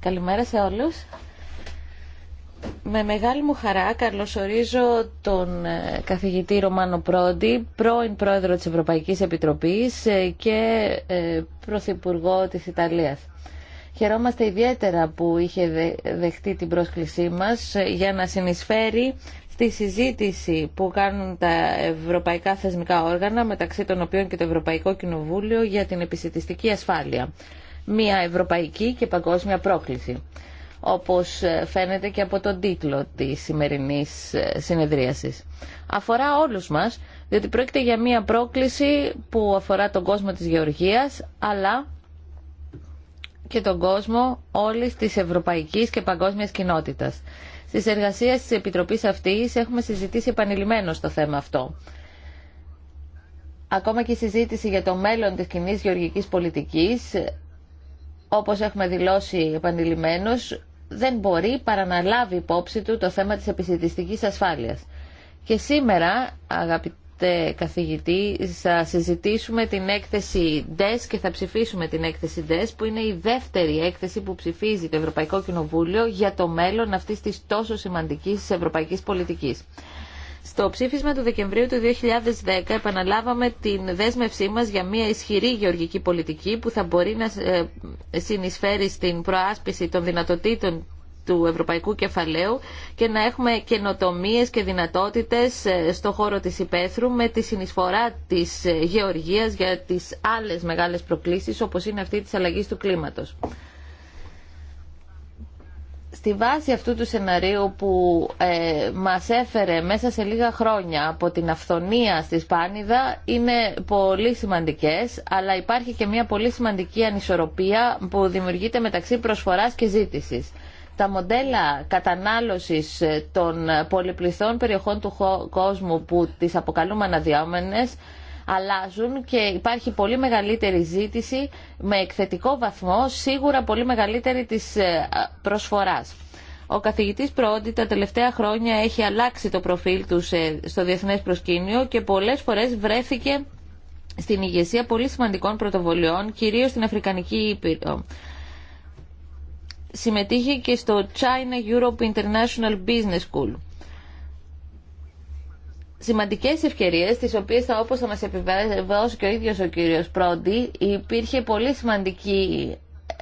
Καλημέρα σε όλους. Με μεγάλη μου χαρά καλωσορίζω τον ε, καθηγητή Ρωμάνο Πρόντι, πρώην πρόεδρο της Ευρωπαϊκής Επιτροπής ε, και ε, πρωθυπουργό της Ιταλίας. Χαιρόμαστε ιδιαίτερα που είχε δεχτεί την πρόσκλησή μας για να συνεισφέρει τη συζήτηση που κάνουν τα ευρωπαϊκά θεσμικά όργανα, μεταξύ των οποίων και το Ευρωπαϊκό Κοινοβούλιο, για την επιστημιστική ασφάλεια. Μία ευρωπαϊκή και παγκόσμια πρόκληση, όπως φαίνεται και από τον τίτλο της σημερινής ε, συνεδρίασης. Αφορά όλους μας, διότι πρόκειται για μία πρόκληση που αφορά τον κόσμο της γεωργίας, αλλά και τον κόσμο όλης της ευρωπαϊκής και παγκόσμιας κοινότητας. Στις εργασίες της Επιτροπής αυτής έχουμε συζητήσει επανειλημμένω το θέμα αυτό. Ακόμα και η συζήτηση για το μέλλον της κοινή γεωργικής πολιτικής, όπως έχουμε δηλώσει επανειλημμένως, δεν μπορεί παρά να λάβει υπόψη του το θέμα της επιστημιστικής ασφάλειας. Και σήμερα, αγαπητοί καθηγητή θα συζητήσουμε την έκθεση DES και θα ψηφίσουμε την έκθεση DES που είναι η δεύτερη έκθεση που ψηφίζει το Ευρωπαϊκό Κοινοβούλιο για το μέλλον αυτή της τόσο σημαντικής ευρωπαϊκής πολιτικής. Στο ψήφισμα του Δεκεμβρίου του 2010 επαναλάβαμε την δέσμευσή μας για μια ισχυρή γεωργική πολιτική που θα μπορεί να ε, συνεισφέρει στην προάσπιση των δυνατοτήτων του ευρωπαϊκού κεφαλαίου και να έχουμε καινοτομίε και δυνατότητες ε, στο χώρο της υπαίθρου με τη συνεισφορά της ε, γεωργίας για τις άλλε μεγάλες προκλήσεις όπως είναι αυτή της αλλαγής του κλίματος. Στη βάση αυτού του σενάριου που ε, μας έφερε μέσα σε λίγα χρόνια από την αυθονία στη Σπάνιδα είναι πολύ σημαντικές, αλλά υπάρχει και μια πολύ σημαντική ανισορροπία που δημιουργείται μεταξύ προσφοράς και ζήτησης τα μοντέλα κατανάλωσης των πολυπληθών περιοχών του κόσμου που τις αποκαλούμε αναδυόμενες αλλάζουν και υπάρχει πολύ μεγαλύτερη ζήτηση με εκθετικό βαθμό, σίγουρα πολύ μεγαλύτερη της ε, προσφοράς. Ο καθηγητής Πρόντι τα τελευταία χρόνια έχει αλλάξει το προφίλ του στο διεθνές προσκήνιο και πολλές φορές βρέθηκε στην ηγεσία πολύ σημαντικών πρωτοβολιών, κυρίως στην Αφρικανική Ήπειρο συμμετείχε και στο China Europe International Business School. Σημαντικές ευκαιρίες, τις οποίες θα, όπως θα μας επιβεβαιώσει και ο ίδιος ο κύριος Πρόντι, υπήρχε πολύ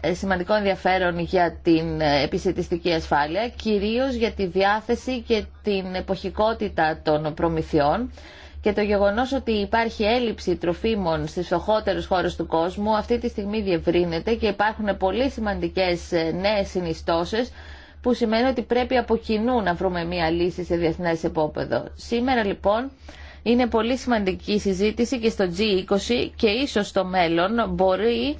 ε, σημαντικό ενδιαφέρον για την ε, επισητιστική ασφάλεια, κυρίως για τη διάθεση και την εποχικότητα των προμηθειών και το γεγονός ότι υπάρχει έλλειψη τροφίμων στις φτωχότερε χώρες του κόσμου αυτή τη στιγμή διευρύνεται και υπάρχουν πολύ σημαντικές ε, νέες συνιστώσεις που σημαίνει ότι πρέπει από κοινού να βρούμε μία λύση σε διεθνές επόπεδο. Σήμερα λοιπόν είναι πολύ σημαντική η συζήτηση και στο G20 και ίσως στο μέλλον μπορεί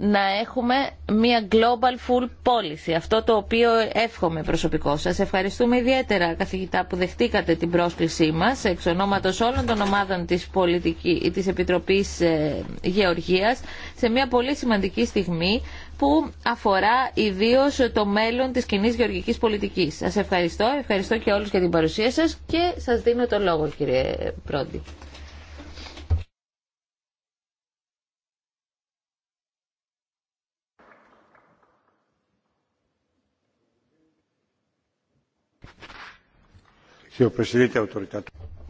να έχουμε μια global full policy, αυτό το οποίο εύχομαι προσωπικό σας. Ευχαριστούμε ιδιαίτερα καθηγητά που δεχτήκατε την πρόσκλησή μας εξ ονόματο όλων των ομάδων της, επιτροπή της Επιτροπής ε, Γεωργίας σε μια πολύ σημαντική στιγμή που αφορά ιδίω το μέλλον της κοινή γεωργικής πολιτικής. Σας ευχαριστώ, ευχαριστώ και όλου για την παρουσία σα και σα δίνω το λόγο κύριε Πρόντι.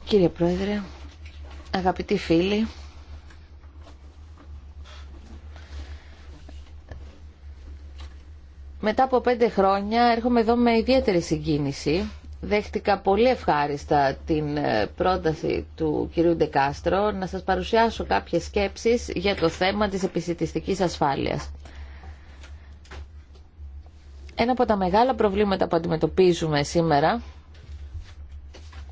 Κύριε Πρόεδρε, αγαπητοί φίλοι, μετά από πέντε χρόνια έρχομαι εδώ με ιδιαίτερη συγκίνηση. Δέχτηκα πολύ ευχάριστα την ε, πρόταση του κυρίου Ντεκάστρο να σας παρουσιάσω κάποιες σκέψεις για το θέμα της επισητιστικής ασφάλειας. Ένα από τα μεγάλα προβλήματα που αντιμετωπίζουμε σήμερα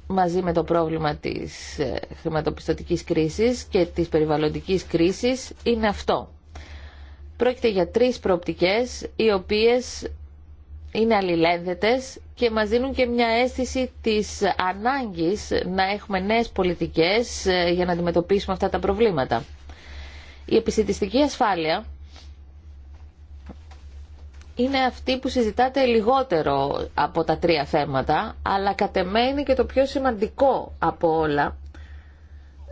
μαζί με το πρόβλημα της ε, χρηματοπιστωτικής κρίσης και της περιβαλλοντικής κρίσης είναι αυτό. Πρόκειται για τρεις προοπτικές οι οποίες είναι αλληλένδετες και μας δίνουν και μια αίσθηση της ανάγκης να έχουμε νέες πολιτικές ε, για να αντιμετωπίσουμε αυτά τα προβλήματα. Η επιστημιστική ασφάλεια είναι αυτή που συζητάτε λιγότερο από τα τρία θέματα, αλλά κατ' και το πιο σημαντικό από όλα,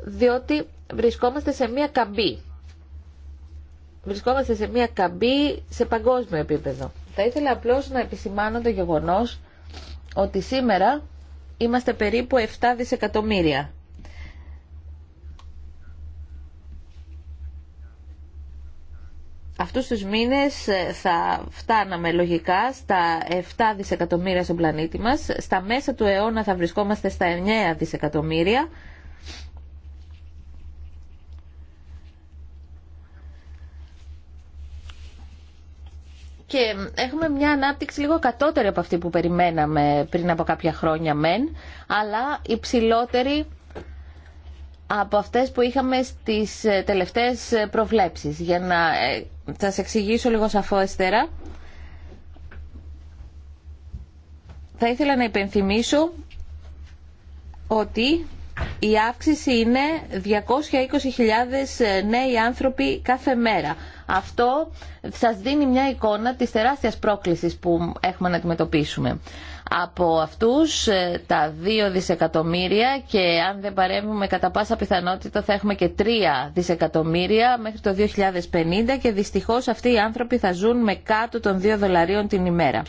διότι βρισκόμαστε σε μία καμπή. Βρισκόμαστε σε μία καμπή σε παγκόσμιο επίπεδο. Θα ήθελα απλώς να επισημάνω το γεγονός ότι σήμερα είμαστε περίπου 7 δισεκατομμύρια αυτούς τους μήνες ε, θα φτάναμε λογικά στα 7 δισεκατομμύρια στον πλανήτη μας. Στα μέσα του αιώνα θα βρισκόμαστε στα 9 δισεκατομμύρια. και έχουμε μια ανάπτυξη λίγο κατώτερη από αυτή που περιμέναμε πριν από κάποια χρόνια μεν, αλλά υψηλότερη από αυτές που είχαμε στις ε, τελευταίες ε, προβλέψεις. Για να ε, σας εξηγήσω λίγο σαφώστερα, θα ήθελα να υπενθυμίσω ότι η αύξηση είναι 220.000 νέοι άνθρωποι κάθε μέρα. Αυτό σας δίνει μια εικόνα της τεράστιας πρόκλησης που έχουμε να αντιμετωπίσουμε. Από αυτούς ε, τα 2 δισεκατομμύρια και αν δεν παρέμβουμε κατά πάσα πιθανότητα θα έχουμε και 3 δισεκατομμύρια μέχρι το 2050 και δυστυχώς αυτοί οι άνθρωποι θα ζουν με κάτω των 2 δολαρίων την ημέρα.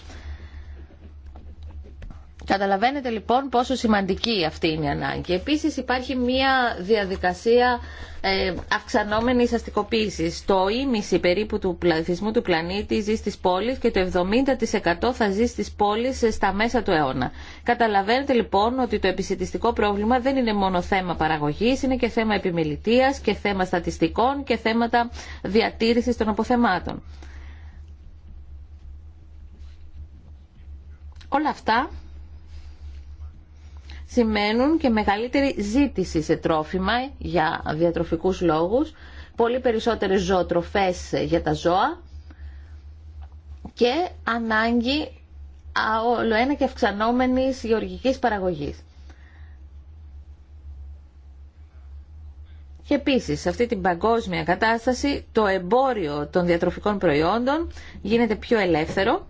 Καταλαβαίνετε λοιπόν πόσο σημαντική αυτή είναι η ανάγκη. Επίσης υπάρχει μια διαδικασία ε, αυξανόμενης αστικοποίησης. Το ίμιση περίπου του πληθυσμού του πλανήτη ζει στις πόλεις και το 70% θα ζει στις πόλεις ε, στα μέσα του αιώνα. Καταλαβαίνετε λοιπόν ότι το επισητιστικό πρόβλημα δεν είναι μόνο θέμα παραγωγής, είναι και θέμα επιμελητίας και θέμα στατιστικών και θέματα διατήρησης των αποθεμάτων. Όλα αυτά σημαίνουν και μεγαλύτερη ζήτηση σε τρόφιμα για διατροφικούς λόγους, πολύ περισσότερες ζωοτροφές για τα ζώα και ανάγκη όλο ένα και αυξανόμενης γεωργικής παραγωγής. Και επίσης σε αυτή την παγκόσμια κατάσταση το εμπόριο των διατροφικών προϊόντων γίνεται πιο ελεύθερο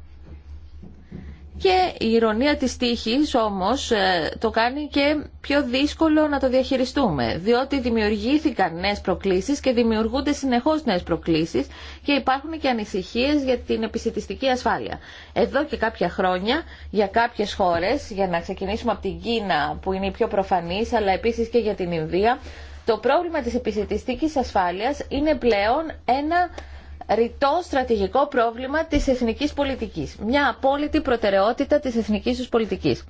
και η ηρωνία της τύχης όμως ε, το κάνει και πιο δύσκολο να το διαχειριστούμε, διότι δημιουργήθηκαν νέες προκλήσεις και δημιουργούνται συνεχώς νέες προκλήσεις και υπάρχουν και ανησυχίες για την επισητιστική ασφάλεια. Εδώ και κάποια χρόνια για κάποιες χώρες, για να ξεκινήσουμε από την Κίνα που είναι η πιο προφανής, αλλά επίσης και για την Ινδία, το πρόβλημα της επισητιστικής ασφάλειας είναι πλέον ένα ρητό στρατηγικό πρόβλημα της εθνικής πολιτικής. Μια απόλυτη προτεραιότητα της εθνικής τους πολιτικής.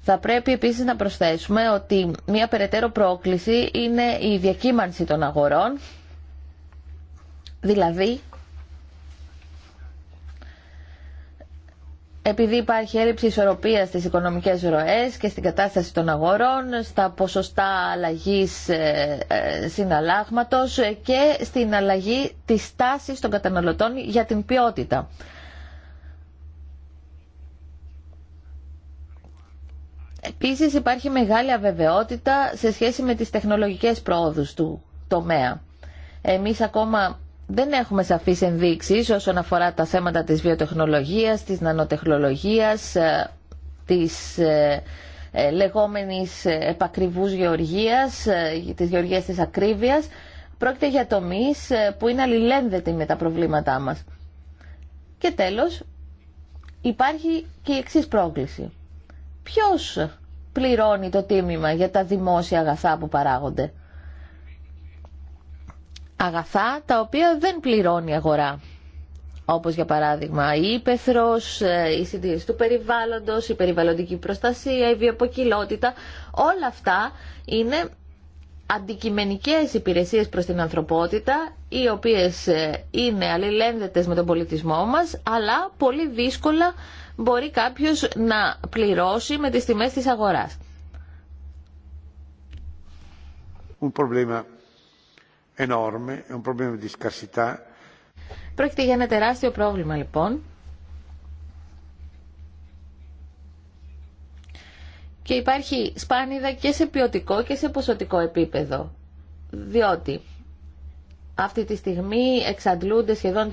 Θα πρέπει επίσης να προσθέσουμε ότι μια περαιτέρω πρόκληση είναι η διακύμανση των αγορών, δηλαδή επειδή υπάρχει έλλειψη ισορροπίας στις οικονομικές ροές και στην κατάσταση των αγορών, στα ποσοστά αλλαγής ε, ε, συναλλάγματος και στην αλλαγή της τάσης των καταναλωτών για την ποιότητα. Επίσης υπάρχει μεγάλη αβεβαιότητα σε σχέση με τις τεχνολογικές πρόοδους του τομέα. Εμείς ακόμα δεν έχουμε σαφείς ενδείξεις όσον αφορά τα θέματα της βιοτεχνολογίας, της νανοτεχνολογίας, ε, της ε, ε, λεγόμενης επακριβούς γεωργίας, της γεωργίας της ακρίβειας. Πρόκειται για τομείς που είναι αλληλένδετοι με τα προβλήματά μας. Και τέλος, υπάρχει και η εξής πρόκληση. Ποιος πληρώνει το τίμημα για τα δημόσια αγαθά που παράγονται αγαθά τα οποία δεν πληρώνει η αγορά. Όπως για παράδειγμα η ύπεθρος, ε, η συντήρηση του περιβάλλοντος, η περιβαλλοντική προστασία, η βιοποκυλότητα. Όλα αυτά είναι αντικειμενικές υπηρεσίες προς την ανθρωπότητα, οι οποίες ε, είναι αλληλένδετες με τον πολιτισμό μας, αλλά πολύ δύσκολα μπορεί κάποιος να πληρώσει με τις τιμές της αγοράς enorme, è un problema di Πρόκειται για ένα τεράστιο πρόβλημα λοιπόν. Και υπάρχει σπάνιδα και σε ποιοτικό και σε ποσοτικό επίπεδο. Διότι αυτή τη στιγμή εξαντλούνται σχεδόν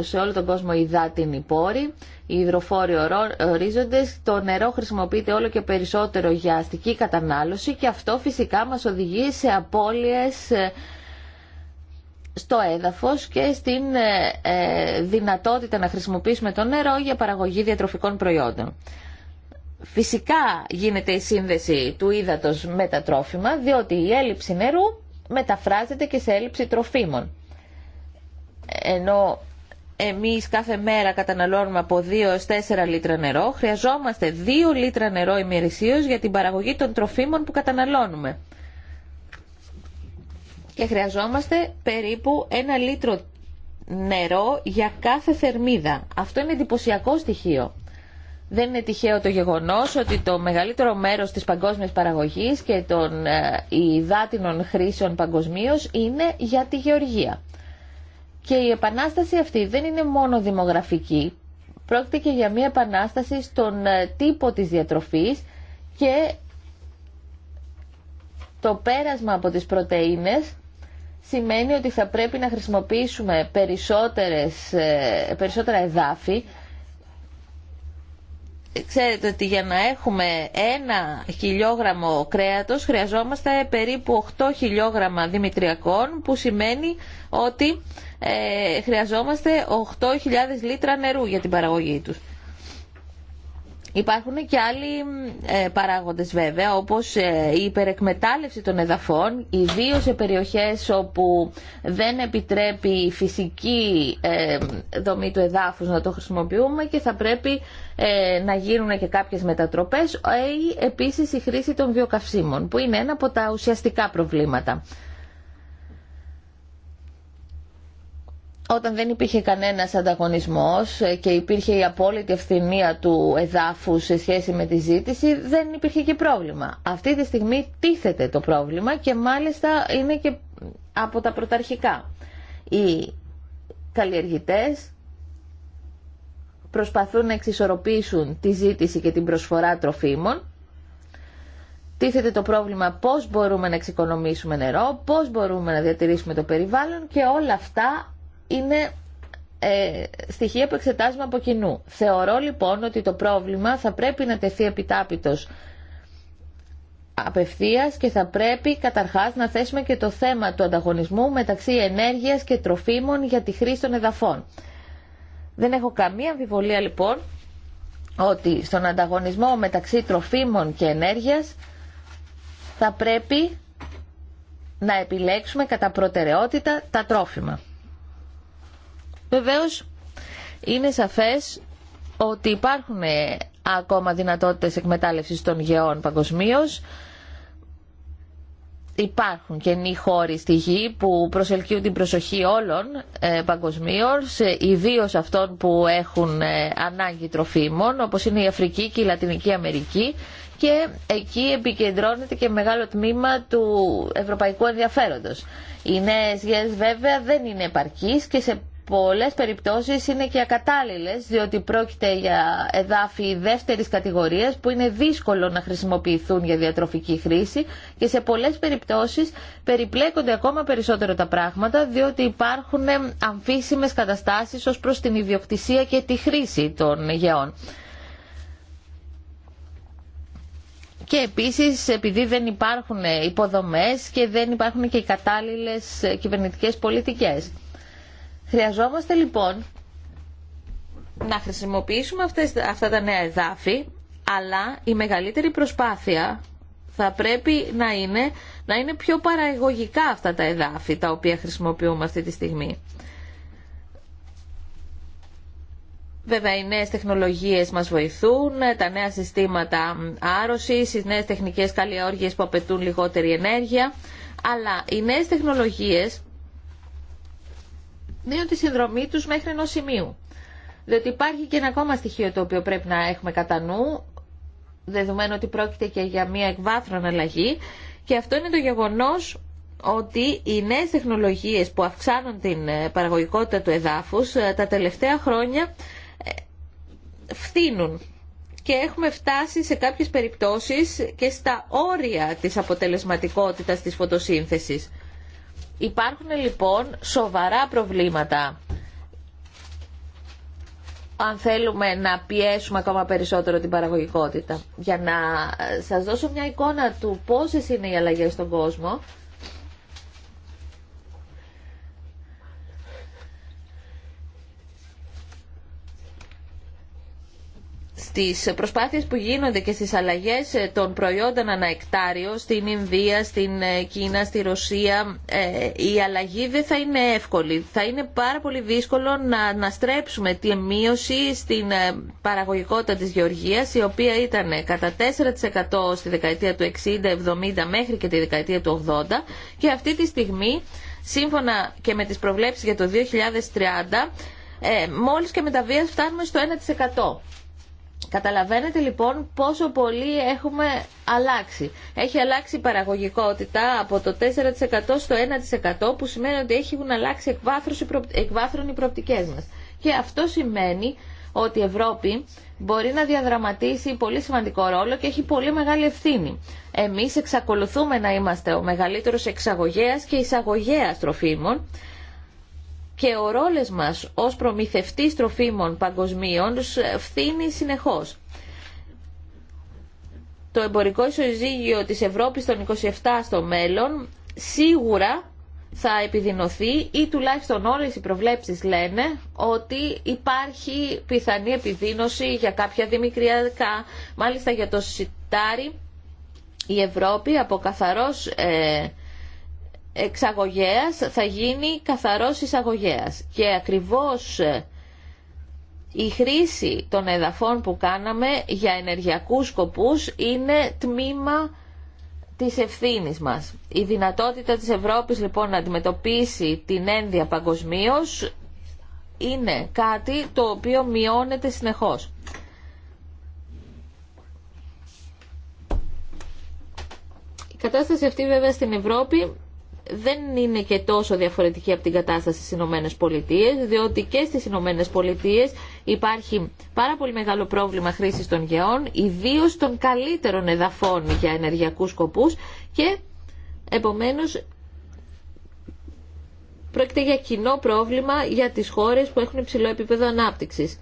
σε όλο τον κόσμο οι δάτινοι πόροι, οι υδροφόροι ορίζοντες, το νερό χρησιμοποιείται όλο και περισσότερο για αστική κατανάλωση και αυτό φυσικά μας οδηγεί σε απώλειες ε, στο έδαφος και στην ε, ε, δυνατότητα να χρησιμοποιήσουμε το νερό για παραγωγή διατροφικών προϊόντων. Φυσικά γίνεται η σύνδεση του ύδατος με τα τρόφιμα, διότι η έλλειψη νερού μεταφράζεται και σε έλλειψη τροφίμων. Ενώ εμείς κάθε μέρα καταναλώνουμε από 2 έως 4 λίτρα νερό, χρειαζόμαστε 2 λίτρα νερό ημερησίως για την παραγωγή των τροφίμων που καταναλώνουμε και χρειαζόμαστε περίπου ένα λίτρο νερό για κάθε θερμίδα. Αυτό είναι εντυπωσιακό στοιχείο. Δεν είναι τυχαίο το γεγονός ότι το μεγαλύτερο μέρος της παγκόσμιας παραγωγής και των ε, υδάτινων χρήσεων παγκοσμίω είναι για τη γεωργία. Και η επανάσταση αυτή δεν είναι μόνο δημογραφική, πρόκειται και για μια επανάσταση στον ε, τύπο της διατροφής και το πέρασμα από τις πρωτεΐνες σημαίνει ότι θα πρέπει να χρησιμοποιήσουμε περισσότερες, ε, περισσότερα εδάφη. Ξέρετε ότι για να έχουμε ένα χιλιόγραμμο κρέατος χρειαζόμαστε περίπου 8 χιλιόγραμμα δημητριακών που σημαίνει ότι ε, χρειαζόμαστε 8.000 λίτρα νερού για την παραγωγή τους. Υπάρχουν και άλλοι ε, παράγοντες βέβαια, όπως ε, η υπερεκμετάλλευση των εδαφών, ιδίω σε περιοχές όπου δεν επιτρέπει η φυσική ε, δομή του εδάφους να το χρησιμοποιούμε και θα πρέπει να γίνουν και κάποιες μετατροπές ή επίσης η χρήση των βιοκαυσίμων, που είναι ένα από τα ουσιαστικά προβλήματα. όταν δεν υπήρχε κανένας ανταγωνισμός ε, και υπήρχε η απόλυτη ευθυμία του εδάφου σε σχέση με τη ζήτηση, δεν υπήρχε και πρόβλημα. Αυτή τη στιγμή τίθεται το πρόβλημα και μάλιστα είναι και από τα πρωταρχικά. Οι καλλιεργητές προσπαθούν να εξισορροπήσουν τη ζήτηση και την προσφορά τροφίμων Τίθεται το πρόβλημα πώς μπορούμε να εξοικονομήσουμε νερό, πώς μπορούμε να διατηρήσουμε το περιβάλλον και όλα αυτά είναι ε, στοιχεία που εξετάζουμε από κοινού. Θεωρώ λοιπόν ότι το πρόβλημα θα πρέπει να τεθεί επιτάπητος απευθείας και θα πρέπει καταρχάς να θέσουμε και το θέμα του ανταγωνισμού μεταξύ ενέργειας και τροφίμων για τη χρήση των εδαφών. Δεν έχω καμία αμφιβολία λοιπόν ότι στον ανταγωνισμό μεταξύ τροφίμων και ενέργειας θα πρέπει να επιλέξουμε κατά προτεραιότητα τα τρόφιμα. Βεβαίως, είναι σαφές ότι υπάρχουν ακόμα δυνατότητες εκμετάλλευσης των γεών παγκοσμίω. Υπάρχουν καινοί χώροι στη γη που προσελκύουν την προσοχή όλων ε, παγκοσμίω, ε, ιδίω αυτών που έχουν ε, ανάγκη τροφίμων, όπως είναι η Αφρική και η Λατινική Αμερική και εκεί επικεντρώνεται και μεγάλο τμήμα του ευρωπαϊκού ενδιαφέροντος. Οι νέε γέ βέβαια δεν είναι επαρκής και σε πολλές περιπτώσεις είναι και ακατάλληλες διότι πρόκειται για εδάφη δεύτερης κατηγορίας που είναι δύσκολο να χρησιμοποιηθούν για διατροφική χρήση και σε πολλές περιπτώσεις περιπλέκονται ακόμα περισσότερο τα πράγματα διότι υπάρχουν αμφίσιμες καταστάσεις ως προς την ιδιοκτησία και τη χρήση των γεών. Και επίσης επειδή δεν υπάρχουν υποδομές και δεν υπάρχουν και οι κατάλληλες κυβερνητικές πολιτικές. Χρειαζόμαστε λοιπόν να χρησιμοποιήσουμε αυτές, αυτά τα νέα εδάφη, αλλά η μεγαλύτερη προσπάθεια θα πρέπει να είναι, να είναι πιο παραγωγικά αυτά τα εδάφη τα οποία χρησιμοποιούμε αυτή τη στιγμή. Βέβαια, οι νέες τεχνολογίες μας βοηθούν, τα νέα συστήματα άρρωσης, οι νέες τεχνικές καλλιόργειες που απαιτούν λιγότερη ενέργεια, αλλά οι νέες τεχνολογίες αποδεικνύουν τη συνδρομή τους μέχρι ενός σημείου. Διότι υπάρχει και ένα ακόμα στοιχείο το οποίο πρέπει να έχουμε κατά νου, δεδομένου ότι πρόκειται και για μια εκβάθρον αλλαγή, και αυτό είναι το γεγονός ότι οι νέες τεχνολογίες που αυξάνουν την ε, παραγωγικότητα του εδάφους ε, τα τελευταία χρόνια ε, φθήνουν και έχουμε φτάσει σε κάποιες περιπτώσεις και στα όρια της αποτελεσματικότητας της φωτοσύνθεσης. Υπάρχουν λοιπόν σοβαρά προβλήματα αν θέλουμε να πιέσουμε ακόμα περισσότερο την παραγωγικότητα. Για να ε, σας δώσω μια εικόνα του πόσες είναι οι αλλαγές στον κόσμο, Στι προσπάθειες που γίνονται και στις αλλαγές ε, των προϊόντων ανά στην Ινδία, στην ε, Κίνα, στη Ρωσία ε, η αλλαγή δεν θα είναι εύκολη. Θα είναι πάρα πολύ δύσκολο να, αναστρέψουμε τη μείωση στην παραγωγικότητα της γεωργίας η οποία ήταν κατά 4% στη δεκαετία του 60-70 μέχρι και τη δεκαετία του 80 και αυτή τη στιγμή σύμφωνα και με τις προβλέψεις για το 2030 ε, μόλις και με τα βίας φτάνουμε στο 1%. Καταλαβαίνετε λοιπόν πόσο πολύ έχουμε αλλάξει. Έχει αλλάξει η παραγωγικότητα από το 4% στο 1% που σημαίνει ότι έχουν αλλάξει εκβάθρων οι προοπτικές μας. Και αυτό σημαίνει ότι η Ευρώπη μπορεί να διαδραματίσει πολύ σημαντικό ρόλο και έχει πολύ μεγάλη ευθύνη. Εμείς εξακολουθούμε να είμαστε ο μεγαλύτερος εξαγωγέας και εισαγωγέας τροφίμων και ο ρόλος μας ως προμηθευτής τροφίμων παγκοσμίων φθήνει συνεχώς. Το εμπορικό ισοζύγιο της Ευρώπης των 27 στο μέλλον σίγουρα θα επιδεινωθεί ή τουλάχιστον όλες οι προβλέψεις λένε ότι υπάρχει πιθανή επιδείνωση για κάποια δημικριακά, μάλιστα για το σιτάρι η Ευρώπη από καθαρός ε, εξαγωγέας θα γίνει καθαρός εισαγωγέας. Και ακριβώς ε, η χρήση των εδαφών που κάναμε για ενεργειακούς σκοπούς είναι τμήμα της ευθύνης μας. Η δυνατότητα της Ευρώπης λοιπόν να αντιμετωπίσει την ένδια παγκοσμίω είναι κάτι το οποίο μειώνεται συνεχώς. Η κατάσταση αυτή βέβαια στην Ευρώπη δεν είναι και τόσο διαφορετική από την κατάσταση στις Ηνωμένε Πολιτείε, διότι και στις Ηνωμένε Πολιτείε υπάρχει πάρα πολύ μεγάλο πρόβλημα χρήσης των γεών, ιδίω των καλύτερων εδαφών για ενεργειακούς σκοπούς και επομένως πρόκειται για κοινό πρόβλημα για τις χώρες που έχουν υψηλό επίπεδο ανάπτυξης.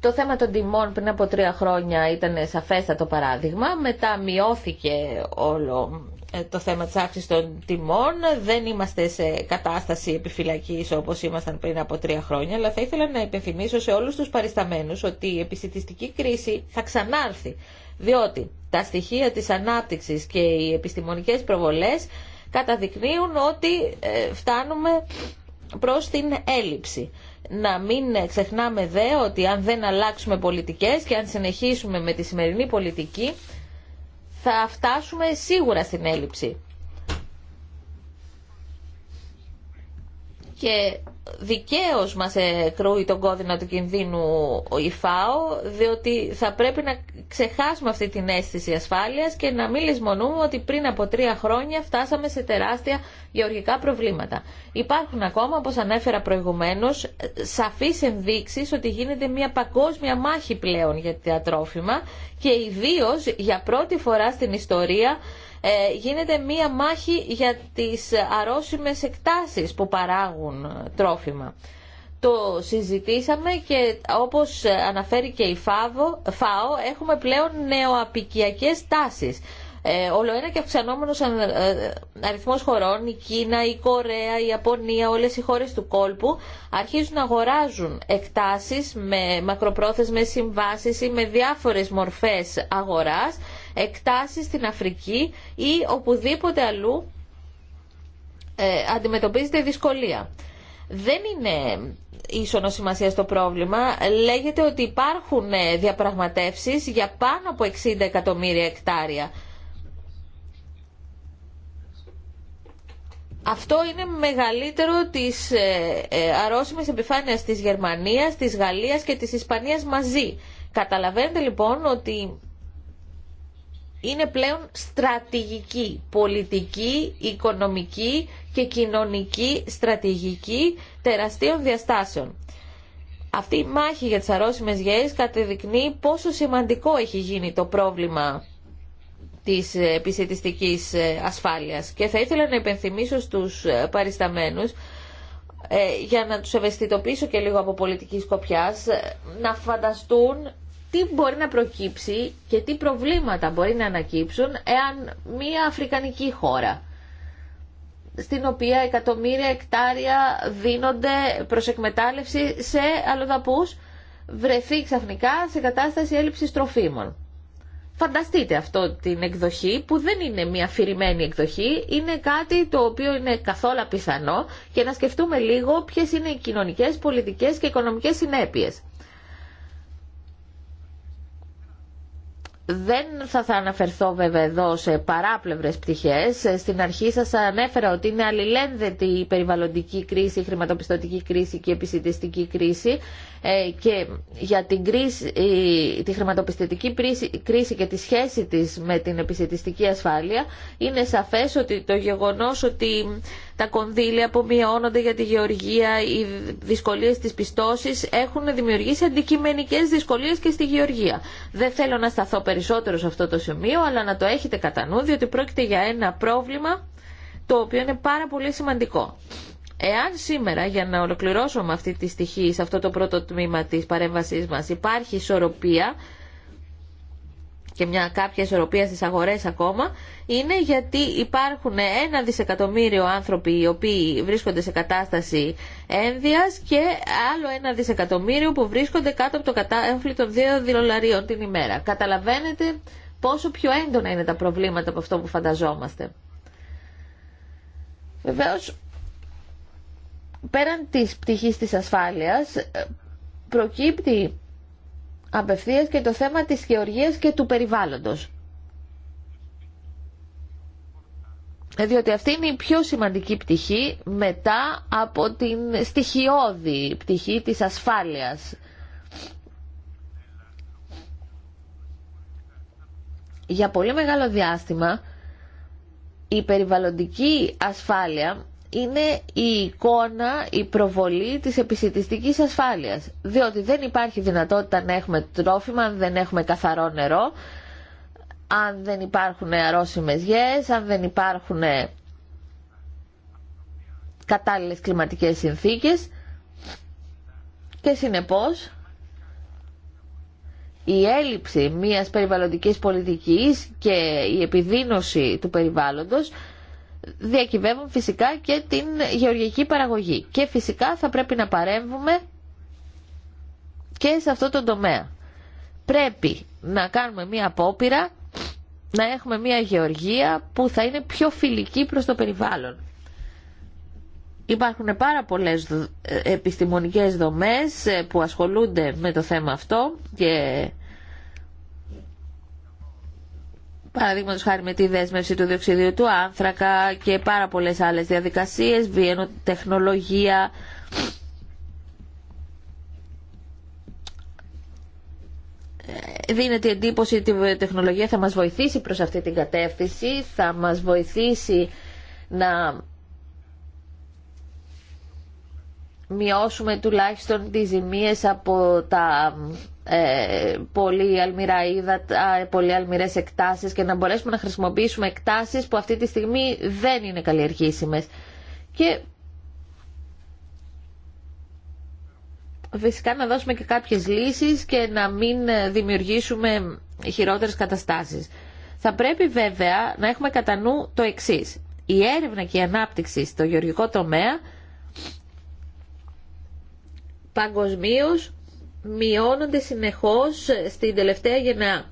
Το θέμα των τιμών πριν από τρία χρόνια ήταν σαφέστατο παράδειγμα. Μετά μειώθηκε όλο ε, το θέμα της αύξησης των τιμών. Δεν είμαστε σε κατάσταση επιφυλακής όπως ήμασταν πριν από τρία χρόνια, αλλά θα ήθελα να υπενθυμίσω σε όλους τους παρισταμένους ότι η επιστημιστική κρίση θα ξανάρθει, διότι τα στοιχεία της ανάπτυξης και οι επιστημονικές προβολές καταδεικνύουν ότι ε, φτάνουμε προς την έλλειψη να μην ξεχνάμε δε ότι αν δεν αλλάξουμε πολιτικές και αν συνεχίσουμε με τη σημερινή πολιτική θα φτάσουμε σίγουρα στην έλλειψη. και δικαίω μας εκρούει τον κόδυνα του κινδύνου η ΦΑΟ, διότι θα πρέπει να ξεχάσουμε αυτή την αίσθηση ασφάλειας και να μην λησμονούμε ότι πριν από τρία χρόνια φτάσαμε σε τεράστια γεωργικά προβλήματα. Υπάρχουν ακόμα, όπω ανέφερα προηγουμένως, σαφείς ενδείξεις ότι γίνεται μια παγκόσμια μάχη πλέον για τα τρόφιμα και ιδίω για πρώτη φορά στην ιστορία ε, γίνεται μία μάχη για τις αρρώσιμες εκτάσεις που παράγουν ε, τρόφιμα. Το συζητήσαμε και όπως ε, αναφέρει και η ΦΑΟ έχουμε πλέον νεοαπικιακές τάσεις. Ε, όλο ένα και αυξανόμενο αριθμό χωρών, η Κίνα, η Κορέα, η Ιαπωνία, όλε οι χώρε του κόλπου αρχίζουν να αγοράζουν εκτάσει με μακροπρόθεσμε συμβάσει ή με διάφορε μορφέ αγορά εκτάσεις στην Αφρική ή οπουδήποτε αλλού ε, αντιμετωπίζεται δυσκολία. Δεν είναι ίσονο σημασία στο πρόβλημα. Λέγεται ότι υπάρχουν ε, διαπραγματεύσεις για πάνω από 60 εκατομμύρια εκτάρια. Αυτό είναι μεγαλύτερο της ε, ε, αρρώσιμης επιφάνειας της Γερμανίας, της Γαλλίας και της Ισπανίας μαζί. Καταλαβαίνετε λοιπόν ότι είναι πλέον στρατηγική, πολιτική, οικονομική και κοινωνική στρατηγική τεραστίων διαστάσεων. Αυτή η μάχη για τις αρρώσιμες γέες κατεδεικνύει πόσο σημαντικό έχει γίνει το πρόβλημα της ε, επισητιστικής ε, ασφάλειας. Και θα ήθελα να υπενθυμίσω στους ε, παρισταμένους για να τους ευαισθητοποιήσω και λίγο από πολιτική σκοπιάς, να φανταστούν τι μπορεί να προκύψει και τι προβλήματα μπορεί να ανακύψουν εάν μία αφρικανική χώρα στην οποία εκατομμύρια εκτάρια δίνονται προς εκμετάλλευση σε αλλοδαπούς βρεθεί ξαφνικά σε κατάσταση έλλειψης τροφίμων. Φανταστείτε αυτό την εκδοχή που δεν είναι μια αφηρημένη εκδοχή, είναι κάτι το οποίο είναι καθόλου πιθανό και να σκεφτούμε λίγο ποιες είναι οι κοινωνικές, πολιτικές και οικονομικές συνέπειες. Δεν θα, θα αναφερθώ βέβαια εδώ σε παράπλευρες πτυχές. Ε, στην αρχή σας ανέφερα ότι είναι αλληλένδετη η περιβαλλοντική κρίση, η χρηματοπιστωτική κρίση και η επισητιστική κρίση ε, και για την κρίση, τη χρηματοπιστωτική κρίση και τη σχέση της με την επισητιστική ασφάλεια είναι σαφές ότι το γεγονός ότι τα κονδύλια που μειώνονται για τη γεωργία, οι δυσκολίε της πιστώση έχουν δημιουργήσει αντικειμενικές δυσκολίε και στη γεωργία. Δεν θέλω να σταθώ περισσότερο σε αυτό το σημείο, αλλά να το έχετε κατά νου, διότι πρόκειται για ένα πρόβλημα το οποίο είναι πάρα πολύ σημαντικό. Εάν σήμερα, για να ολοκληρώσω με αυτή τη στοιχή, σε αυτό το πρώτο τμήμα της παρέμβασής μας, υπάρχει ισορροπία, και μια κάποια ισορροπία στις αγορές ακόμα, είναι γιατί υπάρχουν ένα δισεκατομμύριο άνθρωποι οι οποίοι βρίσκονται σε κατάσταση ένδυας και άλλο ένα δισεκατομμύριο που βρίσκονται κάτω από το κατάφλι των δύο δολαρίων την ημέρα. Καταλαβαίνετε πόσο πιο έντονα είναι τα προβλήματα από αυτό που φανταζόμαστε. Βεβαίως, πέραν της πτυχής της ασφάλειας, προκύπτει απευθείας και το θέμα της γεωργίας και του περιβάλλοντος. διότι αυτή είναι η πιο σημαντική πτυχή μετά από την στοιχειώδη πτυχή της ασφάλειας. Για πολύ μεγάλο διάστημα η περιβαλλοντική ασφάλεια είναι η εικόνα, η προβολή της επισητιστικής ασφάλειας. Διότι δεν υπάρχει δυνατότητα να έχουμε τρόφιμα αν δεν έχουμε καθαρό νερό, αν δεν υπάρχουν αρρώσιμες γιές, αν δεν υπάρχουν κατάλληλες κλιματικές συνθήκες και συνεπώς η έλλειψη μιας περιβαλλοντικής πολιτικής και η επιδείνωση του περιβάλλοντος διακυβεύουν φυσικά και την γεωργική παραγωγή. Και φυσικά θα πρέπει να παρέμβουμε και σε αυτό το τομέα. Πρέπει να κάνουμε μία απόπειρα, να έχουμε μία γεωργία που θα είναι πιο φιλική προς το περιβάλλον. Υπάρχουν πάρα πολλές ε, επιστημονικές δομές ε, που ασχολούνται με το θέμα αυτό και Παραδείγματο χάρη με τη δέσμευση του διοξιδίου του άνθρακα και πάρα πολλέ άλλε διαδικασίε, τεχνολογία. Ε, δίνεται εντύπωση ότι η τεχνολογία θα μας βοηθήσει προς αυτή την κατεύθυνση, θα μας βοηθήσει να μειώσουμε τουλάχιστον τις ζημίες από τα ε, πολύ αλμυρά ύδατα, πολύ αλμυρές εκτάσεις και να μπορέσουμε να χρησιμοποιήσουμε εκτάσεις που αυτή τη στιγμή δεν είναι καλλιεργήσιμες. Και φυσικά να δώσουμε και κάποιες λύσεις και να μην δημιουργήσουμε χειρότερες καταστάσεις. Θα πρέπει βέβαια να έχουμε κατά νου το εξή. Η έρευνα και η ανάπτυξη στο γεωργικό τομέα παγκοσμίως μειώνονται συνεχώς στην τελευταία γενιά.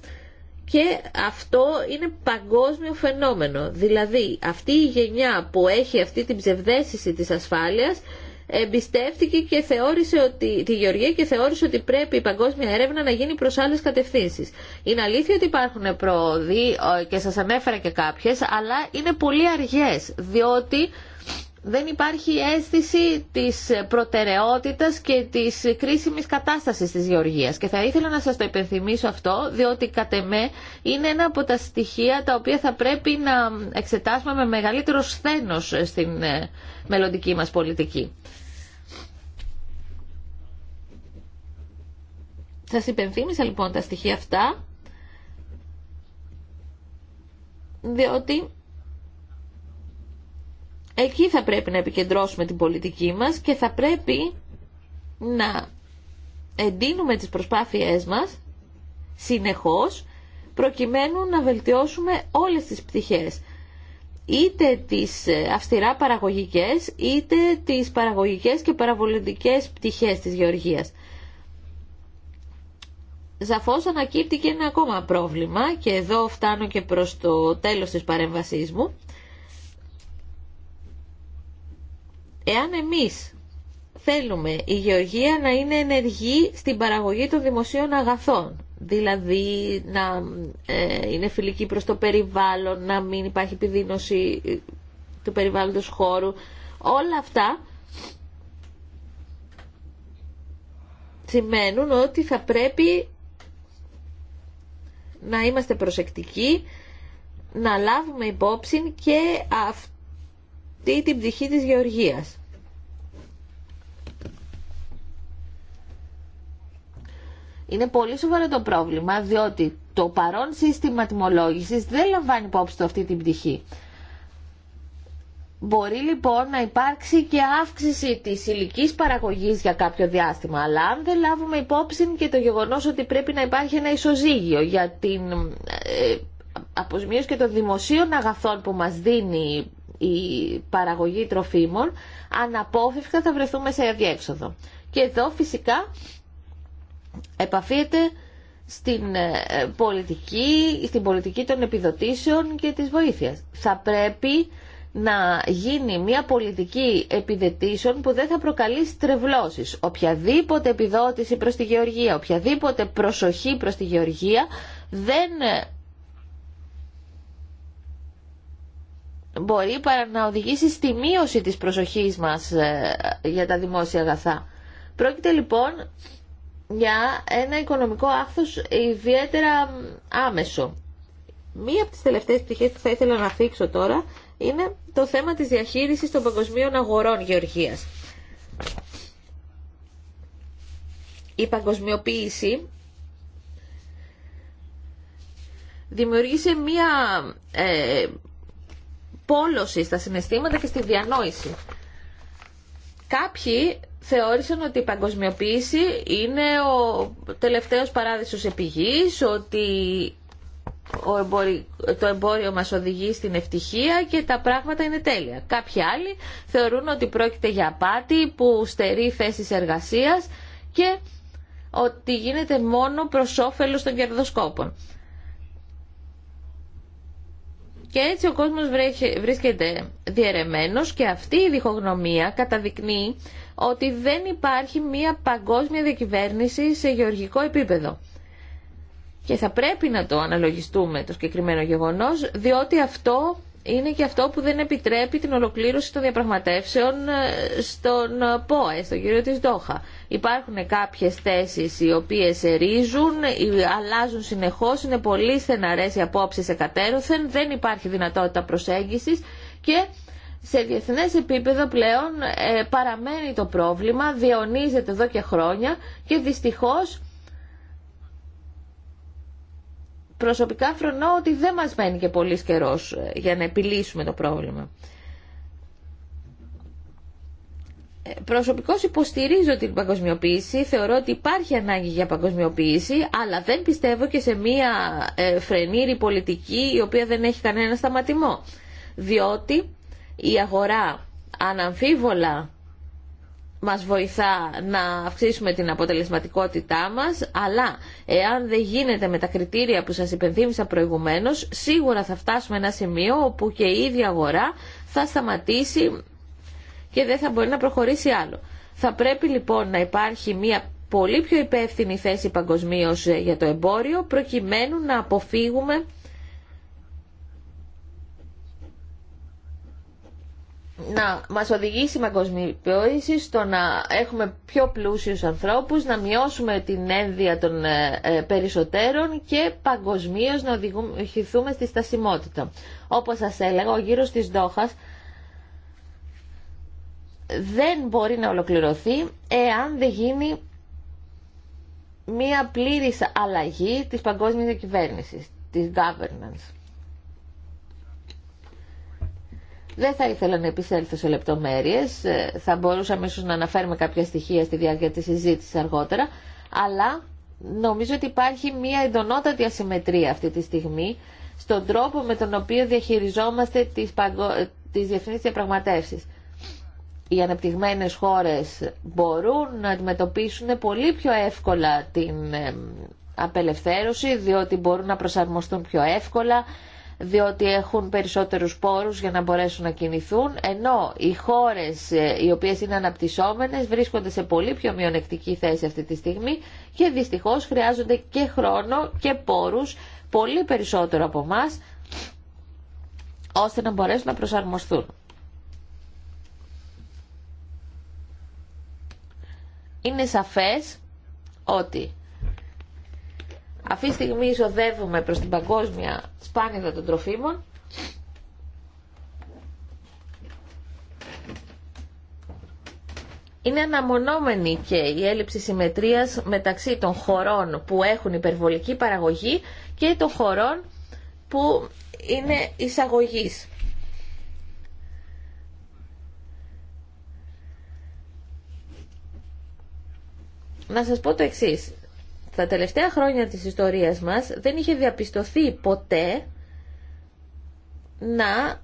Και αυτό είναι παγκόσμιο φαινόμενο. Δηλαδή αυτή η γενιά που έχει αυτή την ψευδέστηση της ασφάλειας εμπιστεύτηκε και θεώρησε ότι, τη Γεωργία και θεώρησε ότι πρέπει η παγκόσμια έρευνα να γίνει προς άλλες κατευθύνσεις. Είναι αλήθεια ότι υπάρχουν πρόοδοι ε, και σας ανέφερα και κάποιες, αλλά είναι πολύ αργές, διότι δεν υπάρχει αίσθηση της προτεραιότητας και της κρίσιμης κατάστασης της γεωργίας. Και θα ήθελα να σας το υπενθυμίσω αυτό, διότι κατ' εμέ είναι ένα από τα στοιχεία τα οποία θα πρέπει να εξετάσουμε με μεγαλύτερο σθένος στην ε, μελλοντική μας πολιτική. Σας υπενθύμισα λοιπόν τα στοιχεία αυτά, διότι Εκεί θα πρέπει να επικεντρώσουμε την πολιτική μας και θα πρέπει να εντείνουμε τις προσπάθειές μας συνεχώς προκειμένου να βελτιώσουμε όλες τις πτυχές είτε τις ε, αυστηρά παραγωγικές είτε τις παραγωγικές και παραβολητικές πτυχές της γεωργίας. Ζαφώς ανακύπτει και ένα ακόμα πρόβλημα και εδώ φτάνω και προς το τέλος της παρέμβασής μου Εάν εμείς θέλουμε η γεωργία να είναι ενεργή στην παραγωγή των δημοσίων αγαθών, δηλαδή να ε, είναι φιλική προς το περιβάλλον, να μην υπάρχει επιδείνωση ε, του περιβάλλοντος χώρου, όλα αυτά σημαίνουν ότι θα πρέπει να είμαστε προσεκτικοί, να λάβουμε υπόψη και αυτό αυτή την πτυχή της γεωργίας. Είναι πολύ σοβαρό το πρόβλημα, διότι το παρόν σύστημα τιμολόγησης δεν λαμβάνει υπόψη το αυτή την πτυχή. Μπορεί λοιπόν να υπάρξει και αύξηση της ηλική παραγωγής για κάποιο διάστημα, αλλά αν δεν λάβουμε υπόψη και το γεγονός ότι πρέπει να υπάρχει ένα ισοζύγιο για την ε, αποσμίωση και των δημοσίων αγαθών που μας δίνει η παραγωγή τροφίμων, αναπόφευκτα θα βρεθούμε σε αδιέξοδο. Και εδώ φυσικά επαφείται στην ε, πολιτική, στην πολιτική των επιδοτήσεων και της βοήθειας. Θα πρέπει να γίνει μια πολιτική επιδετήσεων που δεν θα προκαλεί στρεβλώσεις. Οποιαδήποτε επιδότηση προς τη γεωργία, οποιαδήποτε προσοχή προς τη γεωργία δεν ε, μπορεί παρά να οδηγήσει στη μείωση της προσοχής μας ε, για τα δημόσια αγαθά. Πρόκειται λοιπόν για ένα οικονομικό άχθος ιδιαίτερα άμεσο. Μία από τις τελευταίες πτυχές που θα ήθελα να θίξω τώρα είναι το θέμα της διαχείρισης των παγκοσμίων αγορών γεωργίας. Η παγκοσμιοποίηση δημιούργησε μία ε, πόλωση στα συναισθήματα και στη διανόηση. Κάποιοι θεώρησαν ότι η παγκοσμιοποίηση είναι ο τελευταίος παράδεισος επιγής, ότι το εμπόριο μας οδηγεί στην ευτυχία και τα πράγματα είναι τέλεια. Κάποιοι άλλοι θεωρούν ότι πρόκειται για απάτη που στερεί θέσεις εργασίας και ότι γίνεται μόνο προς όφελος των κερδοσκόπων. Και έτσι ο κόσμος βρίσκεται διαιρεμένος και αυτή η διχογνωμία καταδεικνύει ότι δεν υπάρχει μία παγκόσμια διακυβέρνηση σε γεωργικό επίπεδο. Και θα πρέπει να το αναλογιστούμε το συγκεκριμένο γεγονός, διότι αυτό είναι και αυτό που δεν επιτρέπει την ολοκλήρωση των διαπραγματεύσεων ε, στον ε, ΠΟΕ, στον κύριο της Δόχα. Υπάρχουν κάποιες θέσεις οι οποίες ρίζουν, ε, αλλάζουν συνεχώς, είναι πολύ στεναρές οι απόψεις εκατέρωθεν, δεν υπάρχει δυνατότητα προσέγγισης και σε διεθνές επίπεδο πλέον παραμένει το πρόβλημα, διαιωνίζεται εδώ και χρόνια και δυστυχώς προσωπικά φρονώ ότι δεν μας μένει και πολύ καιρό ε, για να επιλύσουμε το πρόβλημα. Ε, προσωπικώς υποστηρίζω την παγκοσμιοποίηση, θεωρώ ότι υπάρχει ανάγκη για παγκοσμιοποίηση, αλλά δεν πιστεύω και σε μία ε, φρενήρη πολιτική η οποία δεν έχει κανένα σταματημό. Διότι η αγορά αναμφίβολα μας βοηθά να αυξήσουμε την αποτελεσματικότητά μας, αλλά εάν δεν γίνεται με τα κριτήρια που σας υπενθύμισα προηγουμένως, σίγουρα θα φτάσουμε ένα σημείο όπου και η ίδια αγορά θα σταματήσει και δεν θα μπορεί να προχωρήσει άλλο. Θα πρέπει λοιπόν να υπάρχει μια πολύ πιο υπεύθυνη θέση παγκοσμίω ε, για το εμπόριο, προκειμένου να αποφύγουμε να μας οδηγήσει η μαγκοσμιοποίηση στο να έχουμε πιο πλούσιους ανθρώπους, να μειώσουμε την ένδυα των ε, ε, περισσότερων και παγκοσμίω να οδηγηθούμε στη στασιμότητα. Όπως σας έλεγα, ο γύρος της Δόχας δεν μπορεί να ολοκληρωθεί εάν δεν γίνει μία πλήρης αλλαγή της παγκόσμιας κυβέρνησης, της governance. Δεν θα ήθελα να επισέλθω σε λεπτομέρειες, ε, θα μπορούσαμε ίσως να αναφέρουμε κάποια στοιχεία στη διάρκεια της συζήτησης αργότερα, αλλά νομίζω ότι υπάρχει μια εντονότατη ασυμμετρία αυτή τη στιγμή στον τρόπο με τον οποίο διαχειριζόμαστε τις, παγκο... τις διεθνείς διαπραγματεύσεις. Οι αναπτυγμένες χώρες μπορούν να αντιμετωπίσουν πολύ πιο εύκολα την ε, απελευθέρωση, διότι μπορούν να προσαρμοστούν πιο εύκολα, διότι έχουν περισσότερους πόρους για να μπορέσουν να κινηθούν, ενώ οι χώρες ε, οι οποίες είναι αναπτυσσόμενες βρίσκονται σε πολύ πιο μειονεκτική θέση αυτή τη στιγμή και δυστυχώς χρειάζονται και χρόνο και πόρους, πολύ περισσότερο από εμά ώστε να μπορέσουν να προσαρμοστούν. Είναι σαφές ότι αυτή τη στιγμή εισοδεύουμε προς την παγκόσμια σπάνιδα των τροφίμων. Είναι αναμονόμενη και η έλλειψη συμμετρίας μεταξύ των χωρών που έχουν υπερβολική παραγωγή και των χωρών που είναι εισαγωγής. Να σας πω το εξής τα τελευταία χρόνια της ιστορίας μας δεν είχε διαπιστωθεί ποτέ να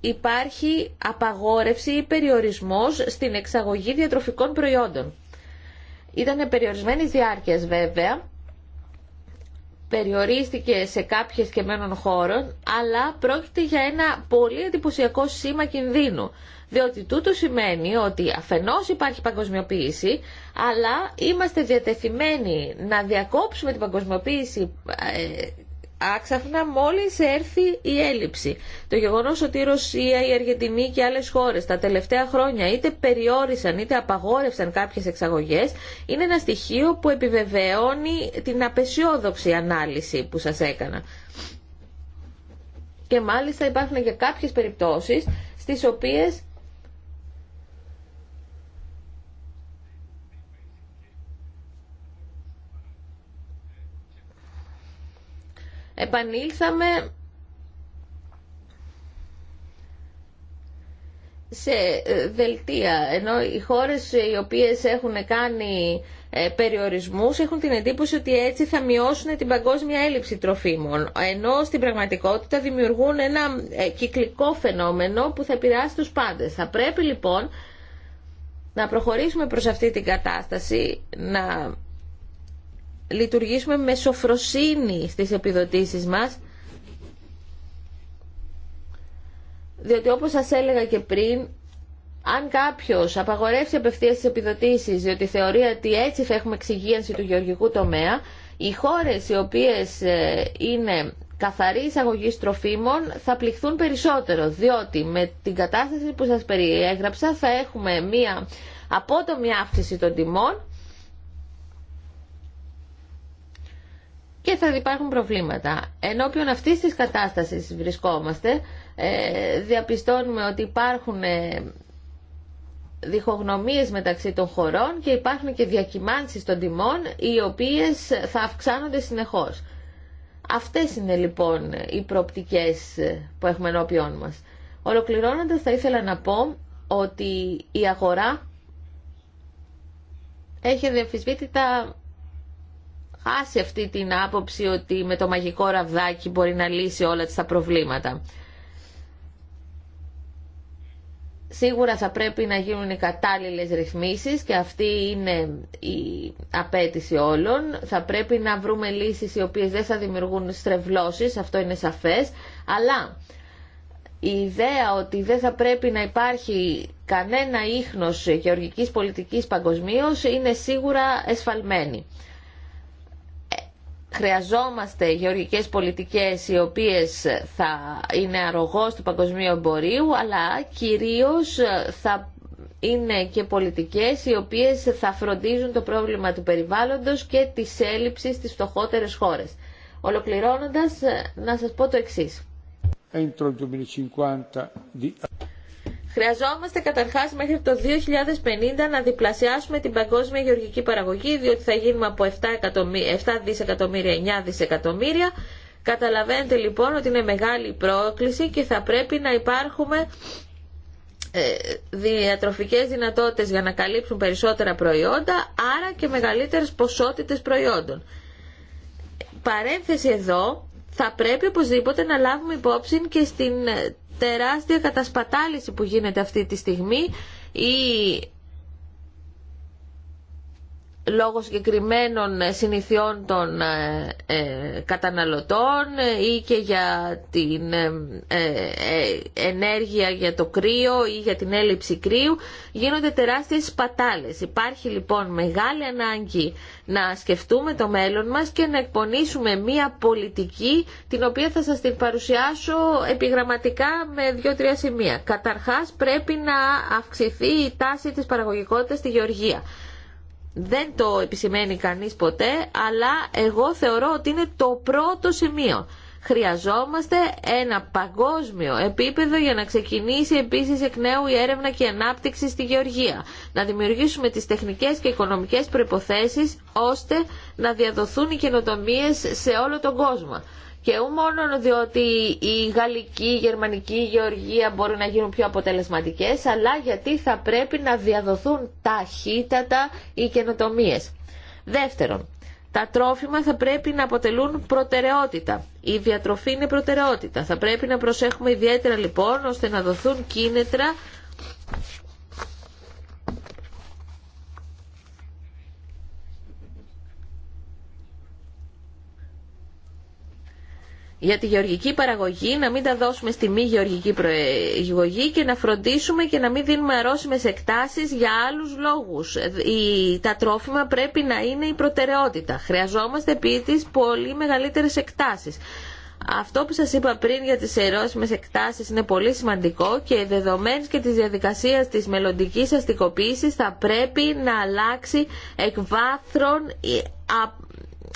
υπάρχει απαγόρευση ή περιορισμός στην εξαγωγή διατροφικών προϊόντων. Ήταν περιορισμένη διάρκεια βέβαια, περιορίστηκε σε κάποιες και μένων χώρων, αλλά πρόκειται για ένα πολύ εντυπωσιακό σήμα κινδύνου διότι τούτο σημαίνει ότι αφενός υπάρχει παγκοσμιοποίηση, αλλά είμαστε διατεθειμένοι να διακόψουμε την παγκοσμιοποίηση ε, άξαφνα μόλις έρθει η έλλειψη. Το γεγονός ότι η Ρωσία, η Αργεντινή και άλλες χώρες τα τελευταία χρόνια είτε περιόρισαν είτε απαγόρευσαν κάποιες εξαγωγές είναι ένα στοιχείο που επιβεβαιώνει την απεσιόδοξη ανάλυση που σας έκανα. Και μάλιστα υπάρχουν και κάποιες περιπτώσεις στις οποίες επανήλθαμε σε ε, δελτία, ενώ οι χώρες οι οποίες έχουν κάνει ε, περιορισμούς έχουν την εντύπωση ότι έτσι θα μειώσουν την παγκόσμια έλλειψη τροφίμων, ενώ στην πραγματικότητα δημιουργούν ένα ε, κυκλικό φαινόμενο που θα επηρεάσει τους πάντες. Θα πρέπει λοιπόν να προχωρήσουμε προς αυτή την κατάσταση, να λειτουργήσουμε με σοφροσύνη στις επιδοτήσεις μας διότι όπως σας έλεγα και πριν αν κάποιος απαγορεύσει απευθείας τις επιδοτήσεις διότι θεωρεί ότι έτσι θα έχουμε εξυγίανση του γεωργικού τομέα οι χώρες οι οποίες ε, είναι καθαρή εισαγωγή τροφίμων θα πληχθούν περισσότερο διότι με την κατάσταση που σας περιέγραψα θα έχουμε μία απότομη αύξηση των τιμών και θα υπάρχουν προβλήματα. Ενώπιον αυτής της κατάστασης βρισκόμαστε, ε, διαπιστώνουμε ότι υπάρχουν ε, διχογνωμίες μεταξύ των χωρών και υπάρχουν και διακυμάνσεις των τιμών οι οποίες θα αυξάνονται συνεχώς. Αυτές είναι λοιπόν οι προοπτικές που έχουμε ενώπιόν μας. Ολοκληρώνοντας θα ήθελα να πω ότι η αγορά έχει ενδιαφυσβήτητα Άσε αυτή την άποψη ότι με το μαγικό ραβδάκι μπορεί να λύσει όλα τα προβλήματα. Σίγουρα θα πρέπει να γίνουν οι κατάλληλες ρυθμίσεις και αυτή είναι η απέτηση όλων. Θα πρέπει να βρούμε λύσεις οι οποίες δεν θα δημιουργούν στρεβλώσεις, αυτό είναι σαφές, αλλά η ιδέα ότι δεν θα πρέπει να υπάρχει κανένα ίχνος γεωργικής πολιτικής παγκοσμίω είναι σίγουρα εσφαλμένη χρειαζόμαστε γεωργικές πολιτικές οι οποίες θα είναι αρρωγός του παγκοσμίου εμπορίου αλλά κυρίως θα είναι και πολιτικές οι οποίες θα φροντίζουν το πρόβλημα του περιβάλλοντος και της έλλειψης στις φτωχότερες χώρες. Ολοκληρώνοντας, να σας πω το εξής. Χρειαζόμαστε καταρχά μέχρι το 2050 να διπλασιάσουμε την παγκόσμια γεωργική παραγωγή, διότι θα γίνουμε από 7, 7 δισεκατομμύρια 9 δισεκατομμύρια. Καταλαβαίνετε λοιπόν ότι είναι μεγάλη πρόκληση και θα πρέπει να υπάρχουμε ε, διατροφικές δυνατότητες για να καλύψουν περισσότερα προϊόντα, άρα και μεγαλύτερες ποσότητες προϊόντων. Παρένθεση εδώ, θα πρέπει οπωσδήποτε να λάβουμε υπόψη και στην ε, τεράστια κατασπατάληση που γίνεται αυτή τη στιγμή. Η λόγω συγκεκριμένων συνηθιών των ε, ε, καταναλωτών ή και για την ε, ενέργεια για το κρύο ή για την έλλειψη κρύου γίνονται τεράστιες σπατάλες. Υπάρχει λοιπόν μεγάλη ανάγκη να σκεφτούμε το μέλλον μας και να εκπονήσουμε μία πολιτική την οποία θα σας την παρουσιάσω επιγραμματικά με δύο-τρία σημεία. Καταρχάς πρέπει να αυξηθεί η τάση της παραγωγικότητας στη γεωργία. Δεν το επισημαίνει κανείς ποτέ, αλλά εγώ θεωρώ ότι είναι το πρώτο σημείο. Χρειαζόμαστε ένα παγκόσμιο επίπεδο για να ξεκινήσει επίσης εκ νέου η έρευνα και η ανάπτυξη στη γεωργία. Να δημιουργήσουμε τις τεχνικές και οικονομικές προϋποθέσεις ώστε να διαδοθούν οι καινοτομίες σε όλο τον κόσμο. Και μόνο διότι η γαλλική, η γερμανική, γεωργία μπορεί να γίνουν πιο αποτελεσματικές, αλλά γιατί θα πρέπει να διαδοθούν ταχύτατα οι καινοτομίες. Δεύτερον, τα τρόφιμα θα πρέπει να αποτελούν προτεραιότητα. Η διατροφή είναι προτεραιότητα. Θα πρέπει να προσέχουμε ιδιαίτερα λοιπόν ώστε να δοθούν κίνητρα για τη γεωργική παραγωγή, να μην τα δώσουμε στη μη γεωργική προεγωγή και να φροντίσουμε και να μην δίνουμε αρρώσιμες εκτάσεις για άλλους λόγους. Η, τα τρόφιμα πρέπει να είναι η προτεραιότητα. Χρειαζόμαστε επί πολύ μεγαλύτερες εκτάσεις. Αυτό που σας είπα πριν για τις ερώσιμες εκτάσεις είναι πολύ σημαντικό και δεδομένης και της διαδικασίας της μελλοντική αστικοποίησης θα πρέπει να αλλάξει εκ βάθρων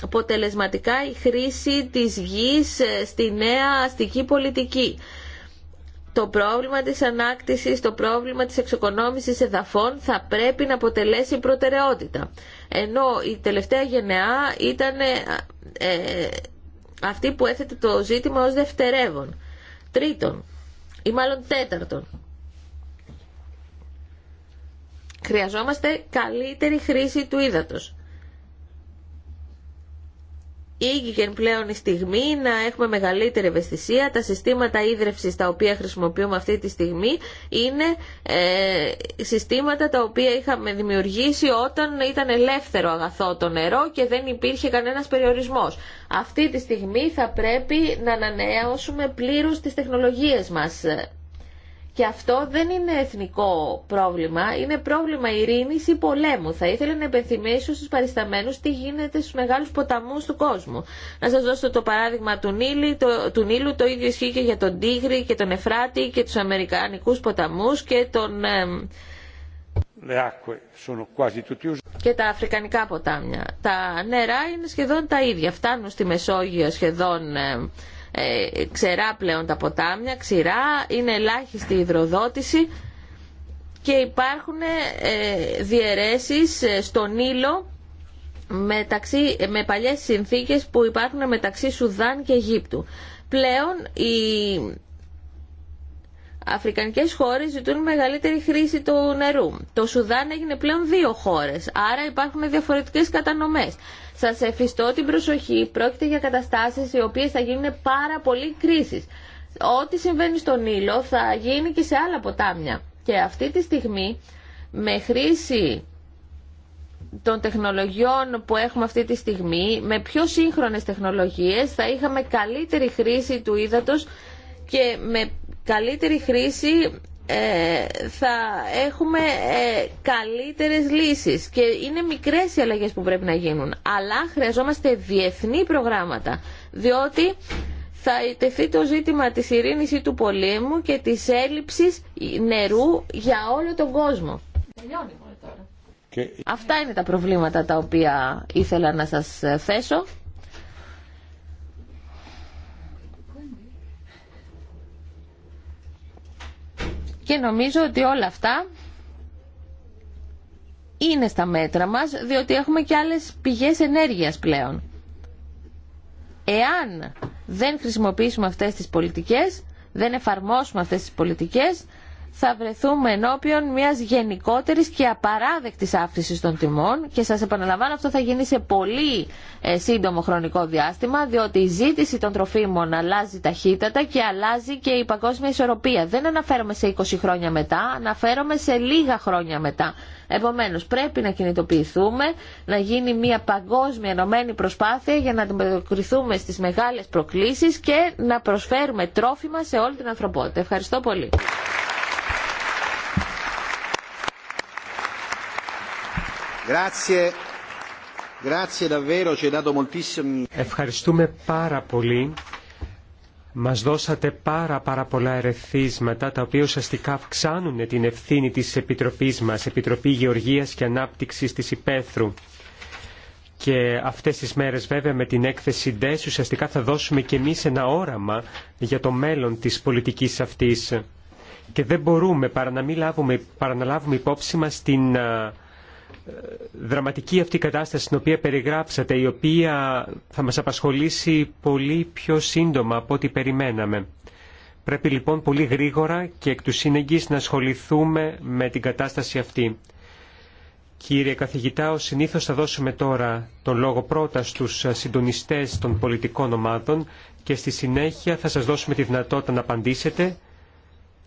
αποτελεσματικά η χρήση της γης ε, στη νέα αστική πολιτική. Το πρόβλημα της ανάκτησης, το πρόβλημα της εξοικονόμησης εδαφών θα πρέπει να αποτελέσει προτεραιότητα. Ενώ η τελευταία γενεά ήταν ε, ε αυτή που έθετε το ζήτημα ως δευτερεύον. Τρίτον, ή μάλλον τέταρτον, χρειαζόμαστε καλύτερη χρήση του ύδατος ήγηκε πλέον η στιγμή να έχουμε μεγαλύτερη ευαισθησία. Τα συστήματα ίδρυυσης τα οποία χρησιμοποιούμε αυτή τη στιγμή είναι ε, συστήματα τα οποία είχαμε δημιουργήσει όταν ήταν ελεύθερο αγαθό το νερό και δεν υπήρχε κανένας περιορισμός. Αυτή τη στιγμή θα πρέπει να ανανεώσουμε πλήρως τις τεχνολογίες μας και αυτό δεν είναι εθνικό πρόβλημα, είναι πρόβλημα ειρήνης ή πολέμου. Θα ήθελα να υπενθυμίσω στους παρισταμένους τι γίνεται στου μεγάλου ποταμού του κόσμου. Να σα δώσω το παράδειγμα του, Νίλη, το, του το ίδιο ισχύει και για τον Τίγρη και τον Εφράτη και του Αμερικανικού ποταμού και τον... και τα αφρικανικά ποτάμια. Τα νερά είναι σχεδόν τα ίδια. Φτάνουν στη Μεσόγειο σχεδόν ε, ξερά πλέον τα ποτάμια, ξηρά, είναι ελάχιστη η υδροδότηση και υπάρχουν ε, ε, στον ήλο μεταξύ, με παλιές συνθήκες που υπάρχουν μεταξύ Σουδάν και Αιγύπτου. Πλέον η Αφρικανικέ χώρε ζητούν μεγαλύτερη χρήση του νερού. Το Σουδάν έγινε πλέον δύο χώρε. άρα υπάρχουν διαφορετικέ κατανομές. Σα εφιστώ την προσοχή, πρόκειται για καταστάσει οι οποίε θα γίνουν πάρα πολύ κρίσει. Ό,τι συμβαίνει στον Ήλο θα γίνει και σε άλλα ποτάμια. Και αυτή τη στιγμή με χρήση των τεχνολογιών που έχουμε αυτή τη στιγμή, με πιο σύγχρονες τεχνολογίες θα είχαμε καλύτερη χρήση του ύδατος και με καλύτερη χρήση ε, θα έχουμε ε, καλύτερες λύσεις και είναι μικρές οι αλλαγές που πρέπει να γίνουν αλλά χρειαζόμαστε διεθνή προγράμματα διότι θα τεθεί το ζήτημα της ειρήνης του πολέμου και της έλλειψης νερού για όλο τον κόσμο. Αυτά είναι τα προβλήματα τα οποία ήθελα να σας θέσω. Και νομίζω ότι όλα αυτά είναι στα μέτρα μας, διότι έχουμε και άλλες πηγές ενέργειας πλέον. Εάν δεν χρησιμοποιήσουμε αυτές τις πολιτικές, δεν εφαρμόσουμε αυτές τις πολιτικές, θα βρεθούμε ενώπιον μιας γενικότερης και απαράδεκτης αύξησης των τιμών και σας επαναλαμβάνω αυτό θα γίνει σε πολύ ε, σύντομο χρονικό διάστημα διότι η ζήτηση των τροφίμων αλλάζει ταχύτατα και αλλάζει και η παγκόσμια ισορροπία. Δεν αναφέρομαι σε 20 χρόνια μετά, αναφέρομαι σε λίγα χρόνια μετά. Επομένως πρέπει να κινητοποιηθούμε, να γίνει μια παγκόσμια ενωμένη προσπάθεια για να αντιμετωπιστούμε στις μεγάλες προκλήσεις και να προσφέρουμε τρόφιμα σε όλη την ανθρωπότητα. Ευχαριστώ πολύ. Ευχαριστούμε πάρα πολύ. Μας δώσατε πάρα πάρα πολλά ερεθίσματα τα οποία ουσιαστικά αυξάνουν την ευθύνη της Επιτροπής μας, Επιτροπή Γεωργίας και Ανάπτυξης της Υπέθρου. Και αυτές τις μέρες βέβαια με την έκθεση ΔΕΣ ουσιαστικά θα δώσουμε και εμείς ένα όραμα για το μέλλον της πολιτικής αυτής. Και δεν μπορούμε παρά να μην λάβουμε, παρά να λάβουμε υπόψη μας την δραματική αυτή η κατάσταση την οποία περιγράψατε, η οποία θα μας απασχολήσει πολύ πιο σύντομα από ό,τι περιμέναμε. Πρέπει λοιπόν πολύ γρήγορα και εκ του σύνεγγυς να ασχοληθούμε με την κατάσταση αυτή. Κύριε καθηγητά, ο συνήθως θα δώσουμε τώρα τον λόγο πρώτα στους συντονιστές των πολιτικών ομάδων και στη συνέχεια θα σας δώσουμε τη δυνατότητα να απαντήσετε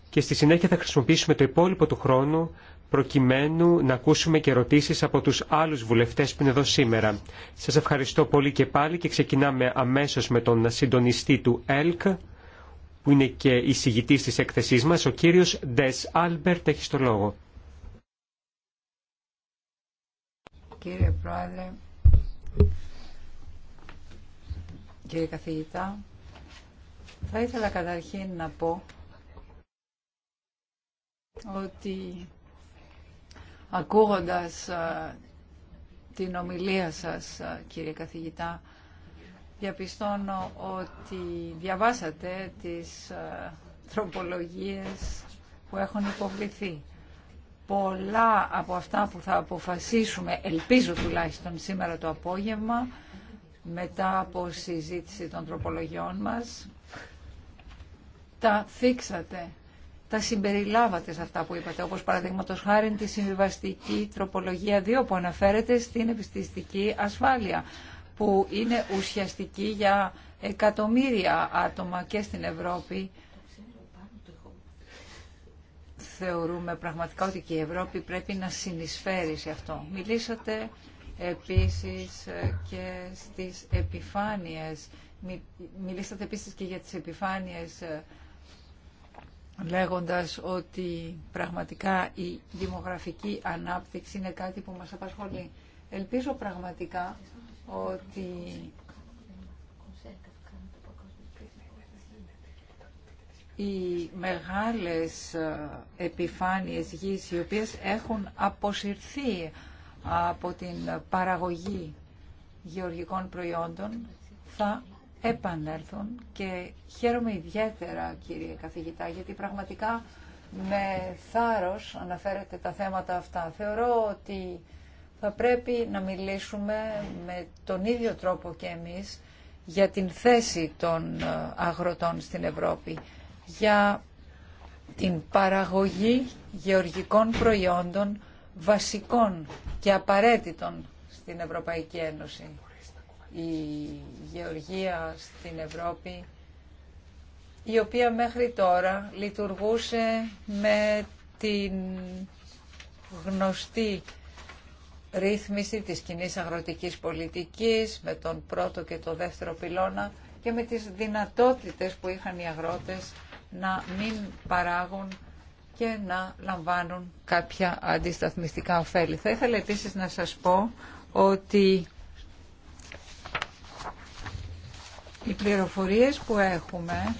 και στη συνέχεια θα χρησιμοποιήσουμε το υπόλοιπο του χρόνου προκειμένου να ακούσουμε και ερωτήσεις από τους άλλους βουλευτές που είναι εδώ σήμερα. Σας ευχαριστώ πολύ και πάλι και ξεκινάμε αμέσως με τον συντονιστή του ΕΛΚ, που είναι και εισηγητής της έκθεσής μας, ο κύριος Ντες Άλμπερτ, έχει το λόγο. Κύριε Πρόεδρε, κύριε καθηγητά, θα ήθελα καταρχήν να πω ότι ακούγοντας ε, την ομιλία σας, ε, κύριε καθηγητά, διαπιστώνω ότι διαβάσατε τις ε, τροπολογίες που έχουν υποβληθεί. Πολλά από αυτά που θα αποφασίσουμε, ελπίζω τουλάχιστον σήμερα το απόγευμα, μετά από συζήτηση των τροπολογιών μας, τα θίξατε τα συμπεριλάβατε σε αυτά που είπατε, όπως παραδείγματο χάρη τη συμβιβαστική τροπολογία 2 που αναφέρεται στην επιστηστική ασφάλεια, που είναι ουσιαστική για εκατομμύρια άτομα και στην Ευρώπη. Θεωρούμε πραγματικά ότι και η Ευρώπη πρέπει να συνεισφέρει σε αυτό. Μιλήσατε επίσης ε, και στις επιφάνειες. Μιλήσατε επίσης και για τις επιφάνειες ε, λέγοντας ότι πραγματικά η δημογραφική ανάπτυξη είναι κάτι που μας απασχολεί. Ελπίζω πραγματικά ότι οι μεγάλες ε, επιφάνειες γης οι οποίες έχουν αποσυρθεί από την παραγωγή γεωργικών προϊόντων θα επανέλθουν και χαίρομαι ιδιαίτερα κύριε καθηγητά γιατί πραγματικά με θάρρος αναφέρετε τα θέματα αυτά. Θεωρώ ότι θα πρέπει να μιλήσουμε με τον ίδιο τρόπο και εμείς για την θέση των ε, αγροτών στην Ευρώπη, για την παραγωγή γεωργικών προϊόντων βασικών και απαραίτητων στην Ευρωπαϊκή Ένωση η γεωργία στην Ευρώπη η οποία μέχρι τώρα λειτουργούσε με την γνωστή ρύθμιση της κοινή αγροτικής πολιτικής με τον πρώτο και το δεύτερο πυλώνα και με τις δυνατότητες που είχαν οι αγρότες να μην παράγουν και να λαμβάνουν κάποια αντισταθμιστικά ωφέλη. Θα ήθελα επίσης να σας πω ότι Οι πληροφορίες που έχουμε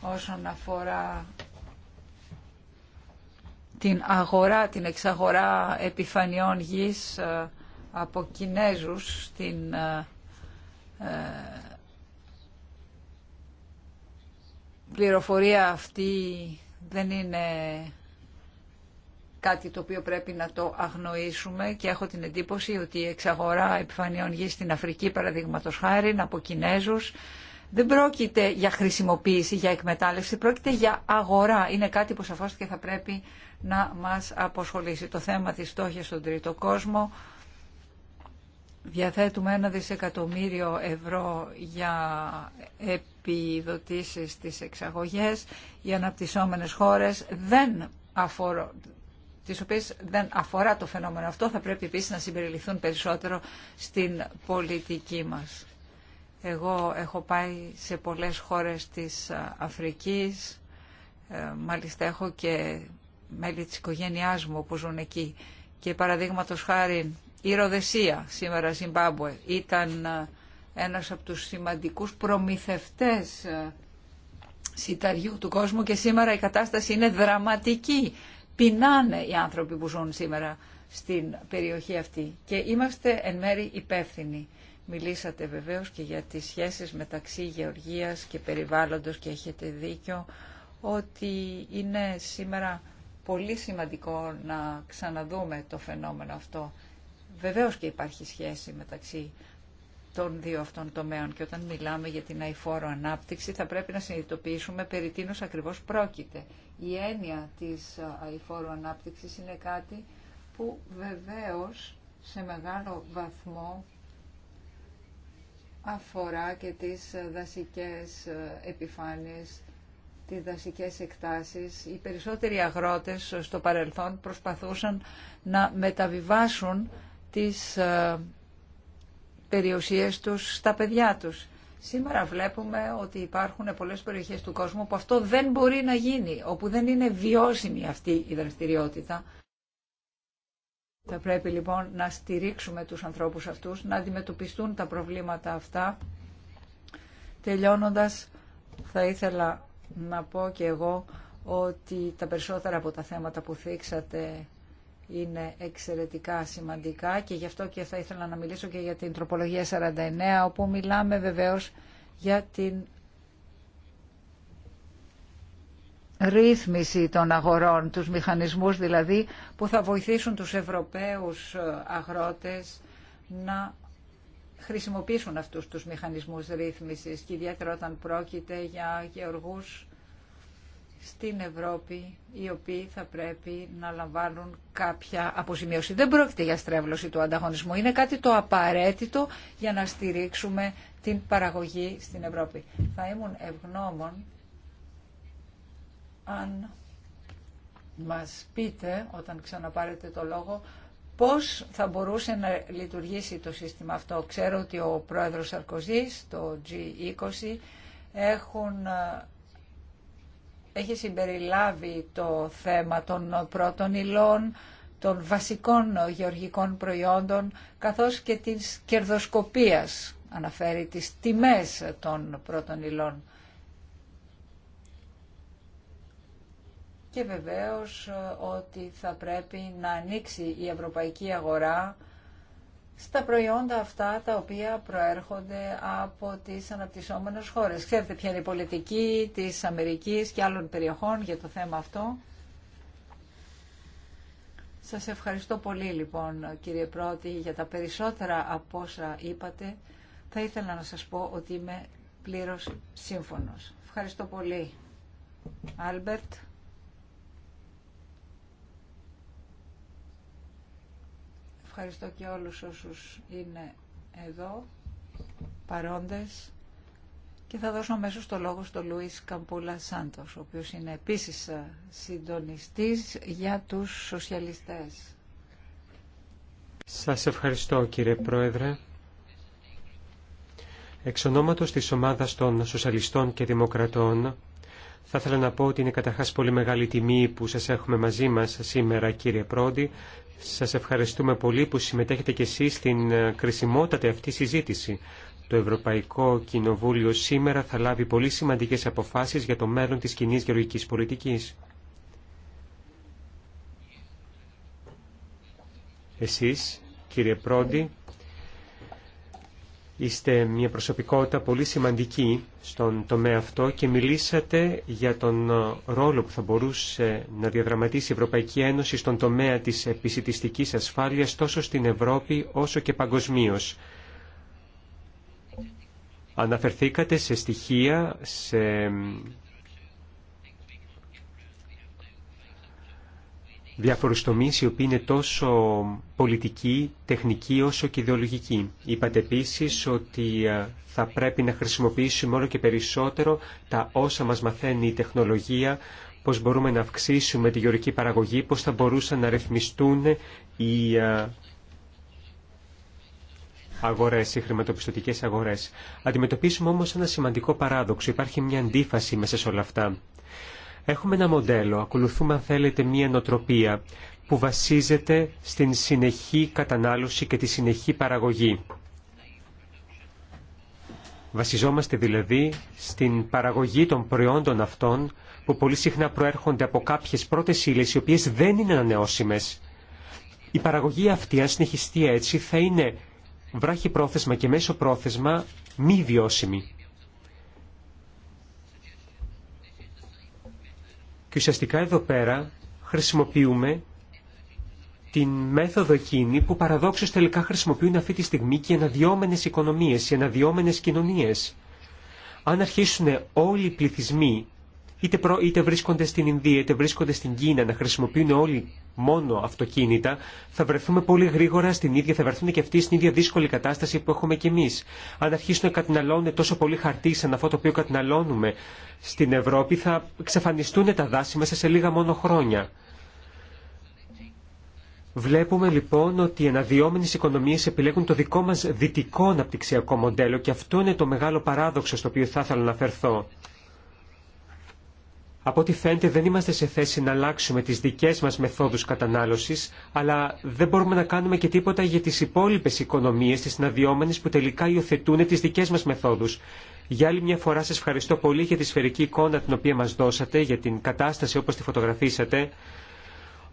όσον αφορά την αγορά, την εξαγορά επιφανειών γης ε, από Κινέζους στην ε, ε, πληροφορία αυτή δεν είναι κάτι το οποίο πρέπει να το αγνοήσουμε και έχω την εντύπωση ότι η εξαγορά επιφανειών γης στην Αφρική παραδείγματο χάρη από Κινέζου. δεν πρόκειται για χρησιμοποίηση, για εκμετάλλευση, πρόκειται για αγορά. Είναι κάτι που σαφώς και θα πρέπει να μας αποσχολήσει. Το θέμα της στόχης στον τρίτο κόσμο διαθέτουμε ένα δισεκατομμύριο ευρώ για επιδοτήσεις στις εξαγωγές. Οι αναπτυσσόμενες χώρες δεν αφορο τις οποίες δεν αφορά το φαινόμενο αυτό, θα πρέπει επίσης να συμπεριληφθούν περισσότερο στην πολιτική μας. Εγώ έχω πάει σε πολλές χώρες της ε, Αφρικής, ε, μάλιστα έχω και μέλη της οικογένειάς μου που ζουν εκεί. Και παραδείγματος χάρη η Ροδεσία, σήμερα Ζιμπάμπουε, ήταν ε, ένας από τους σημαντικούς προμηθευτές σιταριού του κόσμου και σήμερα η κατάσταση είναι δραματική πεινάνε οι άνθρωποι που ζουν σήμερα στην περιοχή αυτή και είμαστε εν μέρη υπεύθυνοι. Μιλήσατε βεβαίως και για τις σχέσεις μεταξύ γεωργίας και περιβάλλοντος και έχετε δίκιο ότι είναι σήμερα πολύ σημαντικό να ξαναδούμε το φαινόμενο αυτό. Βεβαίως και υπάρχει σχέση μεταξύ των δύο αυτών τομέων και όταν μιλάμε για την αηφόρο ανάπτυξη θα πρέπει να συνειδητοποιήσουμε περί τίνος ακριβώς πρόκειται η έννοια της ε, αηφόρου ανάπτυξης είναι κάτι που βεβαίως σε μεγάλο βαθμό αφορά και τις ε, δασικές ε, επιφάνειες, τις δασικές εκτάσεις. Οι περισσότεροι αγρότες στο παρελθόν προσπαθούσαν να μεταβιβάσουν τις περιουσίες τους στα παιδιά τους. Σήμερα βλέπουμε ότι υπάρχουν πολλές περιοχές του κόσμου που αυτό δεν μπορεί να γίνει, όπου δεν είναι βιώσιμη αυτή η δραστηριότητα. Θα πρέπει λοιπόν να στηρίξουμε τους ανθρώπους αυτούς, να αντιμετωπιστούν τα προβλήματα αυτά. Τελειώνοντας, θα ήθελα να πω και εγώ ότι τα περισσότερα από τα θέματα που θίξατε είναι εξαιρετικά σημαντικά και γι' αυτό και θα ήθελα να μιλήσω και για την τροπολογία 49 όπου μιλάμε βεβαίως για την ρύθμιση των αγορών, τους μηχανισμούς δηλαδή που θα βοηθήσουν τους Ευρωπαίους αγρότες να χρησιμοποιήσουν αυτούς τους μηχανισμούς ρύθμισης και ιδιαίτερα όταν πρόκειται για γεωργούς στην Ευρώπη οι οποίοι θα πρέπει να λαμβάνουν κάποια αποζημίωση. Δεν πρόκειται για στρέβλωση του ανταγωνισμού. Είναι κάτι το απαραίτητο για να στηρίξουμε την παραγωγή στην Ευρώπη. Θα ήμουν ευγνώμων αν μας πείτε όταν ξαναπάρετε το λόγο πώς θα μπορούσε να λειτουργήσει το σύστημα αυτό. Ξέρω ότι ο πρόεδρος Σαρκοζής, το G20, έχουν έχει συμπεριλάβει το θέμα των πρώτων υλών, των βασικών γεωργικών προϊόντων, καθώς και της κερδοσκοπίας, αναφέρει τις τιμές των πρώτων υλών. Και βεβαίως ε, ότι θα πρέπει να ανοίξει η ευρωπαϊκή αγορά στα προϊόντα αυτά τα οποία προέρχονται από τις αναπτυσσόμενες χώρες. Ξέρετε ποια είναι η πολιτική της Αμερικής και άλλων περιοχών για το θέμα αυτό. Σας ευχαριστώ πολύ λοιπόν κύριε Πρώτη για τα περισσότερα από όσα είπατε. Θα ήθελα να σας πω ότι είμαι πλήρως σύμφωνος. Ευχαριστώ πολύ. Άλμπερτ. Ευχαριστώ και όλους όσους είναι εδώ, παρόντες. Και θα δώσω μέσω το λόγο στον Λουίς Καμπούλα Σάντος, ο οποίος είναι επίσης ε, συντονιστής για τους σοσιαλιστές. Σας ευχαριστώ κύριε Πρόεδρε. Εξ ονόματος της ομάδας των Σοσιαλιστών και Δημοκρατών, θα ήθελα να πω ότι είναι καταρχάς πολύ μεγάλη τιμή που σας έχουμε μαζί μας σήμερα κύριε Πρόντι σας ευχαριστούμε πολύ που συμμετέχετε και εσείς στην ε, κρισιμότατη αυτή συζήτηση. Το Ευρωπαϊκό Κοινοβούλιο σήμερα θα λάβει πολύ σημαντικές αποφάσεις για το μέλλον της κοινή γεωργικής πολιτικής. Εσείς, κύριε Πρόντι, Είστε μια προσωπικότητα πολύ σημαντική στον τομέα αυτό και μιλήσατε για τον ε, ρόλο που θα μπορούσε να διαδραματίσει η Ευρωπαϊκή Ένωση στον τομέα της επισητιστικής ασφάλειας τόσο στην Ευρώπη όσο και παγκοσμίω. Αναφερθήκατε σε στοιχεία, σε διάφορους τομείς οι οποίοι είναι τόσο πολιτικοί, τεχνικοί όσο και ιδεολογικοί. Είπατε επίσης ότι ε, θα πρέπει να χρησιμοποιήσουμε όλο και περισσότερο τα όσα μας μαθαίνει η τεχνολογία, πώς μπορούμε να αυξήσουμε τη γεωρική παραγωγή, πώς θα μπορούσαν να ρυθμιστούν οι ε, αγορές, οι χρηματοπιστωτικές αγορές. Αντιμετωπίσουμε όμως ένα σημαντικό παράδοξο. Υπάρχει μια αντίφαση μέσα σε όλα αυτά. Έχουμε ένα μοντέλο, ακολουθούμε αν θέλετε μία νοτροπία που βασίζεται στην συνεχή κατανάλωση και τη συνεχή παραγωγή. Βασιζόμαστε δηλαδή στην παραγωγή των προϊόντων αυτών που πολύ συχνά προέρχονται από κάποιες πρώτες ύλες οι οποίες δεν είναι ανανεώσιμες. Η παραγωγή αυτή, αν συνεχιστεί έτσι, θα είναι βράχη πρόθεσμα και μέσο πρόθεσμα μη βιώσιμη. Και ουσιαστικά εδώ πέρα χρησιμοποιούμε την μέθοδο εκείνη που παραδόξως τελικά χρησιμοποιούν αυτή τη στιγμή και οι αναδυόμενες οικονομίες, οι αναδυόμενες κοινωνίες. Αν αρχίσουν όλοι οι πληθυσμοί είτε, προ, είτε βρίσκονται στην Ινδία είτε βρίσκονται στην Κίνα, να χρησιμοποιούν όλοι μόνο αυτοκίνητα, θα βρεθούμε πολύ γρήγορα στην ίδια, θα βρεθούν και αυτοί στην ίδια δύσκολη κατάσταση που έχουμε κι εμεί. Αν αρχίσουν να καταναλώνουν τόσο πολύ χαρτί σαν αυτό το οποίο καταναλώνουμε στην Ευρώπη, θα ξεφανιστούν τα δάση μέσα σε λίγα μόνο χρόνια. Βλέπουμε λοιπόν ότι οι αναδυόμενες οικονομίες επιλέγουν το δικό μας δυτικό αναπτυξιακό μοντέλο και αυτό είναι το μεγάλο παράδοξο στο οποίο θα ήθελα να αφαιρθώ. Από ό,τι φαίνεται δεν είμαστε σε θέση να αλλάξουμε τις δικές μας μεθόδους κατανάλωσης, αλλά δεν μπορούμε να κάνουμε και τίποτα για τις υπόλοιπες οικονομίες, τις συναδειόμενες που τελικά υιοθετούν τις δικές μας μεθόδους. Για άλλη μια φορά σας ευχαριστώ πολύ για τη σφαιρική εικόνα την οποία μας δώσατε, για την κατάσταση όπως τη φωτογραφήσατε.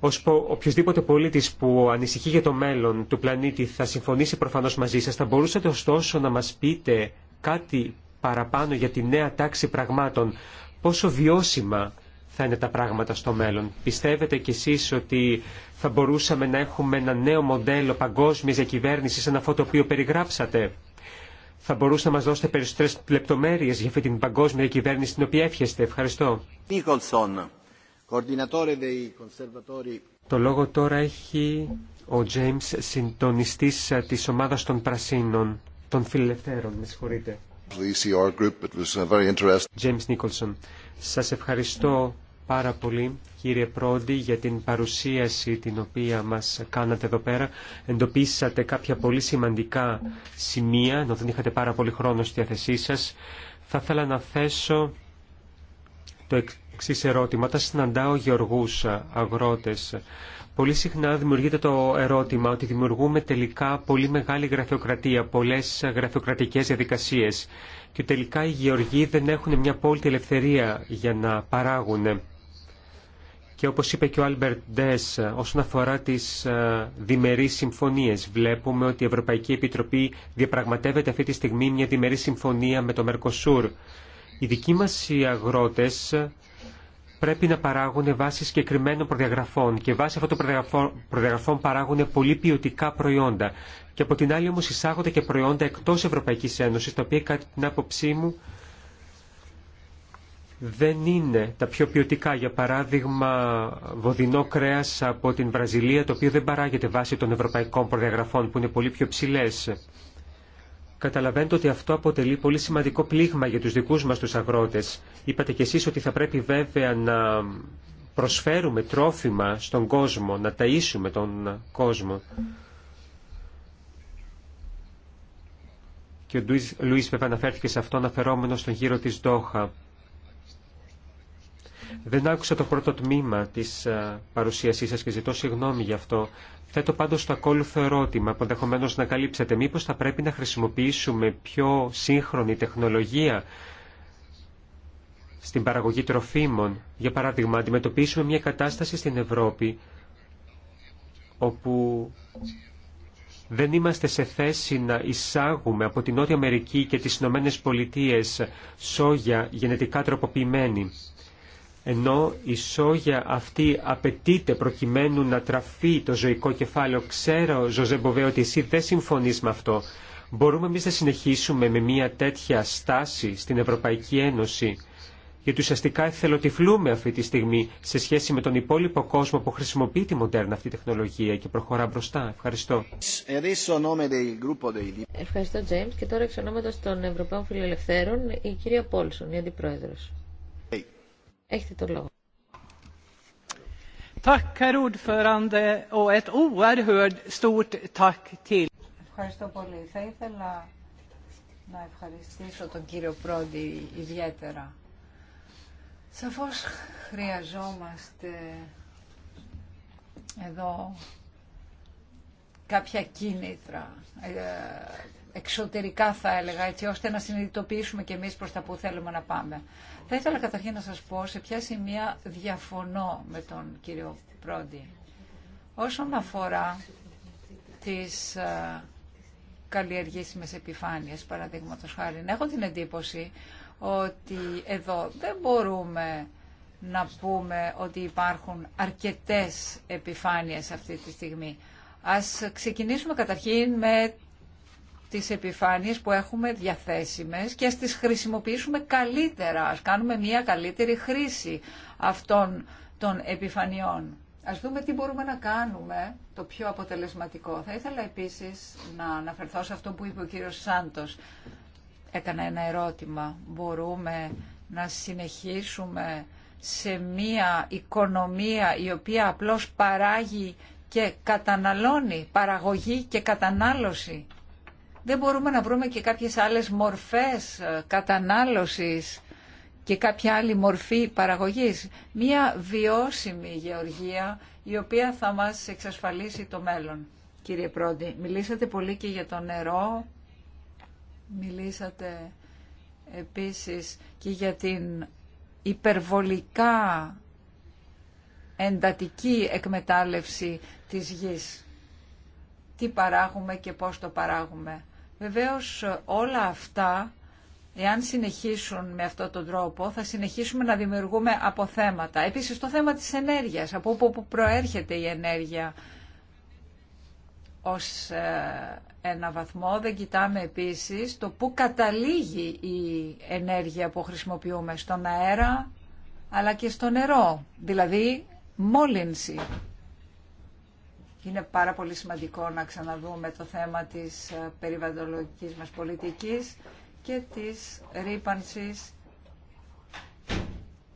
φωτογραφίσατε. Οποιοδήποτε πολίτης που ανησυχεί για το μέλλον του πλανήτη θα συμφωνήσει προφανώς μαζί σας. Θα μπορούσατε ωστόσο να μας πείτε κάτι παραπάνω για τη νέα τάξη πραγμάτων πόσο βιώσιμα θα είναι τα πράγματα στο μέλλον. Πιστεύετε κι εσείς ότι θα μπορούσαμε να έχουμε ένα νέο μοντέλο παγκόσμιας διακυβέρνησης σαν αυτό το οποίο περιγράψατε. Θα μπορούσατε να μας δώσετε περισσότερες λεπτομέρειες για αυτή την παγκόσμια διακυβέρνηση την οποία εύχεστε. Ευχαριστώ. Nicholson, Το λόγο τώρα έχει ο Τζέιμς, συντονιστής ε, της ομάδας των Πρασίνων, των Φιλελευθέρων, με συγχωρείτε. Σα e uh, Σας ευχαριστώ πάρα πολύ κύριε Πρόντι για την παρουσίαση την οποία μας κάνατε εδώ πέρα. Εντοπίσατε κάποια πολύ σημαντικά σημεία, ενώ δεν είχατε πάρα πολύ χρόνο στη διάθεσή σας. Θα ήθελα να θέσω το εξή ερώτημα. Όταν συναντάω γεωργούς αγρότες, Πολύ συχνά δημιουργείται το ερώτημα ότι δημιουργούμε τελικά πολύ μεγάλη γραφειοκρατία, πολλές γραφειοκρατικές διαδικασίες και τελικά οι γεωργοί δεν έχουν μια απόλυτη ελευθερία για να παράγουν. Και όπως είπε και ο Άλμπερτ Ντες, όσον αφορά τις ε, διμερείς συμφωνίες, βλέπουμε ότι η Ευρωπαϊκή Επιτροπή διαπραγματεύεται αυτή τη στιγμή μια διμερή συμφωνία με το Μερκοσούρ. Οι δικοί μας οι αγρότες πρέπει να παράγουν βάσει συγκεκριμένων προδιαγραφών και βάσει αυτών των προδιαγραφών παράγουν πολύ ποιοτικά προϊόντα. Και από την άλλη όμως εισάγονται και προϊόντα εκτός Ευρωπαϊκής Ένωσης, τα οποία κατά την άποψή μου δεν είναι τα πιο ποιοτικά. Για παράδειγμα, βοδινό κρέα από την Βραζιλία, το οποίο δεν παράγεται βάσει των ευρωπαϊκών προδιαγραφών, που είναι πολύ πιο ψηλέ. Καταλαβαίνετε ότι αυτό αποτελεί πολύ σημαντικό πλήγμα για τους δικούς μας τους αγρότες. Είπατε κι εσείς ότι θα πρέπει βέβαια να προσφέρουμε τρόφιμα στον κόσμο, να ταΐσουμε τον κόσμο. Και ο Λουίς βέβαια αναφέρθηκε σε αυτό αναφερόμενο στον γύρο της Δόχα. Δεν άκουσα το πρώτο τμήμα της ε, παρουσίασής σας και ζητώ συγγνώμη γι' αυτό. Θέτω πάντω το ακόλουθο ερώτημα που ενδεχομένω να καλύψετε. Μήπω θα πρέπει να χρησιμοποιήσουμε πιο σύγχρονη τεχνολογία στην παραγωγή τροφίμων. Για παράδειγμα, αντιμετωπίσουμε μια κατάσταση στην Ευρώπη όπου δεν είμαστε σε θέση να εισάγουμε από την Νότια Αμερική και τις Ηνωμένε Πολιτείες σόγια γενετικά τροποποιημένη ενώ η σόγια αυτή απαιτείται προκειμένου να τραφεί το ζωικό κεφάλαιο. Ξέρω, Ζωζέ Μποβέ, ότι εσύ δεν συμφωνείς με αυτό. Μπορούμε εμείς να συνεχίσουμε με μια τέτοια στάση στην Ευρωπαϊκή Ένωση, γιατί ουσιαστικά εθελοτυφλούμε αυτή τη στιγμή σε σχέση με τον υπόλοιπο κόσμο που χρησιμοποιεί τη μοντέρνα αυτή τεχνολογία και προχωρά μπροστά. Ευχαριστώ. Ε, Ευχαριστώ, Τζέιμς. Και τώρα εξ ονόματος των Ευρωπαίων Φιλελευθέρων, η κυρία Πόλσον, η Αντιπρόεδρος. Έχετε το λόγο. Ευχαριστώ πολύ. Θα ήθελα να ευχαριστήσω τον κύριο Πρόντι ιδιαίτερα. Σαφώς χρειαζόμαστε εδώ κάποια κίνητρα, ε, εξωτερικά θα έλεγα, έτσι ώστε να συνειδητοποιήσουμε και εμείς προς τα που θέλουμε να πάμε. Θα ήθελα καταρχήν να σας πω σε ποια σημεία διαφωνώ με τον κύριο Πρόντι. Όσον αφορά τις ε, καλλιεργήσιμες επιφάνειες, παραδείγματο χάρη, έχω την εντύπωση ότι εδώ δεν μπορούμε να πούμε ότι υπάρχουν αρκετές επιφάνειες αυτή τη στιγμή. Ας ξεκινήσουμε καταρχήν με τις επιφάνειες που έχουμε διαθέσιμες και ας τις χρησιμοποιήσουμε καλύτερα, ας κάνουμε μια καλύτερη χρήση αυτών των επιφανειών. Ας δούμε τι μπορούμε να κάνουμε το πιο αποτελεσματικό. Θα ήθελα επίσης να αναφερθώ σε αυτό που είπε ο κύριος Σάντος. Έκανα ένα ερώτημα. Μπορούμε να συνεχίσουμε σε μια οικονομία η οποία απλώς παράγει και καταναλώνει, παραγωγή και κατανάλωση δεν μπορούμε να βρούμε και κάποιες άλλες μορφές ε, κατανάλωσης και κάποια άλλη μορφή παραγωγής. Μία βιώσιμη γεωργία η οποία θα μας εξασφαλίσει το μέλλον. Κύριε Πρόντι, μιλήσατε πολύ και για το νερό, μιλήσατε επίσης και για την υπερβολικά εντατική εκμετάλλευση της γης. Τι παράγουμε και πώς το παράγουμε. Βεβαίως όλα αυτά, εάν συνεχίσουν με αυτόν τον τρόπο, θα συνεχίσουμε να δημιουργούμε αποθέματα. Επίσης το θέμα της ενέργειας, από όπου προέρχεται η ενέργεια ως ε, ένα βαθμό. Δεν κοιτάμε επίσης το πού καταλήγει η ενέργεια που χρησιμοποιούμε στον αέρα αλλά και στο νερό, δηλαδή μόλυνση. Είναι πάρα πολύ σημαντικό να ξαναδούμε το θέμα της ε, περιβαλλοντολογικής μας πολιτικής και της ρήπανσης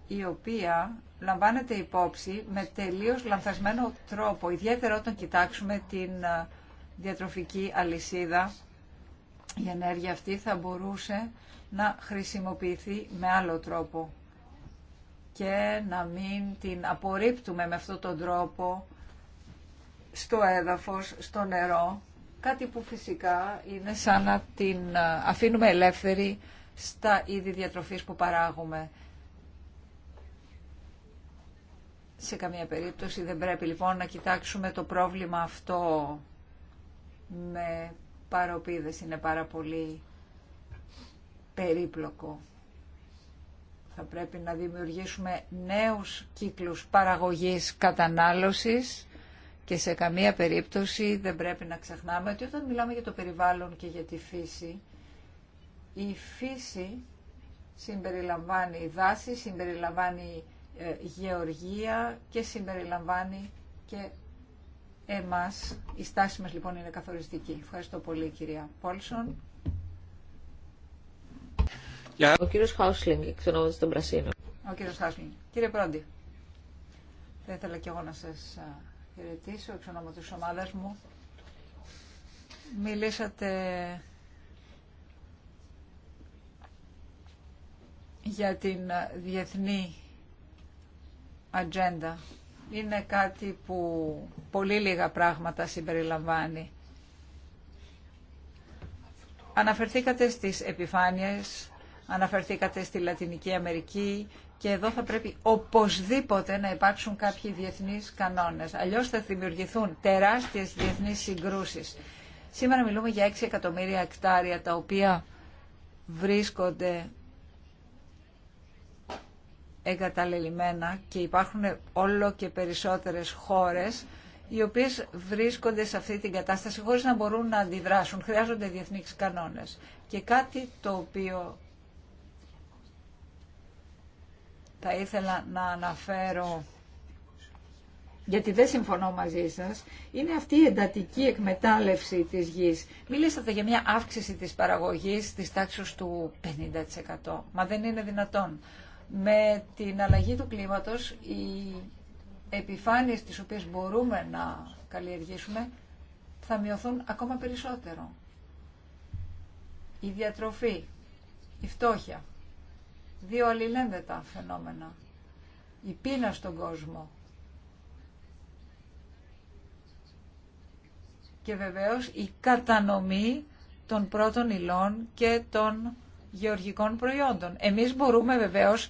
η οποία λαμβάνεται υπόψη με τελείως λανθασμένο τρόπο, ιδιαίτερα όταν κοιτάξουμε την ε, διατροφική αλυσίδα. Η ενέργεια αυτή θα μπορούσε να χρησιμοποιηθεί με άλλο τρόπο και να μην την απορρίπτουμε με αυτόν τον τρόπο στο έδαφος, στο νερό, κάτι που φυσικά είναι σαν να την ε, αφήνουμε ελεύθερη στα είδη διατροφής που παράγουμε. Σε καμία περίπτωση δεν πρέπει λοιπόν να κοιτάξουμε το πρόβλημα αυτό με παροπίδες. Είναι πάρα πολύ περίπλοκο. Θα πρέπει να δημιουργήσουμε νέους κύκλους παραγωγής κατανάλωσης και σε καμία περίπτωση δεν πρέπει να ξεχνάμε ότι όταν μιλάμε για το περιβάλλον και για τη φύση, η φύση συμπεριλαμβάνει δάση, συμπεριλαμβάνει ε, γεωργία και συμπεριλαμβάνει και εμάς. Η στάση μας λοιπόν είναι καθοριστική. Ευχαριστώ πολύ κυρία Πόλσον. Ο κύριος Χάουσλινγκ, εξ των Πρασίνων. Ο κύριος Χάουσλινγκ. Κύριε Πρόντι, θα ήθελα και εγώ να σας χαιρετήσω εξ ονόμα της ομάδας μου. Μιλήσατε για την ε, διεθνή ατζέντα. Είναι κάτι που πολύ λίγα πράγματα συμπεριλαμβάνει. Αναφερθήκατε στις επιφάνειες, αναφερθήκατε στη Λατινική Αμερική, και εδώ θα πρέπει οπωσδήποτε να υπάρξουν κάποιοι διεθνείς κανόνες. Αλλιώς θα δημιουργηθούν τεράστιες διεθνείς συγκρούσεις. Σήμερα μιλούμε για 6 εκατομμύρια εκτάρια τα οποία βρίσκονται εγκαταλελειμμένα και υπάρχουν όλο και περισσότερες χώρες οι οποίες βρίσκονται σε αυτή την κατάσταση χωρίς να μπορούν να αντιδράσουν. Χρειάζονται διεθνείς κανόνες. Και κάτι το οποίο θα ήθελα να αναφέρω, γιατί δεν συμφωνώ μαζί σας, είναι αυτή η εντατική εκμετάλλευση της γης. Μιλήσατε για μια αύξηση της παραγωγής της τάξης του 50%. Μα δεν είναι δυνατόν. Με την αλλαγή του κλίματος, οι επιφάνειες τις οποίες μπορούμε να καλλιεργήσουμε θα μειωθούν ακόμα περισσότερο. Η διατροφή, η φτώχεια, δύο αλληλένδετα φαινόμενα. Η πείνα στον κόσμο και βεβαίως η κατανομή των πρώτων υλών και των γεωργικών προϊόντων. Εμείς μπορούμε βεβαίως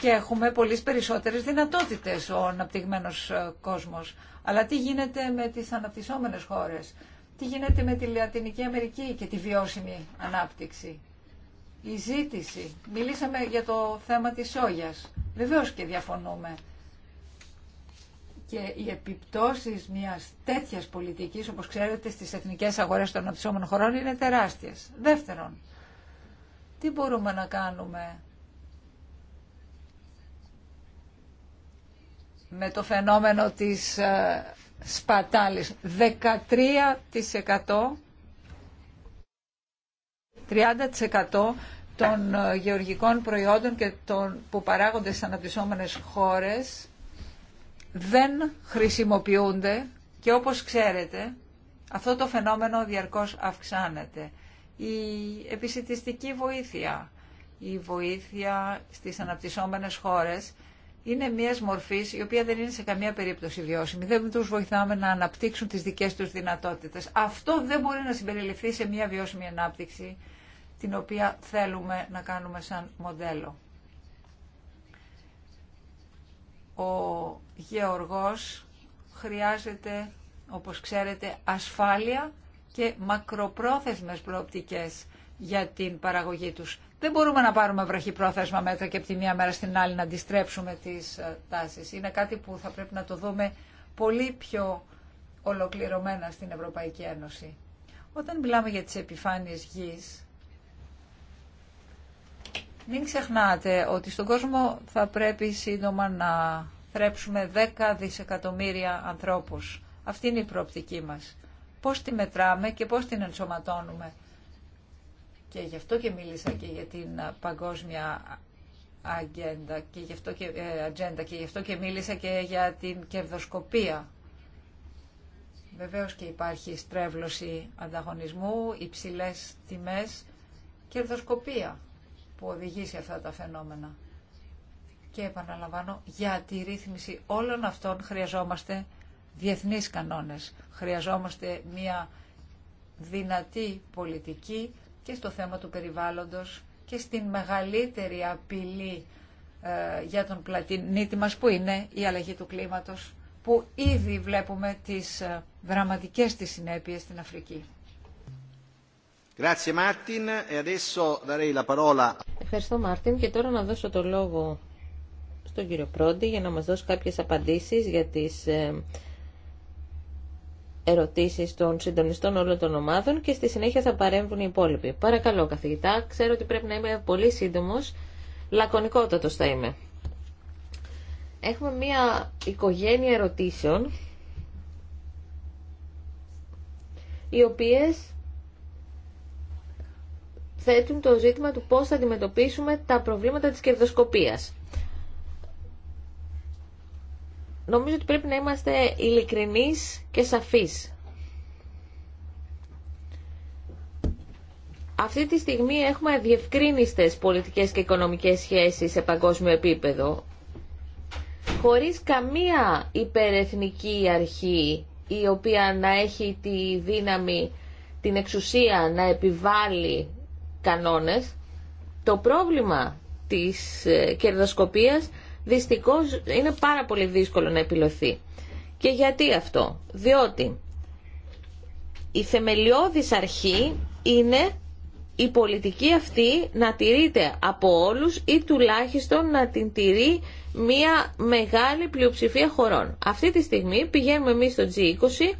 και έχουμε πολλέ περισσότερες δυνατότητες ο αναπτυγμένος ε, κόσμος. Αλλά τι γίνεται με τις αναπτυσσόμενες χώρες, τι γίνεται με τη Λατινική Αμερική και τη βιώσιμη ανάπτυξη η ζήτηση. Μιλήσαμε για το θέμα της σόγιας. Βεβαίως και διαφωνούμε. Και οι επιπτώσεις μιας τέτοιας πολιτικής, όπως ξέρετε, στις εθνικές αγορές των αναπτυσσόμενων χωρών είναι τεράστιες. Δεύτερον, τι μπορούμε να κάνουμε με το φαινόμενο της ε, σπατάλης. 13% 30% των ε, γεωργικών προϊόντων και των που παράγονται στις αναπτυσσόμενες χώρες δεν χρησιμοποιούνται και όπως ξέρετε αυτό το φαινόμενο διαρκώς αυξάνεται. Η επισητιστική βοήθεια, η βοήθεια στις αναπτυσσόμενες χώρες είναι μια μορφή η οποία δεν είναι σε καμία περίπτωση βιώσιμη. Δεν του βοηθάμε να αναπτύξουν τι δικέ του δυνατότητε. Αυτό δεν μπορεί να συμπεριληφθεί σε μια βιώσιμη ανάπτυξη την οποία θέλουμε να κάνουμε σαν μοντέλο. Ο γεωργός χρειάζεται, όπως ξέρετε, ασφάλεια και μακροπρόθεσμες προοπτικές για την παραγωγή τους. Δεν μπορούμε να πάρουμε βραχυπρόθεσμα μέτρα και από τη μία μέρα στην άλλη να αντιστρέψουμε τις ε, τάσεις. Είναι κάτι που θα πρέπει να το δούμε πολύ πιο ολοκληρωμένα στην Ευρωπαϊκή Ένωση. Όταν μιλάμε για τις επιφάνειες γης, μην ξεχνάτε ότι στον κόσμο θα πρέπει σύντομα να θρέψουμε 10 δισεκατομμύρια ανθρώπους. Αυτή είναι η προοπτική μας. Πώς τη μετράμε και πώς την ενσωματώνουμε. Και γι' αυτό και μίλησα και για την παγκόσμια agenda και γι' αυτό και, ε, και γι' αυτό και μίλησα και για την κερδοσκοπία. Βεβαίως και υπάρχει στρέβλωση ανταγωνισμού, υψηλές τιμές, κερδοσκοπία που οδηγήσει αυτά τα φαινόμενα. Και επαναλαμβάνω, για τη ρύθμιση όλων αυτών χρειαζόμαστε διεθνείς κανόνες. Χρειαζόμαστε μια δυνατή πολιτική και στο θέμα του περιβάλλοντος και στην μεγαλύτερη απειλή ε, για τον πλατηνίτη μας που είναι η αλλαγή του κλίματος που ήδη βλέπουμε τις ε, δραματικές της συνέπειες στην Αφρική. E Ευχαριστώ Μάρτιν και τώρα να δώσω το λόγο στον κύριο Πρόντι για να μας δώσει κάποιες απαντήσεις για τις ε, ερωτήσεις των συντονιστών όλων των ομάδων και στη συνέχεια θα παρέμβουν οι υπόλοιποι. Παρακαλώ καθηγητά, ξέρω ότι πρέπει να είμαι πολύ σύντομος, λακωνικότατος θα είμαι. Έχουμε μία οικογένεια ερωτήσεων οι οποίες θέτουν το ζήτημα του πώς θα αντιμετωπίσουμε τα προβλήματα της κερδοσκοπίας. Νομίζω ότι πρέπει να είμαστε ειλικρινείς και σαφείς. Αυτή τη στιγμή έχουμε διευκρίνιστες πολιτικές και οικονομικές σχέσεις σε παγκόσμιο επίπεδο, χωρίς καμία υπερεθνική αρχή η οποία να έχει τη δύναμη, την εξουσία να επιβάλλει κανόνες, το πρόβλημα της ε, κερδοσκοπίας δυστυχώς είναι πάρα πολύ δύσκολο να επιλωθεί. Και γιατί αυτό. Διότι η θεμελιώδης αρχή είναι η πολιτική αυτή να τηρείται από όλους ή τουλάχιστον να την τηρεί μια μεγάλη πλειοψηφία χωρών. Αυτή τη στιγμή πηγαίνουμε εμείς στο G20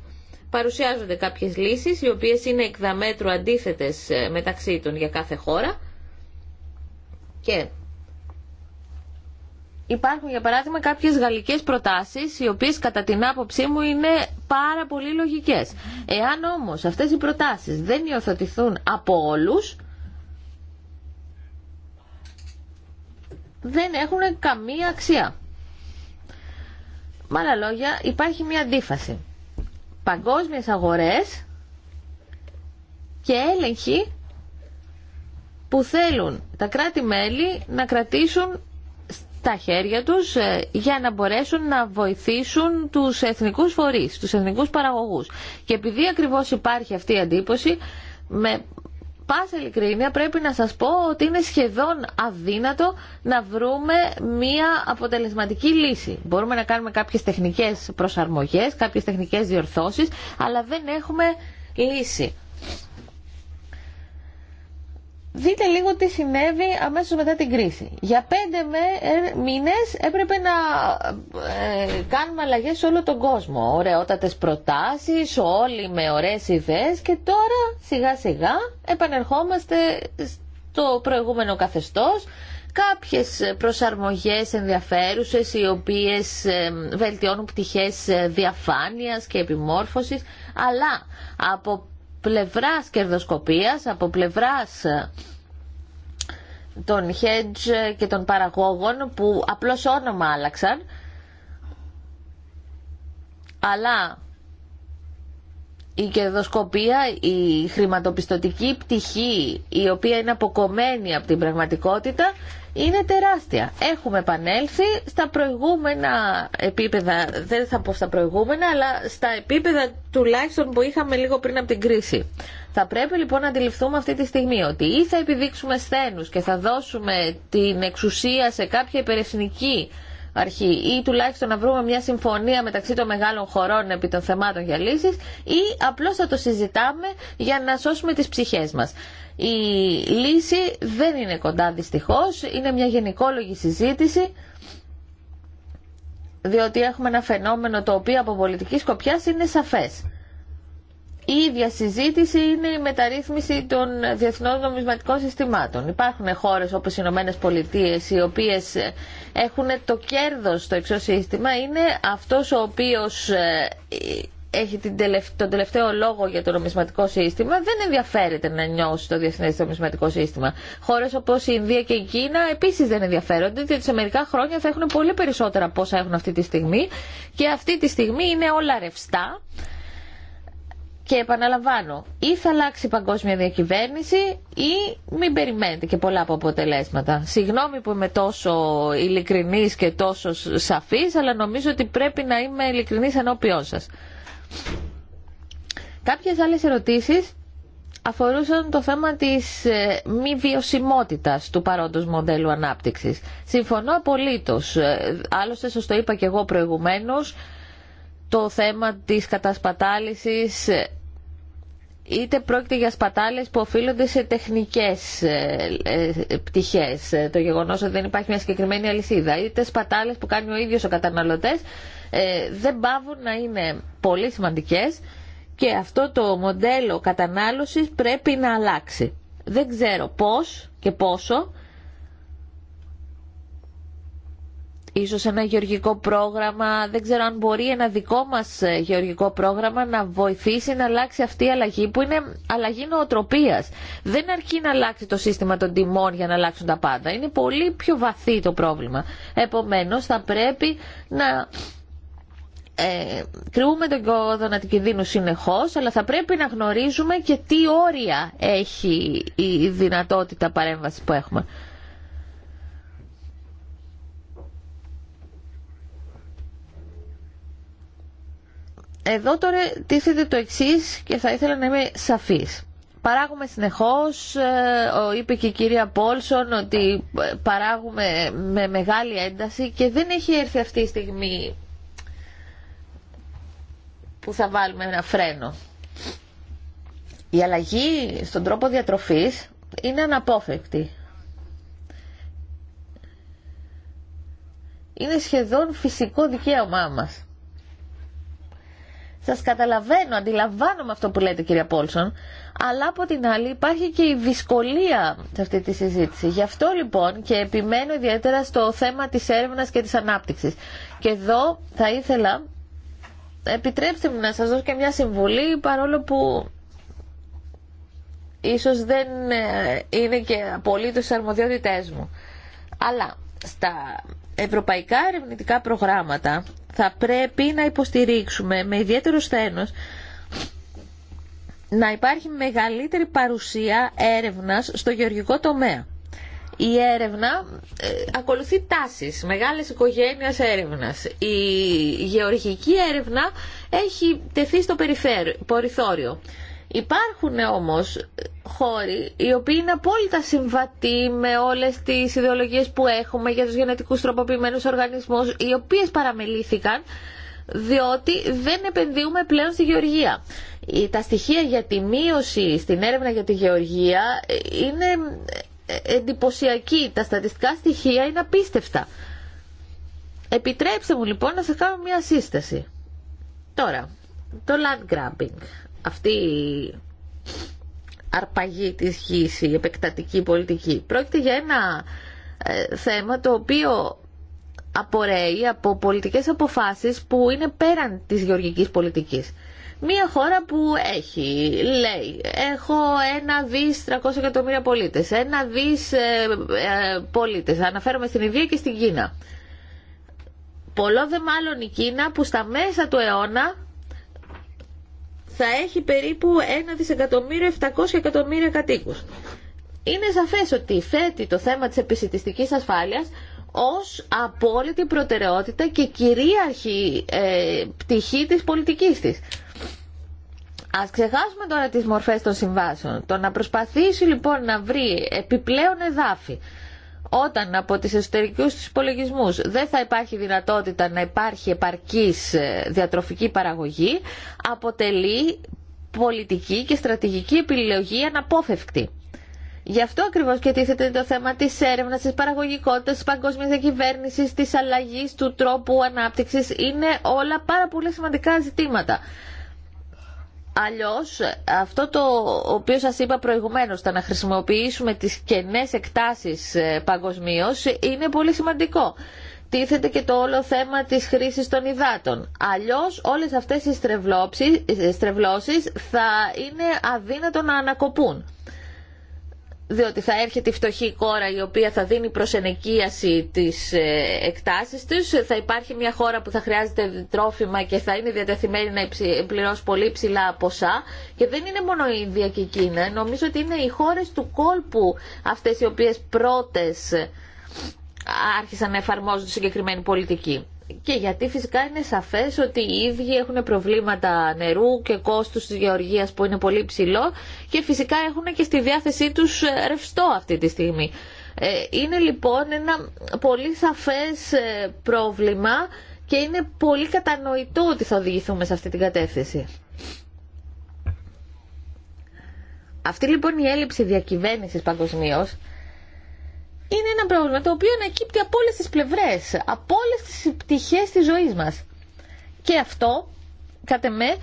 παρουσιάζονται κάποιες λύσεις οι οποίες είναι εκ δαμέτρου αντίθετες ε, μεταξύ των για κάθε χώρα και υπάρχουν για παράδειγμα κάποιες γαλλικές προτάσεις οι οποίες κατά την άποψή μου είναι πάρα πολύ λογικές. Εάν όμως αυτές οι προτάσεις δεν υιοθετηθούν από όλους δεν έχουν καμία αξία. Με άλλα λόγια υπάρχει μια αντίφαση παγκόσμιες αγορές και έλεγχοι που θέλουν τα κράτη-μέλη να κρατήσουν στα χέρια τους ε, για να μπορέσουν να βοηθήσουν τους εθνικούς φορείς, τους εθνικούς παραγωγούς. Και επειδή ακριβώς υπάρχει αυτή η αντίποση, με πάσα ειλικρίνεια πρέπει να σας πω ότι είναι σχεδόν αδύνατο να βρούμε μία αποτελεσματική λύση. Μπορούμε να κάνουμε κάποιες τεχνικές προσαρμογές, κάποιες τεχνικές διορθώσεις, αλλά δεν έχουμε λύση. Δείτε λίγο τι συνέβη αμέσως μετά την κρίση. Για πέντε ε, μήνες έπρεπε να ε, κάνουμε αλλαγές σε όλο τον κόσμο. Ωραιότατες προτάσεις, όλοι με ωραίες ιδέες και τώρα σιγά σιγά επανερχόμαστε στο προηγούμενο καθεστώς κάποιες προσαρμογές ενδιαφέρουσες οι οποίες ε, βελτιώνουν πτυχές διαφάνειας και επιμόρφωσης αλλά από πλευράς κερδοσκοπίας, από πλευράς ε, των hedge και των παραγόγων που απλώς όνομα άλλαξαν αλλά η κερδοσκοπία, η χρηματοπιστωτική πτυχή η οποία είναι αποκομμένη από την πραγματικότητα είναι τεράστια. Έχουμε επανέλθει στα προηγούμενα επίπεδα, δεν θα πω στα προηγούμενα, αλλά στα επίπεδα τουλάχιστον που είχαμε λίγο πριν από την κρίση. Θα πρέπει λοιπόν να αντιληφθούμε αυτή τη στιγμή ότι ή θα επιδείξουμε σθένους και θα δώσουμε την εξουσία σε κάποια υπερεθνική αρχή ή τουλάχιστον να βρούμε μια συμφωνία μεταξύ των μεγάλων χωρών επί των θεμάτων για λύσεις ή απλώς θα το συζητάμε για να σώσουμε τις ψυχές μας. Η λύση δεν είναι κοντά δυστυχώς, είναι μια γενικόλογη συζήτηση διότι έχουμε ένα φαινόμενο το οποίο από πολιτική σκοπιά είναι σαφές. Η ίδια συζήτηση είναι η μεταρρύθμιση των διεθνών νομισματικών συστημάτων. Υπάρχουν χώρες όπως οι Ηνωμένε Πολιτείε, οι οποίες ε, έχουν το κέρδος στο εξωσύστημα είναι αυτός ο οποίος ε, έχει την τον τελευταίο λόγο για το νομισματικό σύστημα, δεν ενδιαφέρεται να νιώσει το διεθνέ νομισματικό σύστημα. Χώρε όπω η Ινδία και η Κίνα επίση δεν ενδιαφέρονται, διότι σε μερικά χρόνια θα έχουν πολύ περισσότερα πόσα έχουν αυτή τη στιγμή και αυτή τη στιγμή είναι όλα ρευστά και επαναλαμβάνω, ή θα αλλάξει η παγκόσμια διακυβέρνηση ή μην περιμένετε και πολλά από αποτελέσματα. Συγγνώμη που είμαι τόσο ειλικρινής και τόσο σαφής, αλλά νομίζω ότι πρέπει να είμαι ειλικρινής ενώπιόν σας. Κάποιες άλλες ερωτήσεις αφορούσαν το θέμα της ε, μη βιωσιμότητας του παρόντος μοντέλου ανάπτυξης. Συμφωνώ απολύτως. Ε, άλλωστε, σα το είπα και εγώ προηγουμένως, το θέμα της κατασπατάλησης ε, είτε πρόκειται για σπατάλες που οφείλονται σε τεχνικές ε, ε, πτυχές, ε, το γεγονός ότι δεν υπάρχει μια συγκεκριμένη αλυσίδα, είτε σπατάλες που κάνει ο ίδιος ο καταναλωτές, δεν πάβουν να είναι πολύ σημαντικές και αυτό το μοντέλο κατανάλωσης πρέπει να αλλάξει. Δεν ξέρω πώς και πόσο, ίσως ένα γεωργικό πρόγραμμα, δεν ξέρω αν μπορεί ένα δικό μας ε, γεωργικό πρόγραμμα να βοηθήσει να αλλάξει αυτή η αλλαγή που είναι αλλαγή νοοτροπίας. Δεν αρκεί να αλλάξει το σύστημα των τιμών για να αλλάξουν τα πάντα. Είναι πολύ πιο βαθύ το πρόβλημα. Επομένως θα πρέπει να ε, κρυούμε τον κόδωνα του κινδύνου συνεχώς, αλλά θα πρέπει να γνωρίζουμε και τι όρια έχει η δυνατότητα παρέμβασης που έχουμε. Εδώ τώρα τίθεται το εξή και θα ήθελα να είμαι σαφής. Παράγουμε συνεχώς, ε, είπε και η κυρία Πόλσον ότι ε, παράγουμε με μεγάλη ένταση και δεν έχει έρθει αυτή η στιγμή που θα βάλουμε ένα φρένο. Η αλλαγή στον τρόπο διατροφής είναι αναπόφευκτη. Είναι σχεδόν φυσικό δικαίωμά μας. Σας καταλαβαίνω, αντιλαμβάνομαι αυτό που λέτε κυρία Πόλσον, αλλά από την άλλη υπάρχει και η δυσκολία σε αυτή τη συζήτηση. Γι' αυτό λοιπόν και επιμένω ιδιαίτερα στο θέμα της έρευνας και της ανάπτυξης. Και εδώ θα ήθελα, επιτρέψτε μου να σας δώσω και μια συμβουλή, παρόλο που ίσως δεν ε, είναι και απολύτως αρμοδιότητές μου. Αλλά στα ευρωπαϊκά ερευνητικά προγράμματα θα πρέπει να υποστηρίξουμε με ιδιαίτερο σθένος να υπάρχει μεγαλύτερη παρουσία έρευνας στο γεωργικό τομέα. Η έρευνα ε, ακολουθεί τάσεις, μεγάλες οικογένειες έρευνας. Η γεωργική έρευνα έχει τεθεί στο περιθώριο. Υπάρχουν όμως χώροι οι οποίοι είναι απόλυτα συμβατοί με όλες τις ιδεολογίες που έχουμε για τους γενετικούς τροποποιημένους οργανισμούς, οι οποίες παραμελήθηκαν διότι δεν επενδύουμε πλέον στη γεωργία. Τα στοιχεία για τη μείωση στην έρευνα για τη γεωργία ε, είναι ε, εντυπωσιακή. Τα στατιστικά στοιχεία είναι απίστευτα. Επιτρέψτε μου λοιπόν να σας κάνω μια σύσταση. Τώρα, το land grabbing αυτή η αρπαγή της γης, η επεκτατική πολιτική. Πρόκειται για ένα ε, θέμα το οποίο απορρέει από πολιτικές αποφάσεις που είναι πέραν της γεωργικής πολιτικής. Μία χώρα που έχει, λέει, έχω ένα δις 300 εκατομμύρια πολίτες, ένα δις ε, ε πολίτες, αναφέρομαι στην Ιδία και στην Κίνα. Πολλό δε μάλλον η Κίνα που στα μέσα του αιώνα θα έχει περίπου 1 δισεκατομμύριο 700 εκατομμύρια κατοίκους. Είναι σαφέ ότι θέτει το θέμα της επισητιστικής ασφάλειας ως απόλυτη προτεραιότητα και κυρίαρχη ε, πτυχή τη πολιτικής της. Ας ξεχάσουμε τώρα τις μορφές των συμβάσεων. Το να προσπαθήσει λοιπόν να βρει επιπλέον εδάφη, όταν από τις εσωτερικούς τους υπολογισμούς δεν θα υπάρχει δυνατότητα να υπάρχει επαρκής ε, διατροφική παραγωγή, αποτελεί πολιτική και στρατηγική επιλογή αναπόφευκτη. Γι' αυτό ακριβώ και τίθεται το θέμα τη έρευνα, τη παραγωγικότητα, τη παγκόσμια διακυβέρνηση, τη αλλαγή του τρόπου ανάπτυξη. Είναι όλα πάρα πολύ σημαντικά ζητήματα. Αλλιώς αυτό το οποίο σας είπα προηγουμένως, το να χρησιμοποιήσουμε τις κενές εκτάσεις ε, παγκοσμίω είναι πολύ σημαντικό. Τίθεται και το όλο θέμα της χρήσης των υδάτων. Αλλιώς όλες αυτές οι ε, στρεβλώσεις θα είναι αδύνατο να ανακοπούν διότι θα έρχεται η φτωχή κόρα η οποία θα δίνει προς ενοικίαση τις ε, εκτάσεις τους, θα υπάρχει μια χώρα που θα χρειάζεται τρόφιμα και θα είναι διατεθειμένη να πληρώσει πολύ ψηλά ποσά και δεν είναι μόνο η Ινδία και η Κίνα, νομίζω ότι είναι οι χώρες του κόλπου αυτές οι οποίες πρώτες άρχισαν να εφαρμόζουν συγκεκριμένη πολιτική και γιατί φυσικά είναι σαφές ότι οι ίδιοι έχουν προβλήματα νερού και κόστους της γεωργίας που είναι πολύ ψηλό και φυσικά έχουν και στη διάθεσή τους ε, ρευστό αυτή τη στιγμή. Ε, είναι λοιπόν ένα πολύ σαφές ε, πρόβλημα και είναι πολύ κατανοητό ότι θα οδηγηθούμε σε αυτή την κατεύθυνση. Αυτή λοιπόν η έλλειψη διακυβέρνησης παγκοσμίω πρόβλημα το οποίο ανακύπτει από όλε τι πλευρέ, από όλε τι πτυχέ τη ζωή μα. Και αυτό, κατεμέ με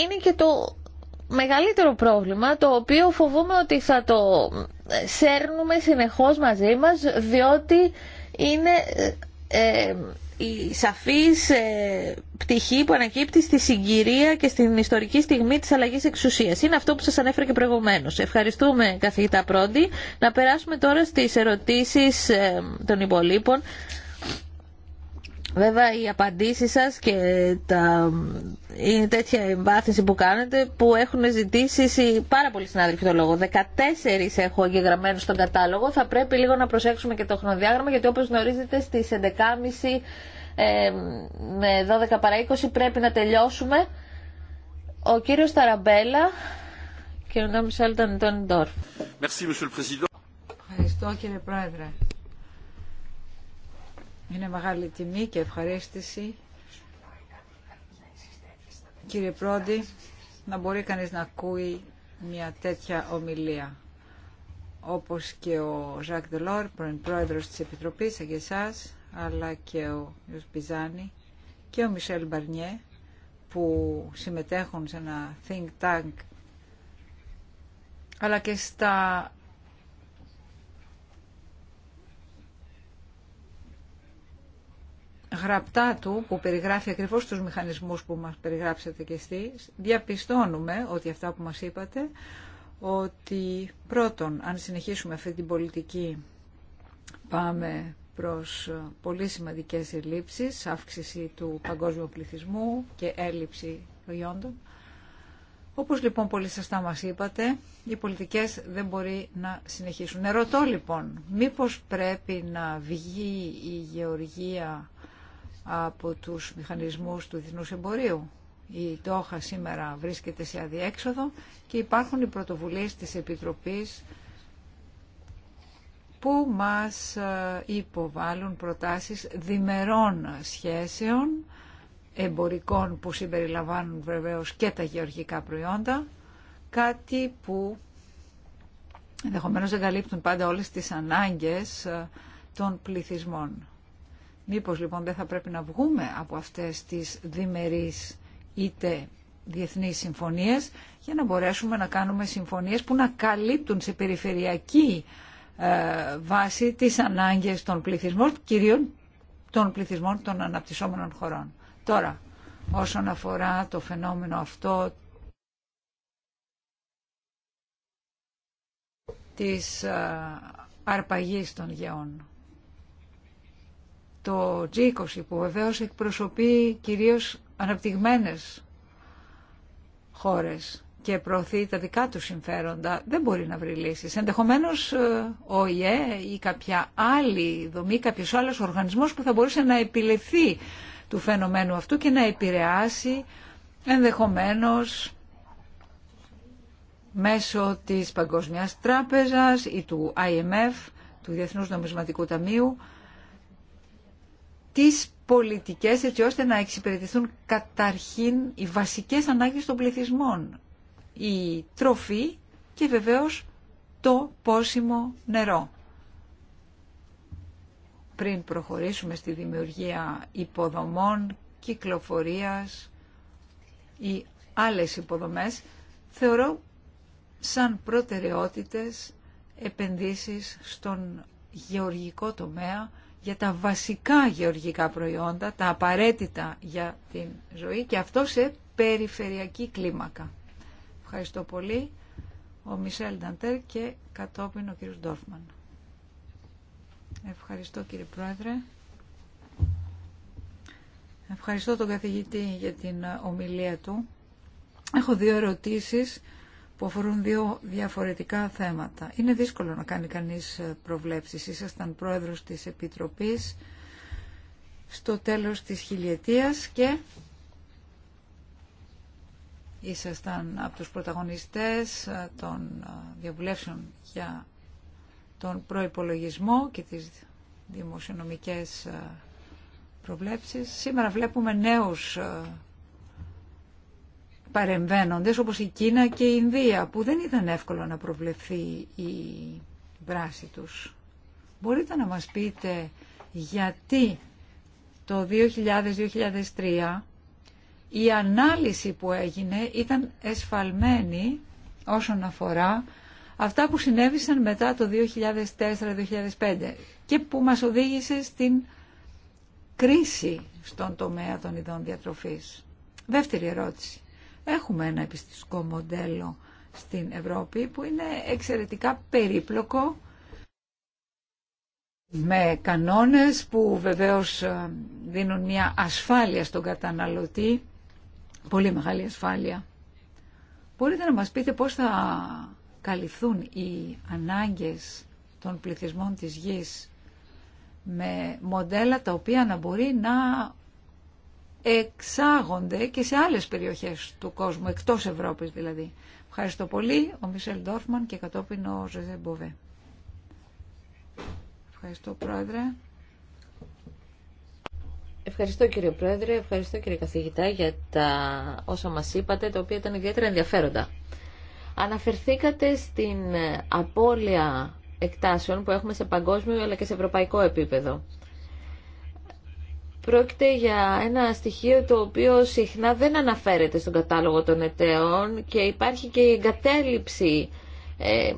είναι και το μεγαλύτερο πρόβλημα το οποίο φοβούμε ότι θα το σέρνουμε συνεχώς μαζί μας διότι είναι ε, ε, η σαφής ε, πτυχή που ανακύπτει στη συγκυρία και στην ιστορική στιγμή της αλλαγής εξουσίας. Είναι αυτό που σας ανέφερα και προηγουμένως. Ευχαριστούμε καθηγητά Πρόντι. Να περάσουμε τώρα στις ερωτήσεις ε, των υπολείπων. Βέβαια οι απαντήσεις σας και τα... είναι τέτοια εμβάθυνση που κάνετε που έχουν ζητήσει πάρα πολλοί συνάδελφοι το λόγο. 14 έχω εγγεγραμμένους στον κατάλογο. Θα πρέπει λίγο να προσέξουμε και το χρονοδιάγραμμα γιατί όπως γνωρίζετε στις 11.30 ε, με 12 παρά 20 πρέπει να τελειώσουμε. Ο κύριος Ταραμπέλα και ο Νόμις Άλτον Ντόρφ. Ευχαριστώ κύριε Πρόεδρε. Είναι μεγάλη τιμή και ευχαρίστηση. Κύριε Πρόντι, να μπορεί κανείς να ακούει μια τέτοια ομιλία. Όπως και ο Ζακ Δελόρ, πρώην πρόεδρος της Επιτροπής, και εσάς, αλλά και ο Ιωσπιζάνη και ο Μισελ Μπαρνιέ, που συμμετέχουν σε ένα think tank αλλά και στα γραπτά του που περιγράφει ακριβώς τους μηχανισμούς που μας περιγράψατε και εσείς, διαπιστώνουμε ότι αυτά που μας είπατε, ότι πρώτον, αν συνεχίσουμε αυτή την πολιτική, πάμε προς ε, πολύ σημαντικές ελλείψεις, αύξηση του παγκόσμιου πληθυσμού και έλλειψη προϊόντων. Όπως λοιπόν πολύ σωστά μας είπατε, οι πολιτικές δεν μπορεί να συνεχίσουν. Ερωτώ λοιπόν, μήπως πρέπει να βγει η γεωργία από τους μηχανισμούς του διεθνούς εμπορίου. Η Τόχα σήμερα βρίσκεται σε αδιέξοδο και υπάρχουν οι πρωτοβουλίες της Επιτροπής που μας ε, υποβάλλουν προτάσεις διμερών σχέσεων εμπορικών που συμπεριλαμβάνουν βεβαίως και τα γεωργικά προϊόντα, κάτι που ενδεχομένως δεν καλύπτουν πάντα όλες τις ανάγκες ε, των πληθυσμών. Μήπως λοιπόν δεν θα πρέπει να βγούμε από αυτές τις διμερείς είτε διεθνείς συμφωνίες για να μπορέσουμε να κάνουμε συμφωνίες που να καλύπτουν σε περιφερειακή ε, βάση τις ανάγκες των πληθυσμών, κυρίων των πληθυσμών των αναπτυσσόμενων χωρών. Τώρα, όσον αφορά το φαινόμενο αυτό της ε, αρπαγής των γεών το G20 που βεβαίως εκπροσωπεί κυρίως αναπτυγμένες χώρες και προωθεί τα δικά του συμφέροντα, δεν μπορεί να βρει λύσεις. Ενδεχομένως ε, ο ΙΕ ή κάποια άλλη δομή, κάποιος άλλος οργανισμός που θα μπορούσε να επιλεφθεί του φαινομένου αυτού και να επηρεάσει ενδεχομένως μέσω της Παγκόσμιας Τράπεζας ή του IMF, του Διεθνούς Νομισματικού Ταμείου, τις πολιτικές έτσι ώστε να εξυπηρετηθούν καταρχήν οι βασικές ανάγκες των πληθυσμών. Η τροφή και βεβαίως το πόσιμο νερό. Πριν προχωρήσουμε στη δημιουργία υποδομών, κυκλοφορίας ή άλλες υποδομές, θεωρώ σαν προτεραιότητες επενδύσεις στον γεωργικό τομέα για τα βασικά γεωργικά προϊόντα, τα απαραίτητα για την ζωή και αυτό σε περιφερειακή κλίμακα. Ευχαριστώ πολύ ο Μισελ Νταντέρ και κατόπιν ο κύριος Ντόρφμαν. Ευχαριστώ κύριε Πρόεδρε. Ευχαριστώ τον καθηγητή για την ομιλία του. Έχω δύο ερωτήσεις που αφορούν δύο διαφορετικά θέματα. Είναι δύσκολο να κάνει κανείς ε, προβλέψεις. Ήσασταν πρόεδρος της Επιτροπής στο τέλος της χιλιετίας και ήσασταν από τους πρωταγωνιστές ε, των ε, διαβουλεύσεων για τον προϋπολογισμό και τις δημοσιονομικές προβλέψεις. Σήμερα βλέπουμε νέους παρεμβαίνοντες όπως η Κίνα και η Ινδία που δεν ήταν εύκολο να προβλεφθεί η δράση τους. Μπορείτε να μας πείτε γιατί το 2000-2003 η ανάλυση που έγινε ήταν εσφαλμένη όσον αφορά αυτά που συνέβησαν μετά το 2004-2005 και που μας οδήγησε στην κρίση στον τομέα των ειδών διατροφής. Δεύτερη ερώτηση. Έχουμε ένα επιστημικό μοντέλο στην Ευρώπη που είναι εξαιρετικά περίπλοκο με κανόνες που βεβαίως ε, δίνουν μια ασφάλεια στον καταναλωτή, πολύ μεγάλη ασφάλεια. Μπορείτε να μας πείτε πώς θα καλυφθούν οι ανάγκες των πληθυσμών της γης με μοντέλα τα οποία να μπορεί να εξάγονται και σε άλλες περιοχές του κόσμου, εκτός Ευρώπης δηλαδή. Ευχαριστώ πολύ, ο Μισελ Ντόρφμαν και κατόπιν ο Ζεζέ Μποβέ. Ευχαριστώ, Πρόεδρε. Ευχαριστώ κύριε Πρόεδρε, ευχαριστώ κύριε καθηγητά για τα όσα μας είπατε, τα οποία ήταν ιδιαίτερα ενδιαφέροντα. Αναφερθήκατε στην ε, απώλεια εκτάσεων που έχουμε σε παγκόσμιο αλλά και σε ευρωπαϊκό επίπεδο. Πρόκειται για ένα στοιχείο το οποίο συχνά δεν αναφέρεται στον κατάλογο των εταίων και υπάρχει και η εγκατέλειψη ε,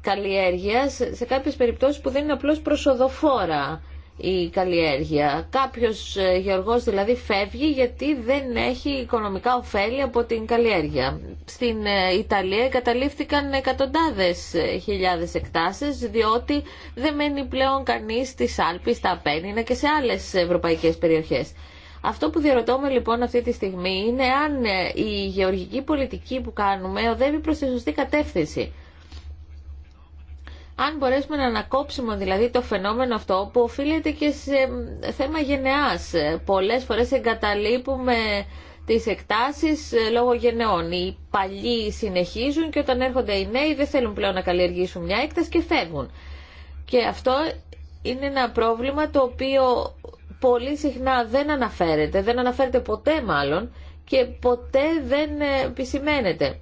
καλλιέργειας σε κάποιες περιπτώσεις που δεν είναι απλώς προσοδοφόρα η καλλιέργεια. Κάποιος ε, γεωργός δηλαδή φεύγει γιατί δεν έχει οικονομικά ωφέλη από την καλλιέργεια. Στην ε, Ιταλία καταλήφθηκαν εκατοντάδες ε, χιλιάδες εκτάσεις διότι δεν μένει πλέον κανείς στις Άλπεις, στα Απένινα και σε άλλες ευρωπαϊκές περιοχές. Αυτό που διαρωτώμε λοιπόν αυτή τη στιγμή είναι αν η γεωργική πολιτική που κάνουμε οδεύει προς τη σωστή κατεύθυνση αν μπορέσουμε να ανακόψουμε δηλαδή το φαινόμενο αυτό που οφείλεται και σε θέμα γενεάς. Πολλές φορές εγκαταλείπουμε τις εκτάσεις ε, λόγω γενεών. Οι παλιοί συνεχίζουν και όταν έρχονται οι νέοι δεν θέλουν πλέον να καλλιεργήσουν μια έκταση και φεύγουν. Και αυτό είναι ένα πρόβλημα το οποίο πολύ συχνά δεν αναφέρεται, δεν αναφέρεται ποτέ μάλλον και ποτέ δεν ε, επισημαίνεται.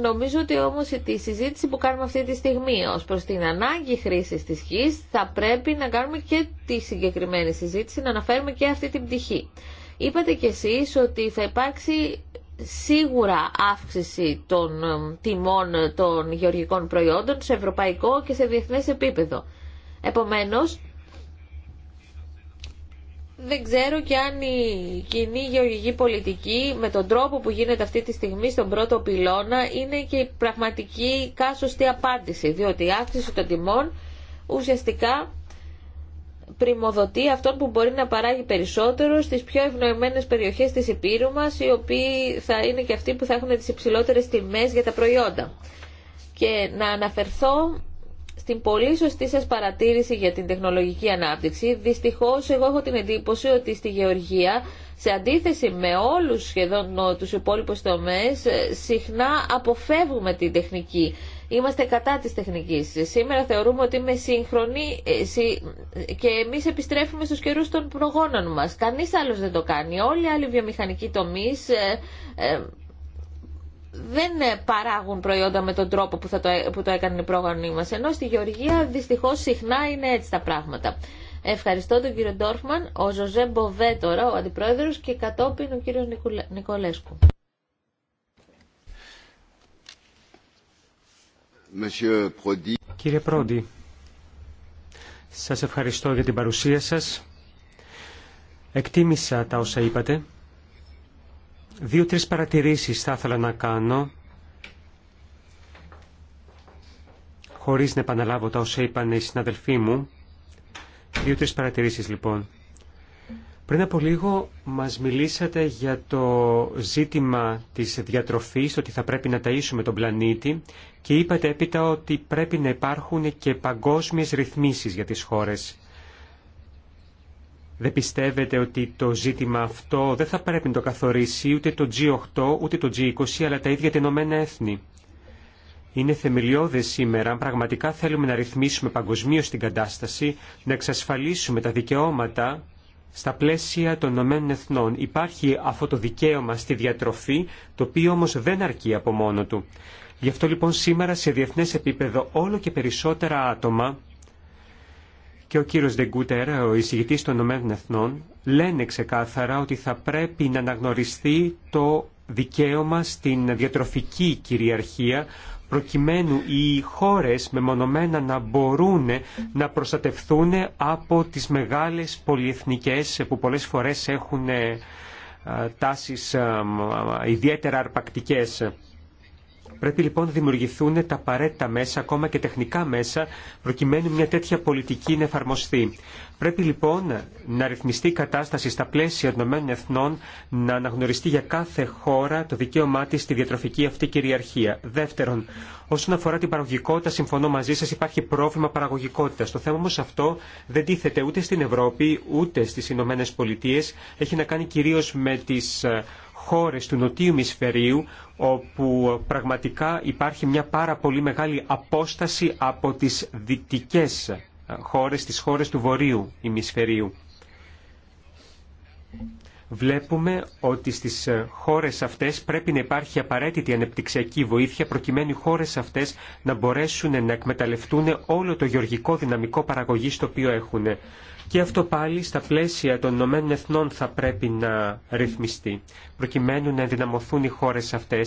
Νομίζω ότι όμως τη συζήτηση που κάνουμε αυτή τη στιγμή ως προς την ανάγκη χρήσης της γης θα πρέπει να κάνουμε και τη συγκεκριμένη συζήτηση, να αναφέρουμε και αυτή την πτυχή. Είπατε κι εσείς ότι θα υπάρξει σίγουρα αύξηση των ε, τιμών των γεωργικών προϊόντων σε ευρωπαϊκό και σε διεθνές επίπεδο. Επομένως, δεν ξέρω και αν η κοινή γεωργική πολιτική με τον τρόπο που γίνεται αυτή τη στιγμή στον πρώτο πυλώνα είναι και η πραγματική την απάντηση, διότι η αύξηση των τιμών ουσιαστικά πρημοδοτεί αυτόν που μπορεί να παράγει περισσότερο στις πιο ευνοημένες περιοχές της Επίρου μας, οι οποίοι θα είναι και αυτοί που θα έχουν τις υψηλότερες τιμές για τα προϊόντα. Και να αναφερθώ στην πολύ σωστή σας παρατήρηση για την τεχνολογική ανάπτυξη. Δυστυχώς εγώ έχω την εντύπωση ότι στη γεωργία σε αντίθεση με όλους σχεδόν τους υπόλοιπους τομές, ε, συχνά αποφεύγουμε την τεχνική. Είμαστε κατά της τεχνικής. Σήμερα θεωρούμε ότι είμαι σύγχρονη ε, και εμείς επιστρέφουμε στους καιρούς των προγόνων μας. Κανείς άλλος δεν το κάνει. Όλοι οι άλλοι βιομηχανικοί τομείς ε, δεν παράγουν προϊόντα με τον τρόπο που, θα το, που το έκανε η πρόγραμμή μας. Ενώ στη Γεωργία δυστυχώς συχνά είναι έτσι τα πράγματα. Ευχαριστώ τον κύριο Ντόρφμαν, ο Ζωζέ Μποβέ τώρα, ο Αντιπρόεδρος και κατόπιν ο κύριο Νικολέσκου. Κύριε Πρόντι, σας ευχαριστώ για την παρουσία σας. Εκτίμησα τα όσα είπατε. Δύο-τρεις παρατηρήσεις θα ήθελα να κάνω, χωρίς να επαναλάβω τα όσα είπαν οι συναδελφοί μου. Δύο-τρεις παρατηρήσεις λοιπόν. Πριν από λίγο μας μιλήσατε για το ζήτημα της διατροφής, ότι θα πρέπει να ταΐσουμε τον πλανήτη και είπατε έπειτα ότι πρέπει να υπάρχουν και παγκόσμιες ρυθμίσεις για τις χώρες. Δεν πιστεύετε ότι το ζήτημα αυτό δεν θα πρέπει να το καθορίσει ούτε το G8 ούτε το G20 αλλά τα ίδια τα Ηνωμένα Έθνη. Είναι θεμελιώδες σήμερα, αν πραγματικά θέλουμε να ρυθμίσουμε παγκοσμίω την κατάσταση, να εξασφαλίσουμε τα δικαιώματα στα πλαίσια των Ηνωμένων Εθνών. Υπάρχει αυτό το δικαίωμα στη διατροφή, το οποίο όμως δεν αρκεί από μόνο του. Γι' αυτό λοιπόν σήμερα σε διεθνές επίπεδο όλο και περισσότερα άτομα και ο κύριος Δεγκούτερα, ο εισηγητής των Ηνωμένων Εθνών, λένε ξεκάθαρα ότι θα πρέπει να αναγνωριστεί το δικαίωμα στην διατροφική κυριαρχία προκειμένου οι χώρες μεμονωμένα να μπορούν να προστατευθούν από τις μεγάλες πολυεθνικές που πολλές φορές έχουν ε, τάσεις ε, ε, ιδιαίτερα αρπακτικές. Πρέπει λοιπόν να δημιουργηθούν τα απαραίτητα μέσα, ακόμα και τεχνικά μέσα, προκειμένου μια τέτοια πολιτική να εφαρμοστεί. Πρέπει λοιπόν να ρυθμιστεί η κατάσταση στα πλαίσια των Εθνών να αναγνωριστεί για κάθε χώρα το δικαίωμά τη στη διατροφική αυτή κυριαρχία. Δεύτερον, όσον αφορά την παραγωγικότητα, συμφωνώ μαζί σα, υπάρχει πρόβλημα παραγωγικότητα. Το θέμα όμω αυτό δεν τίθεται ούτε στην Ευρώπη ούτε στι Ηνωμένε Πολιτείε. Έχει να κάνει κυρίω με τι ε, χώρες του νοτίου ημισφαιρίου όπου πραγματικά υπάρχει μια πάρα πολύ μεγάλη απόσταση από τις δυτικές ε, χώρες, τις χώρες του βορείου ημισφαιρίου. Βλέπουμε ότι στις ε, χώρες αυτές πρέπει να υπάρχει απαραίτητη ανεπτυξιακή βοήθεια προκειμένου οι χώρες αυτές να μπορέσουν να εκμεταλλευτούν όλο το γεωργικό δυναμικό παραγωγής το οποίο έχουν. Και αυτό πάλι στα πλαίσια των Ηνωμένων Εθνών θα πρέπει να ρυθμιστεί, προκειμένου να ενδυναμωθούν οι χώρε αυτέ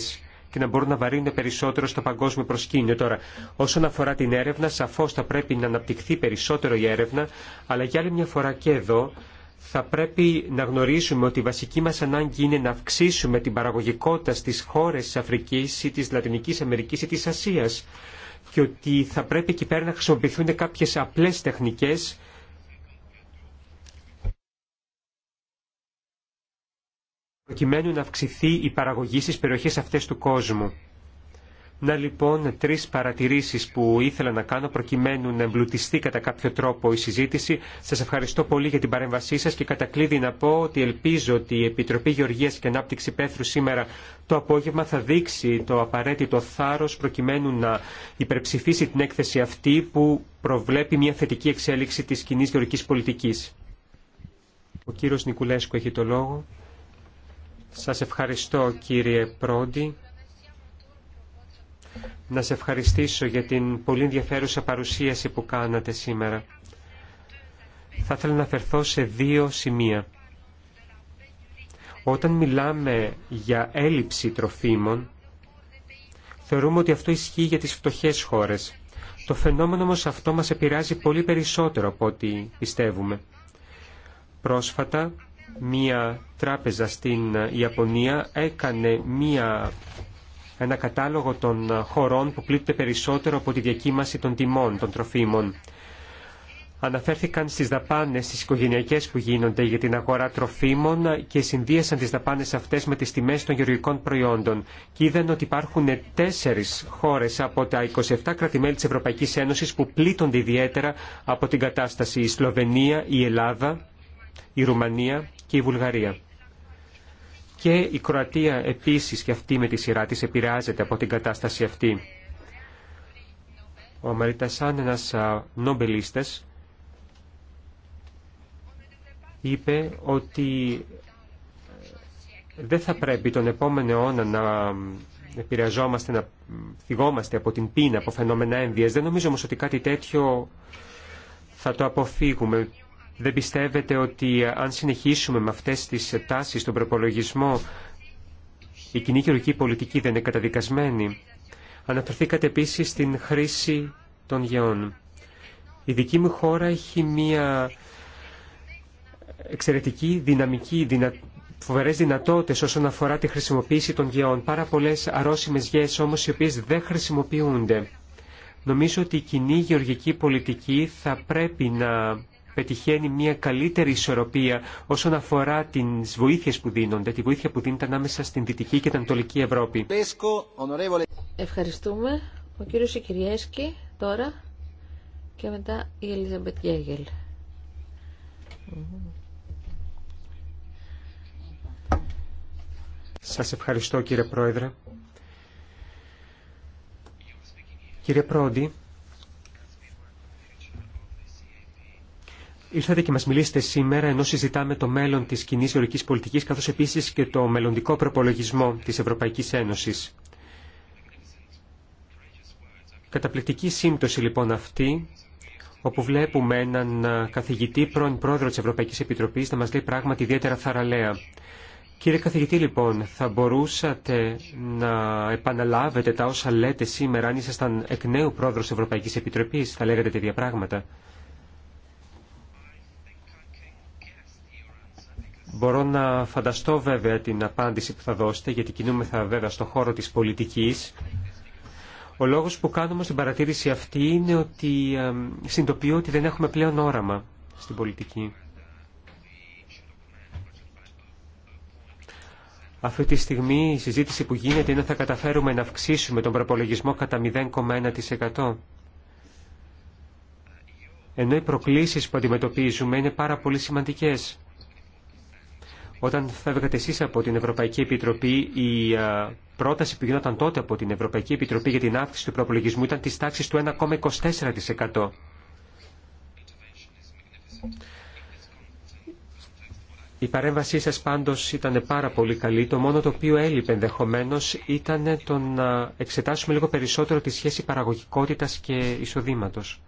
και να μπορούν να βαρύνουν περισσότερο στο παγκόσμιο προσκήνιο. Τώρα, όσον αφορά την έρευνα, σαφώ θα πρέπει να αναπτυχθεί περισσότερο η έρευνα, αλλά για άλλη μια φορά και εδώ θα πρέπει να γνωρίσουμε ότι η βασική μας ανάγκη είναι να αυξήσουμε την παραγωγικότητα στις χώρες της Αφρικής ή της Λατινικής Αμερικής ή της Ασίας και ότι θα πρέπει εκεί πέρα να χρησιμοποιηθούν κάποιες απλές τεχνικές προκειμένου να αυξηθεί η παραγωγή στις περιοχές αυτές του κόσμου. Να λοιπόν τρεις παρατηρήσεις που ήθελα να κάνω προκειμένου να εμπλουτιστεί κατά κάποιο τρόπο η συζήτηση. Σας ευχαριστώ πολύ για την παρέμβασή σας και κατά κλείδι να πω ότι ελπίζω ότι η Επιτροπή Γεωργίας και Ανάπτυξη Πέθρου σήμερα το απόγευμα θα δείξει το απαραίτητο θάρρος προκειμένου να υπερψηφίσει την έκθεση αυτή που προβλέπει μια θετική εξέλιξη της κοινή γεωργικής πολιτικής. Ο κύριος Νικουλέσκου έχει το λόγο. Σας ευχαριστώ κύριε Πρόντι. Να σε ευχαριστήσω για την πολύ ενδιαφέρουσα παρουσίαση που κάνατε σήμερα. Θα ήθελα να αφαιρθώ σε δύο σημεία. Όταν μιλάμε για έλλειψη τροφίμων, θεωρούμε ότι αυτό ισχύει για τις φτωχές χώρες. Το φαινόμενο όμως αυτό μας επηρεάζει πολύ περισσότερο από ό,τι πιστεύουμε. Πρόσφατα μία τράπεζα στην Ιαπωνία έκανε μία, ένα κατάλογο των χωρών που πλήττεται περισσότερο από τη διακύμαση των τιμών των τροφίμων. Αναφέρθηκαν στις δαπάνες, στις οικογενειακές που γίνονται για την αγορά τροφίμων και συνδύασαν τις δαπάνες αυτές με τις τιμές των γεωργικών προϊόντων και είδαν ότι υπάρχουν τέσσερις χώρες από τα 27 κρατημέλη της Ευρωπαϊκής Ένωσης που πλήττονται ιδιαίτερα από την κατάσταση η Σλοβενία, η Ελλάδα, η Ρουμανία και η Βουλγαρία. Και η Κροατία επίσης και αυτή με τη σειρά της επηρεάζεται από την κατάσταση αυτή. Ο Αμαριτασάν, ένας νομπελίστες είπε ότι ε, δεν θα πρέπει τον επόμενο αιώνα να επηρεαζόμαστε, να θυγόμαστε από την πείνα, από φαινόμενα ένδυας. Δεν νομίζω όμως ότι κάτι τέτοιο θα το αποφύγουμε. Δεν πιστεύετε ότι ε, αν συνεχίσουμε με αυτές τις ε, τάσεις στον προπολογισμό η κοινή γεωργική πολιτική δεν είναι καταδικασμένη. Αναφερθήκατε επίσης στην χρήση των γεών. Η δική μου χώρα έχει μία εξαιρετική δυναμική, δυνα... φοβερέ δυνατότητε όσον αφορά τη χρησιμοποίηση των γεών. Πάρα πολλέ αρρώσιμε γέε όμω οι οποίε δεν χρησιμοποιούνται. Νομίζω ότι η κοινή γεωργική πολιτική θα πρέπει να πετυχαίνει μια καλύτερη ισορροπία όσον αφορά τις βοήθειε που δίνονται, τη βοήθεια που δίνεται ανάμεσα στην Δυτική και την Ανατολική Ευρώπη. Ευχαριστούμε. Ο κύριο Σικυριέσκη τώρα και μετά η Ελίζαμπετ Γέγελ. Σας ευχαριστώ κύριε Πρόεδρε. Κύριε Πρόντι, ήρθατε και μα μιλήσετε σήμερα ενώ συζητάμε το μέλλον τη κοινή γεωργικής πολιτική, καθώ επίση και το μελλοντικό προπολογισμό τη Ευρωπαϊκή Ένωση. Καταπληκτική σύμπτωση λοιπόν αυτή όπου βλέπουμε έναν καθηγητή πρώην πρόεδρο τη Ευρωπαϊκή Επιτροπή, να μα λέει πράγματι ιδιαίτερα θαραλέα. Κύριε καθηγητή λοιπόν, θα μπορούσατε να επαναλάβετε τα όσα λέτε σήμερα αν ήσασταν εκ νέου πρόεδρο τη Ευρωπαϊκή Επιτροπή, θα λέγατε τέτοια πράγματα. Μπορώ να φανταστώ βέβαια την απάντηση που θα δώσετε, γιατί κινούμεθα βέβαια στον χώρο της πολιτικής. Ο λόγος που κάνουμε στην παρατήρηση αυτή είναι ότι συνειδητοποιώ ότι δεν έχουμε πλέον όραμα στην πολιτική. Αυτή τη στιγμή η συζήτηση που γίνεται είναι θα καταφέρουμε να αυξήσουμε τον προπολογισμό κατά 0,1%. Ενώ οι προκλήσεις που αντιμετωπίζουμε είναι πάρα πολύ σημαντικές. Όταν φεύγατε εσείς από την Ευρωπαϊκή Επιτροπή, η πρόταση που γινόταν τότε από την Ευρωπαϊκή Επιτροπή για την αύξηση του προπολογισμού ήταν της τάξης του 1,24%. Η παρέμβασή σας πάντως ήταν πάρα πολύ καλή. Το μόνο το οποίο έλειπε ενδεχομένω ήταν το να εξετάσουμε λίγο περισσότερο τη σχέση παραγωγικότητας και εισοδήματος.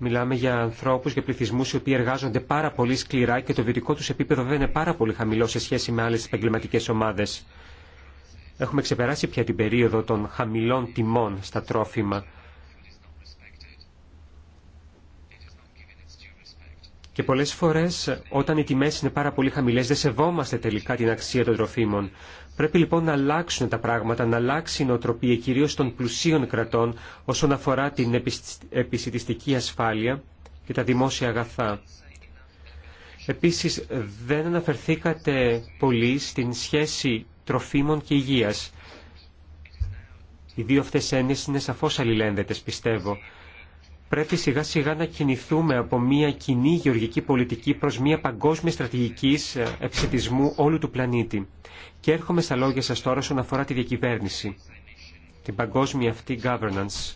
Μιλάμε για ανθρώπου, για πληθυσμού οι οποίοι εργάζονται πάρα πολύ σκληρά και το βιωτικό του επίπεδο δεν είναι πάρα πολύ χαμηλό σε σχέση με άλλε επαγγελματικέ ομάδε. Έχουμε ξεπεράσει πια την περίοδο των χαμηλών τιμών στα τρόφιμα. Και πολλέ φορέ όταν οι τιμέ είναι πάρα πολύ χαμηλέ δεν σεβόμαστε τελικά την αξία των τροφίμων. Πρέπει λοιπόν να αλλάξουν τα πράγματα, να αλλάξει η νοοτροπία κυρίως των πλουσίων κρατών όσον αφορά την επισητιστική ασφάλεια και τα δημόσια αγαθά. Επίσης δεν αναφερθήκατε πολύ στην σχέση τροφίμων και υγείας. Οι δύο αυτές έννοιες είναι σαφώς αλληλένδετες, πιστεύω πρέπει σιγά σιγά να κινηθούμε από μια κοινή γεωργική πολιτική προς μια παγκόσμια στρατηγική ευσυτισμού όλου του πλανήτη. Και έρχομαι στα λόγια σας τώρα όσον αφορά τη διακυβέρνηση, την παγκόσμια αυτή governance.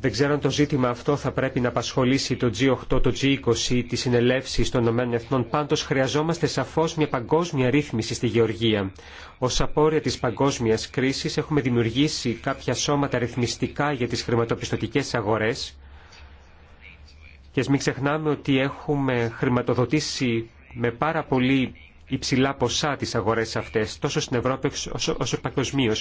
Δεν ξέρω αν το ζήτημα αυτό θα πρέπει να απασχολήσει το G8, το G20 ή τη συνελεύση των ΗΕ. Πάντως χρειαζόμαστε σαφώς μια παγκόσμια ρύθμιση στη γεωργία. Ως απόρρια της παγκόσμιας κρίσης έχουμε δημιουργήσει κάποια σώματα ρυθμιστικά για τις χρηματοπιστωτικές αγορές. Και μην ξεχνάμε ότι έχουμε χρηματοδοτήσει με πάρα πολύ υψηλά ποσά τις αγορές αυτές, τόσο στην Ευρώπη όσο, όσο παγκοσμίω.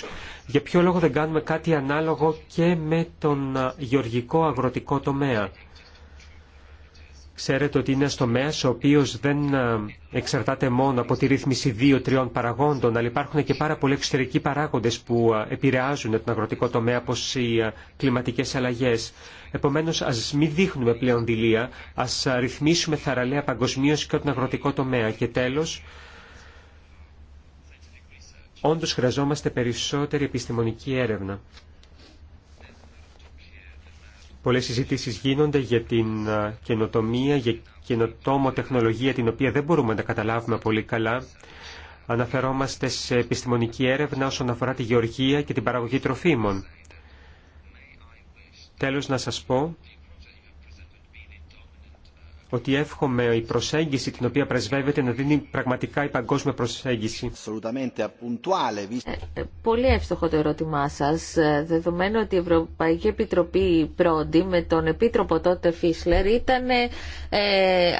Για ποιο λόγο δεν κάνουμε κάτι ανάλογο και με τον γεωργικό αγροτικό τομέα. Ξέρετε ότι είναι ένα τομέα ο οποίο δεν εξαρτάται μόνο από τη ρύθμιση δύο-τριών παραγόντων, αλλά υπάρχουν και πάρα πολλοί εξωτερικοί παράγοντε που επηρεάζουν τον αγροτικό τομέα, όπω οι κλιματικέ αλλαγέ. Επομένω, α μην δείχνουμε πλέον δηλία, α ρυθμίσουμε θαραλέα παγκοσμίω και τον αγροτικό τομέα. Και τέλο, όντω χρειαζόμαστε περισσότερη επιστημονική έρευνα. Πολλές συζητήσει γίνονται για την καινοτομία, για καινοτόμο τεχνολογία την οποία δεν μπορούμε να καταλάβουμε πολύ καλά. Αναφερόμαστε σε επιστημονική έρευνα όσον αφορά τη γεωργία και την παραγωγή τροφίμων. Τέλος να σας πω ότι εύχομαι η προσέγγιση την οποία πρεσβεύεται να δίνει πραγματικά η παγκόσμια προσέγγιση. Ε, ε, πολύ εύστοχο το ερώτημά σας, ε, δεδομένου ότι η Ευρωπαϊκή Επιτροπή πρώτη με τον Επίτροπο τότε Φίσλερ ήταν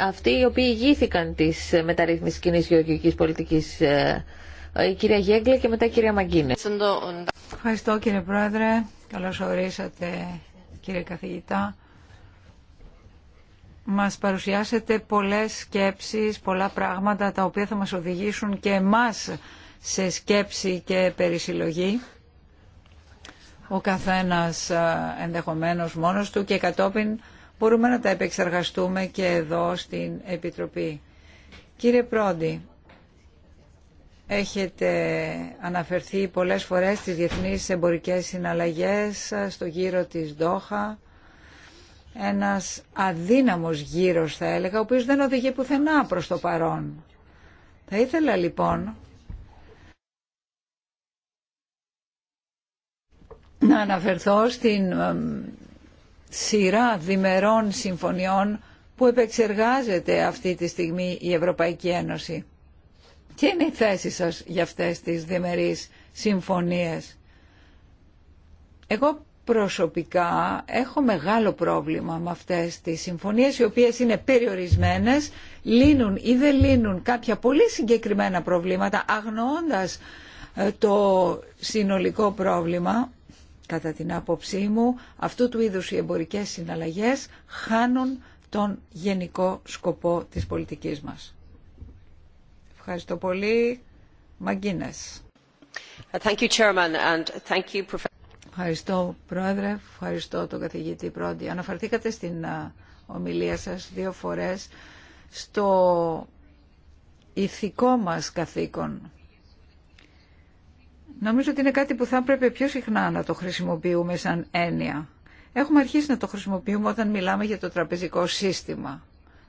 αυτοί οι οποίοι ηγήθηκαν της μεταρρύθμισης κοινή γεωργικής πολιτικής η κυρία Γέγκλε και μετά η κυρία Μαγκίνε. Ευχαριστώ κύριε Πρόεδρε. Καλώς ορίσατε κύριε καθηγητά. Μας παρουσιάσετε πολλές σκέψεις, πολλά πράγματα τα οποία θα μας οδηγήσουν και εμάς σε σκέψη και περισυλλογή. Ο καθένας ενδεχομένως μόνος του και κατόπιν μπορούμε να τα επεξεργαστούμε και εδώ στην Επιτροπή. Κύριε Πρόντι, Έχετε αναφερθεί πολλές φορές στις διεθνείς εμπορικές συναλλαγές, στο γύρο της Ντόχα. Ένας αδύναμος γύρος θα έλεγα, ο οποίος δεν οδηγεί πουθενά προς το παρόν. Θα ήθελα λοιπόν να αναφερθώ στην σειρά διμερών συμφωνιών που επεξεργάζεται αυτή τη στιγμή η Ευρωπαϊκή Ένωση. Τι είναι η θέση σας για αυτές τις διμερείς συμφωνίες. Εγώ προσωπικά έχω μεγάλο πρόβλημα με αυτές τις συμφωνίες οι οποίες είναι περιορισμένες, λύνουν ή δεν λύνουν κάποια πολύ συγκεκριμένα προβλήματα αγνοώντας ε, το συνολικό πρόβλημα. Κατά την άποψή μου, αυτού του είδους οι εμπορικές συναλλαγές χάνουν τον γενικό σκοπό της πολιτικής μας. Ευχαριστώ πολύ. Μαγκίνες. Ευχαριστώ, Πρόεδρε. Ευχαριστώ τον καθηγητή Πρόντι. Αναφερθήκατε στην ομιλία σας δύο φορές στο ηθικό μας καθήκον. Νομίζω ότι είναι κάτι που θα πρέπει πιο συχνά να το χρησιμοποιούμε σαν έννοια. Έχουμε αρχίσει να το χρησιμοποιούμε όταν μιλάμε για το τραπεζικό σύστημα,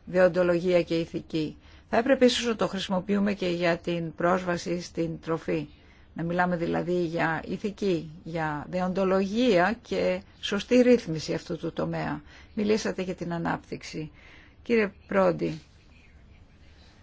διοντολογία και ηθική. Θα έπρεπε ίσως να το χρησιμοποιούμε και για την πρόσβαση στην τροφή. Να μιλάμε δηλαδή για ηθική, για δεοντολογία και σωστή ρύθμιση αυτού του τομέα. Μιλήσατε για την ανάπτυξη. Κύριε Πρόντι,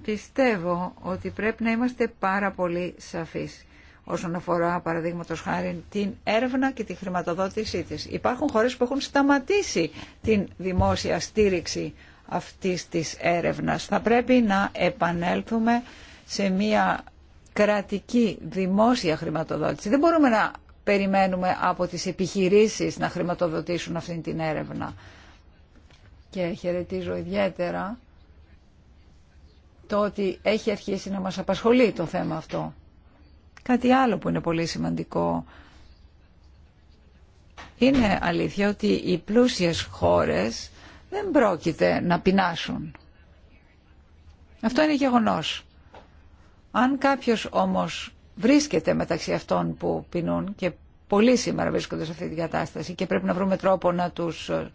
πιστεύω ότι πρέπει να είμαστε πάρα πολύ σαφείς όσον αφορά παραδείγματο χάρη την έρευνα και τη χρηματοδότησή της. Υπάρχουν χώρες που έχουν σταματήσει την δημόσια στήριξη αυτής της έρευνας. Θα πρέπει να επανέλθουμε σε μια κρατική δημόσια χρηματοδότηση. Δεν μπορούμε να περιμένουμε από τις επιχειρήσεις να χρηματοδοτήσουν αυτή την έρευνα. Και χαιρετίζω ιδιαίτερα το ότι έχει αρχίσει να μας απασχολεί το θέμα αυτό. Κάτι άλλο που είναι πολύ σημαντικό. Είναι αλήθεια ότι οι πλούσιες χώρες δεν πρόκειται να πεινάσουν. Αυτό είναι γεγονός. Αν κάποιος όμως βρίσκεται μεταξύ αυτών που πεινούν και πολλοί σήμερα βρίσκονται σε αυτή την κατάσταση και πρέπει να βρούμε τρόπο να τους ε,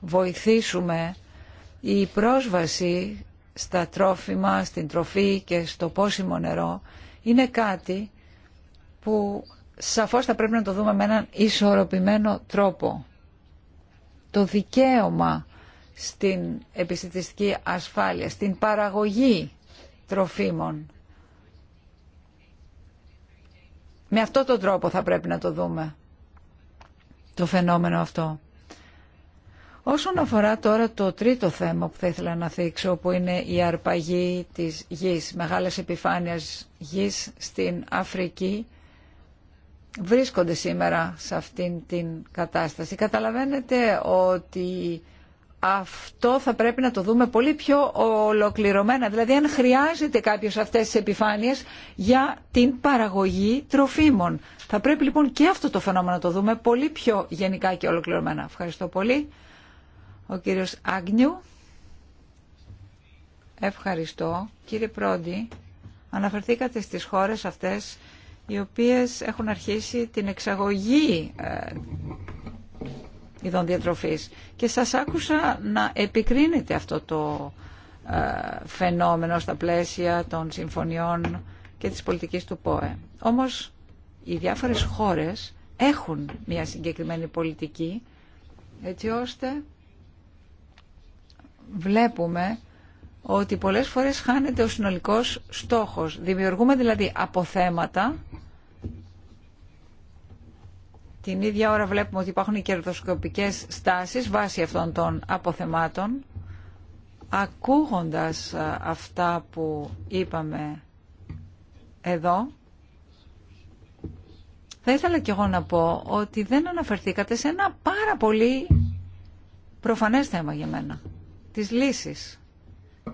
βοηθήσουμε η πρόσβαση στα τρόφιμα, στην τροφή και στο πόσιμο νερό είναι κάτι που σαφώς θα πρέπει να το δούμε με έναν ισορροπημένο τρόπο. Το δικαίωμα στην επιστημιστική ασφάλεια, στην παραγωγή τροφίμων. Με αυτό τον τρόπο θα πρέπει να το δούμε, το φαινόμενο αυτό. Όσον αφορά τώρα το τρίτο θέμα που θα ήθελα να θίξω, που είναι η αρπαγή της γης, μεγάλες επιφάνειας γης στην Αφρική, βρίσκονται σήμερα σε αυτήν την κατάσταση. Καταλαβαίνετε ότι αυτό θα πρέπει να το δούμε πολύ πιο ολοκληρωμένα. Δηλαδή αν χρειάζεται κάποιος αυτές τις επιφάνειες για την παραγωγή τροφίμων. Θα πρέπει λοιπόν και αυτό το φαινόμενο να το δούμε πολύ πιο γενικά και ολοκληρωμένα. Ευχαριστώ πολύ. Ο κύριος Άγνιου. Ευχαριστώ. Κύριε Πρόντι, αναφερθήκατε στις χώρες αυτές οι οποίες έχουν αρχίσει την εξαγωγή ε, ειδών διατροφής. Και σας άκουσα να επικρίνετε αυτό το ε, φαινόμενο στα πλαίσια των συμφωνιών και της πολιτικής του ΠΟΕ. Όμως οι διάφορες χώρες έχουν μια συγκεκριμένη πολιτική έτσι ώστε βλέπουμε ότι πολλές φορές χάνεται ο συνολικός στόχος. Δημιουργούμε δηλαδή αποθέματα την ίδια ώρα βλέπουμε ότι υπάρχουν κερδοσκοπικές στάσεις βάσει αυτών των αποθεμάτων. Ακούγοντας αυτά που είπαμε εδώ, θα ήθελα κι εγώ να πω ότι δεν αναφερθήκατε σε ένα πάρα πολύ προφανές θέμα για μένα. Τις λύσεις.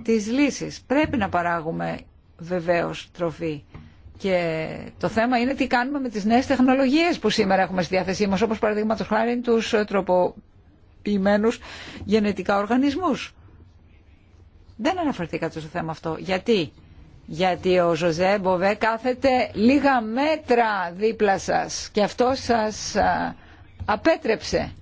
Τις λύσεις. Πρέπει να παράγουμε βεβαίως τροφή. Και το θέμα είναι τι κάνουμε με τις νέες τεχνολογίες που σήμερα έχουμε στη διάθεσή μας, όπως παραδείγματος χάρη τους τροποποιημένους γενετικά οργανισμούς. Δεν αναφερθήκατε στο θέμα αυτό. Γιατί? Γιατί ο Ζωζέ Μποβέ κάθεται λίγα μέτρα δίπλα σας και αυτό σας απέτρεψε.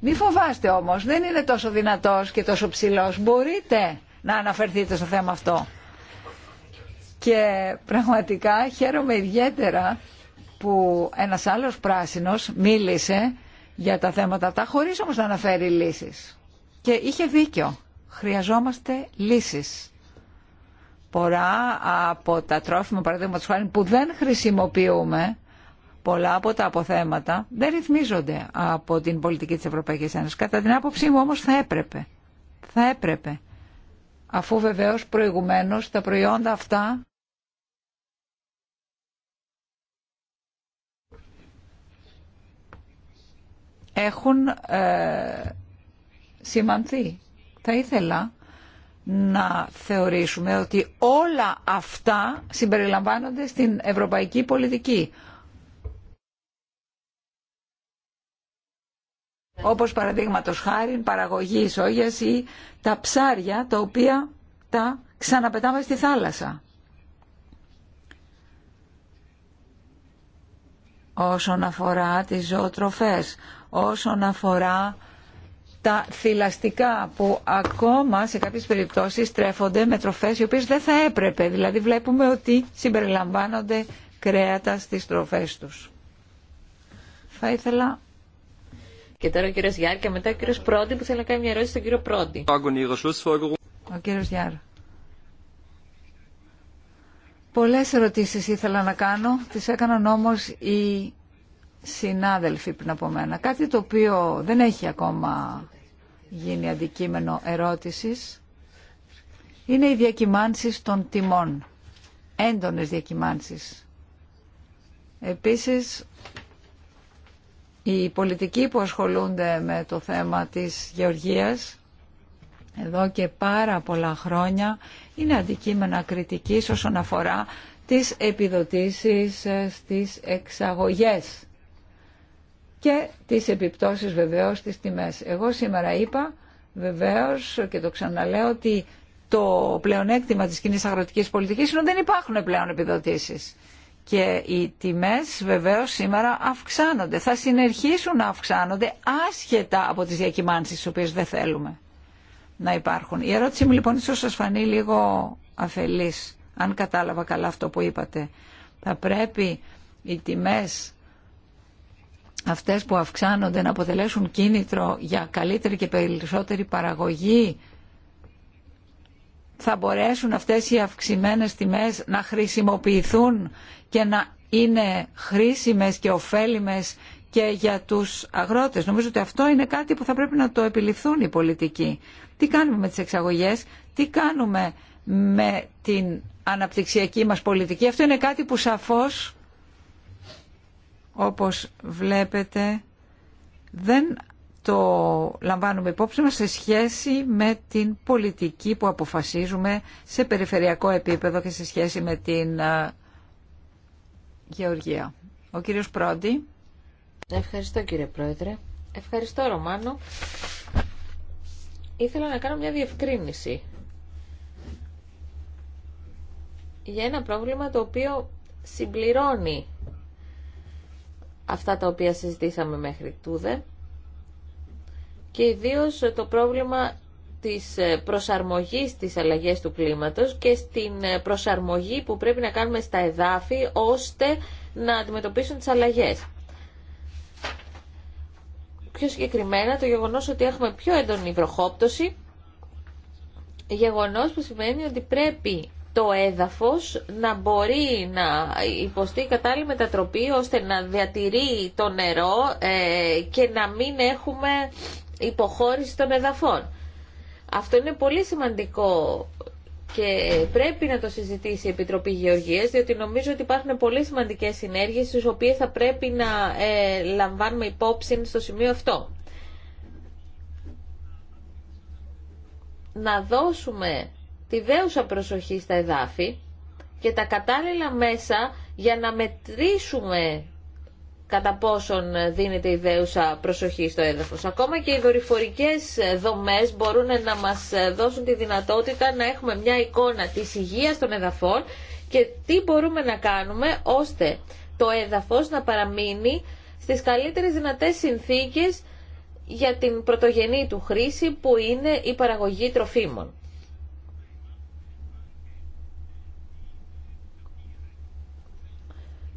Μη φοβάστε όμως, δεν είναι τόσο δυνατός και τόσο ψηλός. Μπορείτε να αναφερθείτε στο θέμα αυτό. Και πραγματικά χαίρομαι ιδιαίτερα που ένας άλλος πράσινος μίλησε για τα θέματα αυτά χωρίς όμως να αναφέρει λύσεις. Και είχε δίκιο. Χρειαζόμαστε λύσεις. Πολλά από τα τρόφιμα, παραδείγματος χάρη, που δεν χρησιμοποιούμε, πολλά από τα αποθέματα δεν ρυθμίζονται από την πολιτική της Ευρωπαϊκής Ένωσης. Κατά την άποψή μου όμως θα έπρεπε. Θα έπρεπε. Αφού βεβαίως προηγουμένως τα προϊόντα αυτά έχουν ε, σημανθεί. Θα ήθελα να θεωρήσουμε ότι όλα αυτά συμπεριλαμβάνονται στην ευρωπαϊκή πολιτική. Όπως παραδείγματος χάρη παραγωγή σόγιας ή τα ψάρια τα οποία τα ξαναπετάμε στη θάλασσα. όσον αφορά τις ζωοτροφές, όσον αφορά τα θηλαστικά που ακόμα σε κάποιες περιπτώσεις τρέφονται με τροφές οι οποίες δεν θα έπρεπε. Δηλαδή βλέπουμε ότι συμπεριλαμβάνονται κρέατα στις τροφές τους. Θα ήθελα... Και τώρα ο κύριος Γιάρ και μετά ο κύριος Πρόντι που θέλει να κάνει μια ερώτηση στον κύριο Πρόντι. Ο κύριος Γιάρ. Πολλές ερωτήσεις ήθελα να κάνω, τις έκαναν όμως οι συνάδελφοι πριν από μένα. Κάτι το οποίο δεν έχει ακόμα γίνει αντικείμενο ερώτησης είναι οι διακυμάνσεις των τιμών, έντονες διακυμάνσεις. Επίσης, οι πολιτικοί που ασχολούνται με το θέμα της γεωργίας εδώ και πάρα πολλά χρόνια είναι αντικείμενα κριτικής όσον αφορά τις επιδοτήσεις ε, στις εξαγωγές και τις επιπτώσεις βεβαίως στις τιμές. Εγώ σήμερα είπα βεβαίως και το ξαναλέω ότι το πλεονέκτημα της κοινή αγροτικής πολιτικής είναι ότι δεν υπάρχουν πλέον επιδοτήσεις. Και οι τιμές βεβαίως σήμερα αυξάνονται. Θα συνεχίσουν να αυξάνονται άσχετα από τις διακυμάνσεις τις οποίες δεν θέλουμε να υπάρχουν. Η ερώτηση μου λοιπόν ίσως σας φανεί λίγο αφελής, αν κατάλαβα καλά αυτό που είπατε. Θα πρέπει οι τιμές αυτές που αυξάνονται να αποτελέσουν κίνητρο για καλύτερη και περισσότερη παραγωγή. Θα μπορέσουν αυτές οι αυξημένες τιμές να χρησιμοποιηθούν και να είναι χρήσιμες και ωφέλιμες και για τους αγρότες. Νομίζω ότι αυτό είναι κάτι που θα πρέπει να το επιληφθούν οι πολιτικοί. Τι κάνουμε με τις εξαγωγές, τι κάνουμε με την αναπτυξιακή μας πολιτική. Αυτό είναι κάτι που σαφώς, όπως βλέπετε, δεν το λαμβάνουμε υπόψη μας σε σχέση με την πολιτική που αποφασίζουμε σε περιφερειακό επίπεδο και σε σχέση με την ε, Γεωργία. Ο κύριος Πρόντι. Ευχαριστώ κύριε Πρόεδρε. Ευχαριστώ Ρωμάνο. Ήθελα να κάνω μια διευκρίνηση για ένα πρόβλημα το οποίο συμπληρώνει αυτά τα οποία συζητήσαμε μέχρι τούδε και ιδίως το πρόβλημα της προσαρμογής της αλλαγές του κλίματος και στην προσαρμογή που πρέπει να κάνουμε στα εδάφη ώστε να αντιμετωπίσουν τις αλλαγές πιο συγκεκριμένα το γεγονός ότι έχουμε πιο έντονη βροχόπτωση, γεγονός που σημαίνει ότι πρέπει το έδαφος να μπορεί να υποστεί κατάλληλη μετατροπή ώστε να διατηρεί το νερό ε, και να μην έχουμε υποχώρηση των εδαφών. Αυτό είναι πολύ σημαντικό και πρέπει να το συζητήσει η Επιτροπή Γεωργίας, διότι νομίζω ότι υπάρχουν πολύ σημαντικές συνέργειες τις οποίες θα πρέπει να ε, λαμβάνουμε υπόψη στο σημείο αυτό. Να δώσουμε τη δέουσα προσοχή στα εδάφη και τα κατάλληλα μέσα για να μετρήσουμε κατά πόσον δίνεται ιδέουσα προσοχή στο έδαφος. Ακόμα και οι δορυφορικές δομές μπορούν να μας δώσουν τη δυνατότητα να έχουμε μια εικόνα της υγείας των εδαφών και τι μπορούμε να κάνουμε ώστε το έδαφος να παραμείνει στις καλύτερες δυνατές συνθήκες για την πρωτογενή του χρήση που είναι η παραγωγή τροφίμων.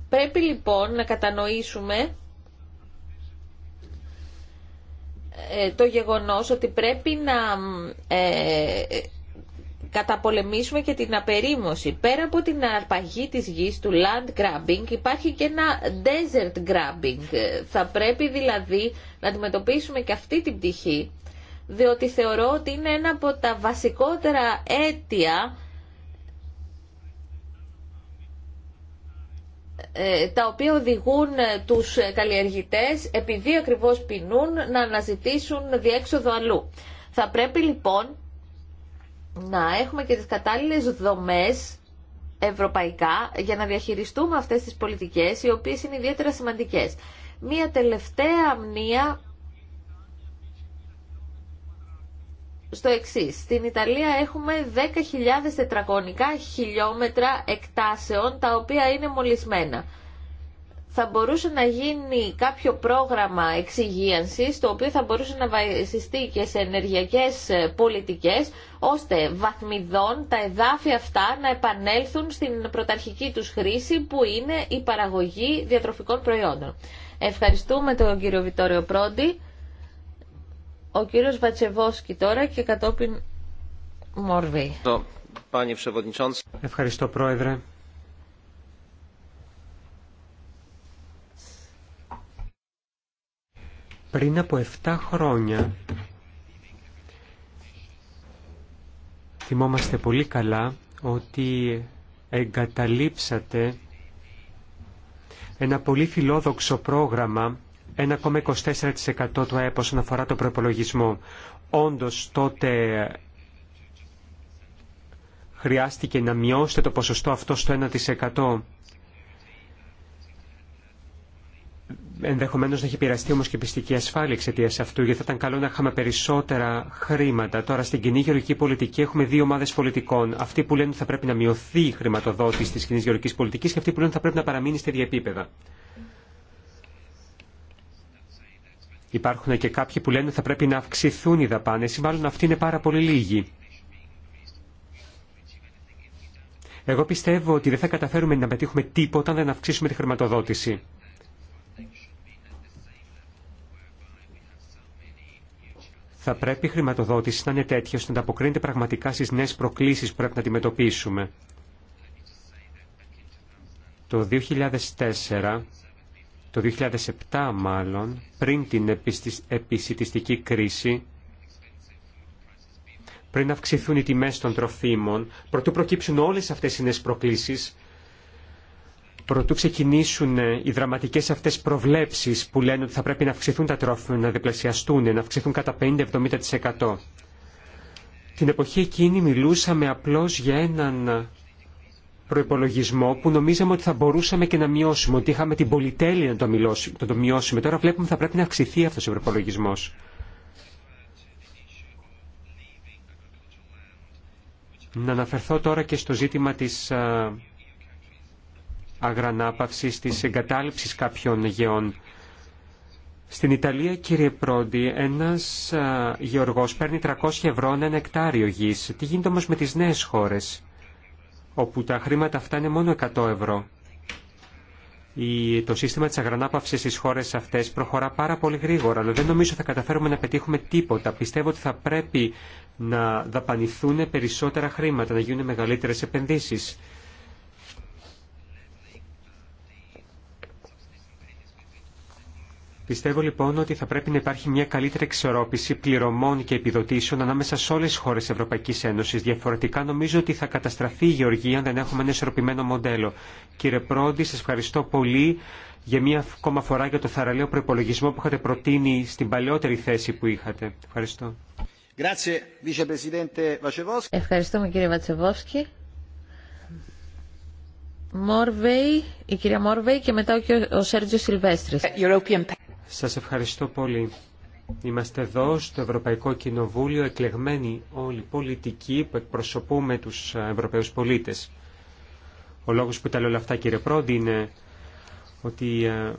Πρέπει λοιπόν να κατανοήσουμε ε, το γεγονός ότι πρέπει να ε, καταπολεμήσουμε και την απερίμωση. Πέρα από την αρπαγή της γης, του land grabbing, υπάρχει και ένα desert grabbing. Θα πρέπει δηλαδή να αντιμετωπίσουμε και αυτή την πτυχή, διότι θεωρώ ότι είναι ένα από τα βασικότερα αίτια Ε, τα οποία οδηγούν ε, τους ε, καλλιεργητές, επειδή ακριβώς πεινούν, να αναζητήσουν διέξοδο αλλού. Θα πρέπει λοιπόν να έχουμε και τις κατάλληλες δομές ευρωπαϊκά για να διαχειριστούμε αυτές τις πολιτικές, οι οποίες είναι ιδιαίτερα σημαντικές. Μία τελευταία αμνία στο εξή. Στην Ιταλία έχουμε 10.000 τετραγωνικά χιλιόμετρα εκτάσεων τα οποία είναι μολυσμένα. Θα μπορούσε να γίνει κάποιο πρόγραμμα εξυγίανση το οποίο θα μπορούσε να βασιστεί και σε ενεργειακές ε, πολιτικές ώστε βαθμιδών τα εδάφια αυτά να επανέλθουν στην πρωταρχική τους χρήση που είναι η παραγωγή διατροφικών προϊόντων. Ευχαριστούμε τον κύριο Βιτόριο Πρόντι. Ο κύριος Βατσεβόσκι τώρα και κατόπιν Μόρβη. Ευχαριστώ πρόεδρε. Πριν από 7 χρόνια θυμόμαστε πολύ καλά ότι εγκαταλείψατε ένα πολύ φιλόδοξο πρόγραμμα 1,24% του ΑΕΠ όσον αφορά το προπολογισμό. Όντως τότε χρειάστηκε να μειώσετε το ποσοστό αυτό στο 1%. Ενδεχομένω να έχει πειραστεί όμω και η πιστική ασφάλεια εξαιτία αυτού, γιατί θα ήταν καλό να είχαμε περισσότερα χρήματα. Τώρα στην κοινή γεωργική πολιτική έχουμε δύο ομάδε πολιτικών. Αυτοί που λένε ότι θα πρέπει να μειωθεί η χρηματοδότηση τη κοινή γεωργική πολιτική και αυτοί που λένε ότι θα πρέπει να παραμείνει στη ίδια Υπάρχουν και κάποιοι που λένε ότι θα πρέπει να αυξηθούν οι δαπάνες ή μάλλον αυτοί είναι πάρα πολύ λίγοι. Εγώ πιστεύω ότι δεν θα καταφέρουμε να πετύχουμε τίποτα αν δεν αυξήσουμε τη χρηματοδότηση. Θα πρέπει η χρηματοδότηση να είναι τέτοια ώστε να αποκρίνεται πραγματικά στις νέες προκλήσεις που πρέπει να αντιμετωπίσουμε. Το 2004 το 2007 μάλλον, πριν την επισητιστική κρίση, πριν αυξηθούν οι τιμές των τροφίμων, προτού προκύψουν όλες αυτές οι νέες προκλήσεις, προτού ξεκινήσουν ε, οι δραματικές αυτές προβλέψεις που λένε ότι θα πρέπει να αυξηθούν τα τρόφιμα, να διπλασιαστούν, να αυξηθούν κατά 50-70%. Την εποχή εκείνη μιλούσαμε απλώς για έναν προπολογισμό που νομίζαμε ότι θα μπορούσαμε και να μειώσουμε, ότι είχαμε την πολυτέλεια να το, μειώσουμε. το Τώρα βλέπουμε ότι θα πρέπει να αυξηθεί αυτός ο προπολογισμό. Να αναφερθώ τώρα και στο ζήτημα της αγρανάπαυσης, της εγκατάλειψης κάποιων γεών. Στην Ιταλία, κύριε Πρόντι, ένας γεωργός παίρνει 300 ευρώ ένα εκτάριο γης. Τι γίνεται όμως με τις νέες χώρες όπου τα χρήματα αυτά είναι μόνο 100 ευρώ. Το σύστημα της αγρανάπαυσης στις χώρες αυτές προχωρά πάρα πολύ γρήγορα, αλλά δεν νομίζω θα καταφέρουμε να πετύχουμε τίποτα. Πιστεύω ότι θα πρέπει να δαπανηθούν περισσότερα χρήματα, να γίνουν μεγαλύτερες επενδύσεις. Πιστεύω λοιπόν ότι θα πρέπει να υπάρχει μια καλύτερη εξορρόπηση πληρωμών και επιδοτήσεων ανάμεσα σε όλε τι χώρε Ευρωπαϊκή Ένωση. Διαφορετικά νομίζω ότι θα καταστραφεί η Γεωργία αν δεν έχουμε ένα ισορροπημένο μοντέλο. Κύριε Πρόντι, σα ευχαριστώ πολύ για μια ακόμα φορά για το θαραλέο προπολογισμό που είχατε προτείνει στην παλαιότερη θέση που είχατε. Ευχαριστώ. Ευχαριστούμε κύριε Βατσεβόσκη. Μόρβεϊ, η κυρία Μόρβεϊ και μετά ο, Σέρτζιο Σιλβέστρης. Σας ευχαριστώ πολύ. Είμαστε εδώ στο Ευρωπαϊκό Κοινοβούλιο εκλεγμένοι όλοι πολιτικοί που εκπροσωπούμε τους ε, Ευρωπαίους πολίτες. Ο λόγος που τα λέω όλα αυτά κύριε Πρόντι είναι ότι ε,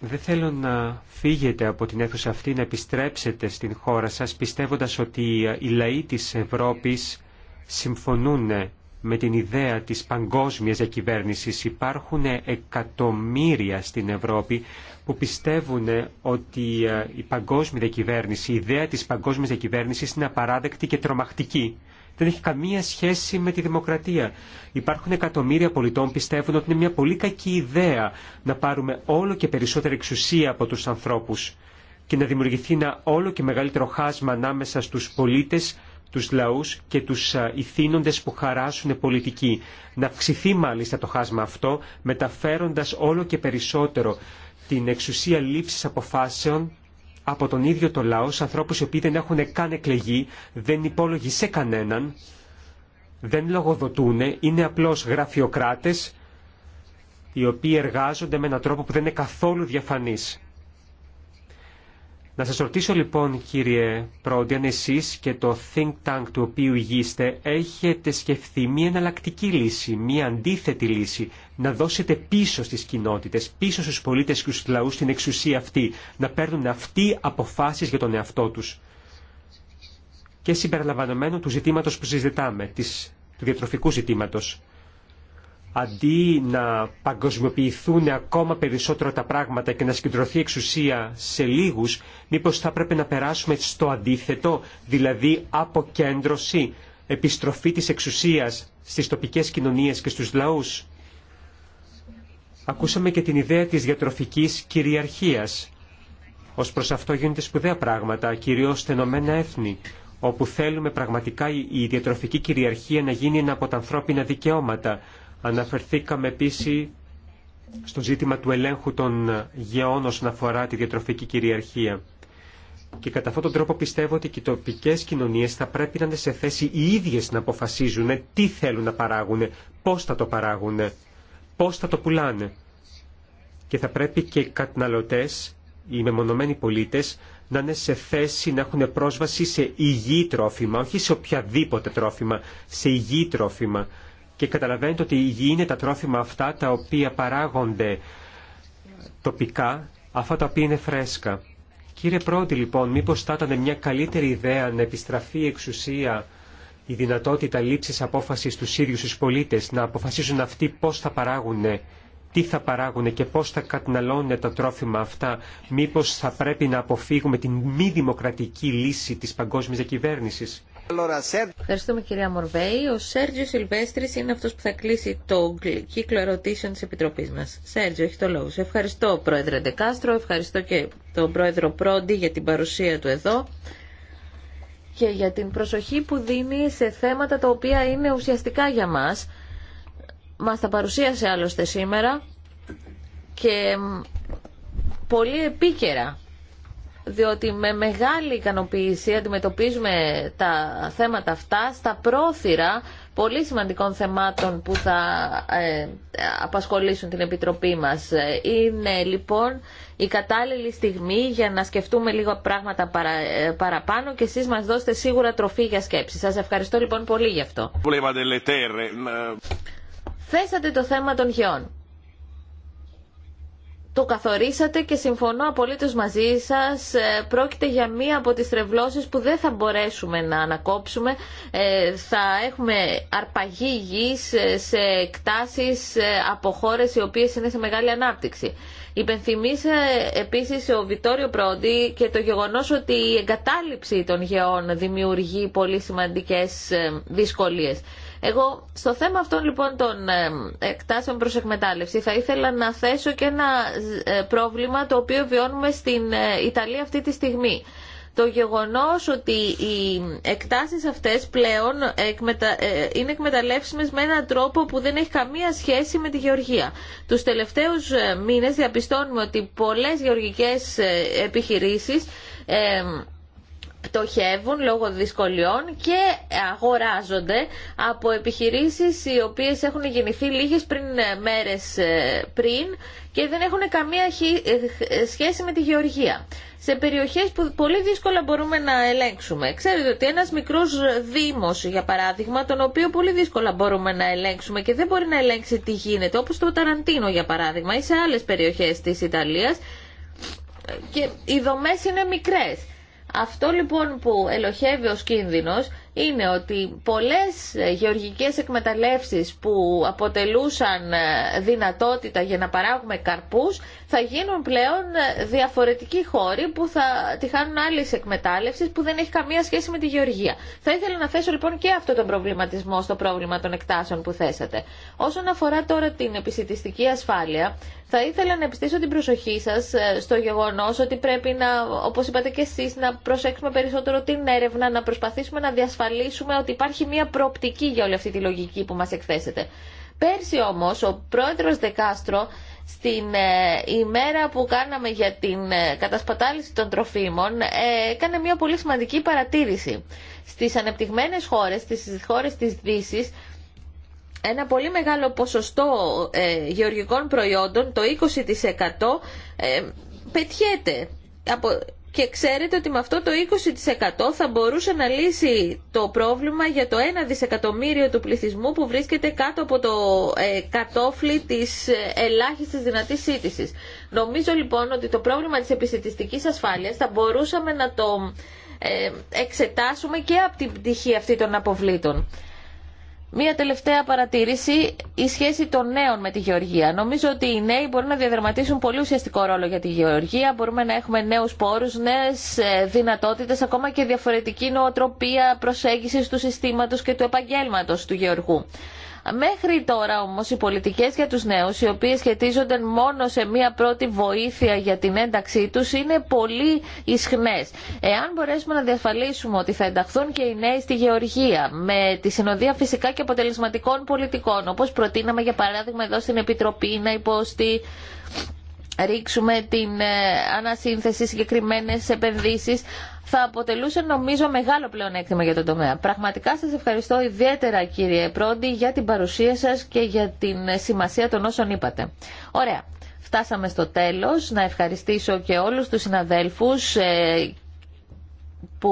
δεν θέλω να φύγετε από την αίθουσα αυτή, να επιστρέψετε στην χώρα σας πιστεύοντας ότι ε, οι λαοί της Ευρώπης συμφωνούν με την ιδέα της παγκόσμιας διακυβέρνησης. Υπάρχουν εκατομμύρια στην Ευρώπη που πιστεύουν ότι ε, η παγκόσμια διακυβέρνηση, η ιδέα της παγκόσμιας διακυβέρνησης είναι απαράδεκτη και τρομακτική. Δεν έχει καμία σχέση με τη δημοκρατία. Υπάρχουν εκατομμύρια πολιτών που πιστεύουν ότι είναι μια πολύ κακή ιδέα να πάρουμε όλο και περισσότερη εξουσία από τους ανθρώπους και να δημιουργηθεί ένα όλο και μεγαλύτερο χάσμα ανάμεσα στους πολίτες τους λαούς και τους ηθήνοντες που χαράσουν πολιτική. Να αυξηθεί μάλιστα το χάσμα αυτό, μεταφέροντας όλο και περισσότερο την εξουσία λήψης αποφάσεων από τον ίδιο το λαό, σε ανθρώπους οι οποίοι δεν έχουν καν εκλεγεί, δεν υπόλογοι σε κανέναν, δεν λογοδοτούν, είναι απλώς γραφειοκράτες, οι οποίοι εργάζονται με έναν τρόπο που δεν είναι καθόλου διαφανής. Να σας ρωτήσω λοιπόν κύριε Πρόντι, αν εσείς και το think tank του οποίου υγείστε έχετε σκεφτεί μία εναλλακτική λύση, μία αντίθετη λύση, να δώσετε πίσω στις κοινότητες, πίσω στους πολίτες και στους λαούς την εξουσία αυτή, να παίρνουν αυτοί αποφάσεις για τον εαυτό τους. Και συμπεριλαμβανομένου του ζητήματος που συζητάμε, της, του διατροφικού ζητήματος αντί να παγκοσμιοποιηθούν ακόμα περισσότερο τα πράγματα και να συγκεντρωθεί εξουσία σε λίγους, μήπως θα πρέπει να περάσουμε στο αντίθετο, δηλαδή αποκέντρωση, επιστροφή της εξουσίας στις τοπικές κοινωνίες και στους λαούς. Ακούσαμε και την ιδέα της διατροφικής κυριαρχίας. Ως προς αυτό γίνονται σπουδαία πράγματα, κυρίως στα Έθνη, όπου θέλουμε πραγματικά η διατροφική κυριαρχία να γίνει ένα από τα ανθρώπινα δικαιώματα. Αναφερθήκαμε επίση στο ζήτημα του ελέγχου των γεών όσον αφορά τη διατροφική κυριαρχία. Και κατά αυτόν τον τρόπο πιστεύω ότι και οι τοπικέ κοινωνίε θα πρέπει να είναι σε θέση οι ίδιε να αποφασίζουν τι θέλουν να παράγουν, πώ θα το παράγουν, πώ θα το πουλάνε. Και θα πρέπει και οι καταναλωτέ, οι μεμονωμένοι πολίτε, να είναι σε θέση να έχουν πρόσβαση σε υγιή τρόφιμα, όχι σε οποιαδήποτε τρόφιμα, σε υγιή τρόφιμα και καταλαβαίνετε ότι γη είναι τα τρόφιμα αυτά τα οποία παράγονται τοπικά, αυτά τα οποία είναι φρέσκα. Κύριε Πρόντι, λοιπόν, μήπως θα ήταν μια καλύτερη ιδέα να επιστραφεί η εξουσία η δυνατότητα λήψης απόφασης στους ίδιου τους πολίτες, να αποφασίσουν αυτοί πώς θα παράγουν, τι θα παράγουν και πώς θα καταναλώνουν τα τρόφιμα αυτά. Μήπως θα πρέπει να αποφύγουμε την μη δημοκρατική λύση της παγκόσμιας διακυβέρνηση. Ευχαριστούμε κυρία Μορβέη. Ο Σέργιο Σιλβέστρη είναι αυτό που θα κλείσει το κύκλο ερωτήσεων τη Επιτροπή μα. Σέργιο, έχει το λόγο. Σε ευχαριστώ πρόεδρε Ντεκάστρο, ευχαριστώ και τον πρόεδρο Πρόντι για την παρουσία του εδώ και για την προσοχή που δίνει σε θέματα τα οποία είναι ουσιαστικά για μα. Μα τα παρουσίασε άλλωστε σήμερα και πολύ επίκαιρα διότι με μεγάλη ικανοποίηση αντιμετωπίζουμε τα θέματα αυτά στα πρόθυρα πολύ σημαντικών θεμάτων που θα ε, απασχολήσουν την Επιτροπή μας. Είναι λοιπόν η κατάλληλη στιγμή για να σκεφτούμε λίγο πράγματα ε, παραπάνω και εσείς μας δώσετε σίγουρα τροφή για σκέψη. Σας ευχαριστώ λοιπόν πολύ γι' αυτό. Θέσατε το θέμα των γεών το καθορίσατε και συμφωνώ απολύτως μαζί σας. Ε, πρόκειται για μία από τις τρευλώσεις που δεν θα μπορέσουμε να ανακόψουμε. Ε, θα έχουμε αρπαγή γης ε, σε εκτάσεις από χώρες οι οποίες είναι σε μεγάλη ανάπτυξη. Υπενθυμίσε επίσης ο Βιτόριο Πρόντι και το γεγονός ότι η εγκατάλειψη των γεών δημιουργεί πολύ σημαντικές δυσκολίες. Εγώ στο θέμα αυτών λοιπόν των ε, εκτάσεων προς εκμετάλλευση θα ήθελα να θέσω και ένα ε, πρόβλημα το οποίο βιώνουμε στην ε, Ιταλία αυτή τη στιγμή το γεγονός ότι οι εκτάσεις αυτές πλέον είναι εκμεταλλεύσιμες με έναν τρόπο που δεν έχει καμία σχέση με τη γεωργία. Τους τελευταίους μήνες διαπιστώνουμε ότι πολλές γεωργικές επιχειρήσεις πτωχεύουν λόγω δυσκολιών και αγοράζονται από επιχειρήσεις οι οποίες έχουν γεννηθεί λίγες πριν, ε, μέρες ε, πριν και δεν έχουν καμία ε, σχέση με τη γεωργία. Σε περιοχές που πολύ δύσκολα μπορούμε να ελέγξουμε. Ξέρετε ότι ένας μικρός δήμος, για παράδειγμα, τον οποίο πολύ δύσκολα μπορούμε να ελέγξουμε και δεν μπορεί να ελέγξει τι γίνεται, όπως το Ταραντίνο, για παράδειγμα, ή σε άλλες περιοχές της Ιταλίας, και οι δομές είναι μικρές. Αυτό λοιπόν που ελοχεύει ως κίνδυνος είναι ότι πολλές ε, γεωργικές εκμεταλλεύσεις που αποτελούσαν ε, δυνατότητα για να παράγουμε καρπούς θα γίνουν πλέον ε, διαφορετικοί χώροι που θα τυχάνουν άλλες εκμετάλλευσεις που δεν έχει καμία σχέση με τη γεωργία. Θα ήθελα να θέσω λοιπόν και αυτό τον προβληματισμό στο πρόβλημα των εκτάσεων που θέσατε. Όσον αφορά τώρα την επισητιστική ασφάλεια, θα ήθελα να επιστήσω την προσοχή σας στο γεγονός ότι πρέπει να, όπως είπατε και εσείς, να προσέξουμε περισσότερο την έρευνα, να προσπαθήσουμε να διασφαλίσουμε ότι υπάρχει μια προοπτική για όλη αυτή τη λογική που μας εκθέσετε. Πέρσι όμως ο πρόεδρος Δεκάστρο στην ε, ημέρα που κάναμε για την ε, κατασπατάληση των τροφίμων ε, έκανε μια πολύ σημαντική παρατήρηση. Στις ανεπτυγμένες χώρες, στις χώρες της Δύσης, ένα πολύ μεγάλο ποσοστό γεωργικών προϊόντων, το 20%, πετιέται. Από και ξέρετε ότι με αυτό το 20% θα μπορούσε να λύσει το πρόβλημα για το 1 δισεκατομμύριο του πληθυσμού που βρίσκεται κάτω από το ε, κατόφλι της ε, ελάχιστης δυνατής σύντησης. Νομίζω λοιπόν ότι το πρόβλημα της επιστημιστικής ασφάλειας θα μπορούσαμε να το ε, εξετάσουμε και από την πτυχή αυτή των αποβλήτων. Μία τελευταία παρατήρηση, η σχέση των νέων με τη γεωργία. Νομίζω ότι οι νέοι μπορούν να διαδραματίσουν πολύ ουσιαστικό ρόλο για τη γεωργία. Μπορούμε να έχουμε νέους πόρους, νέες ε, δυνατότητες, ακόμα και διαφορετική νοοτροπία προσέγγισης του συστήματος και του επαγγέλματος του γεωργού. Μέχρι τώρα όμως οι πολιτικές για τους νέους, οι οποίες σχετίζονται μόνο σε μία πρώτη βοήθεια για την ένταξή τους, είναι πολύ ισχνές. Εάν μπορέσουμε να διασφαλίσουμε ότι θα ενταχθούν και οι νέοι στη γεωργία, με τη συνοδεία φυσικά και αποτελεσματικών πολιτικών, όπως προτείναμε για παράδειγμα εδώ στην Επιτροπή να υπόστη ρίξουμε την ε, ανασύνθεση συγκεκριμένε επενδύσει. θα αποτελούσε νομίζω μεγάλο πλεονέκτημα για τον τομέα. Πραγματικά σας ευχαριστώ ιδιαίτερα κύριε Πρόντι για την παρουσία σας και για την ε, σημασία των όσων είπατε. Ωραία. Φτάσαμε στο τέλος. Να ευχαριστήσω και όλους τους συναδέλφους ε, που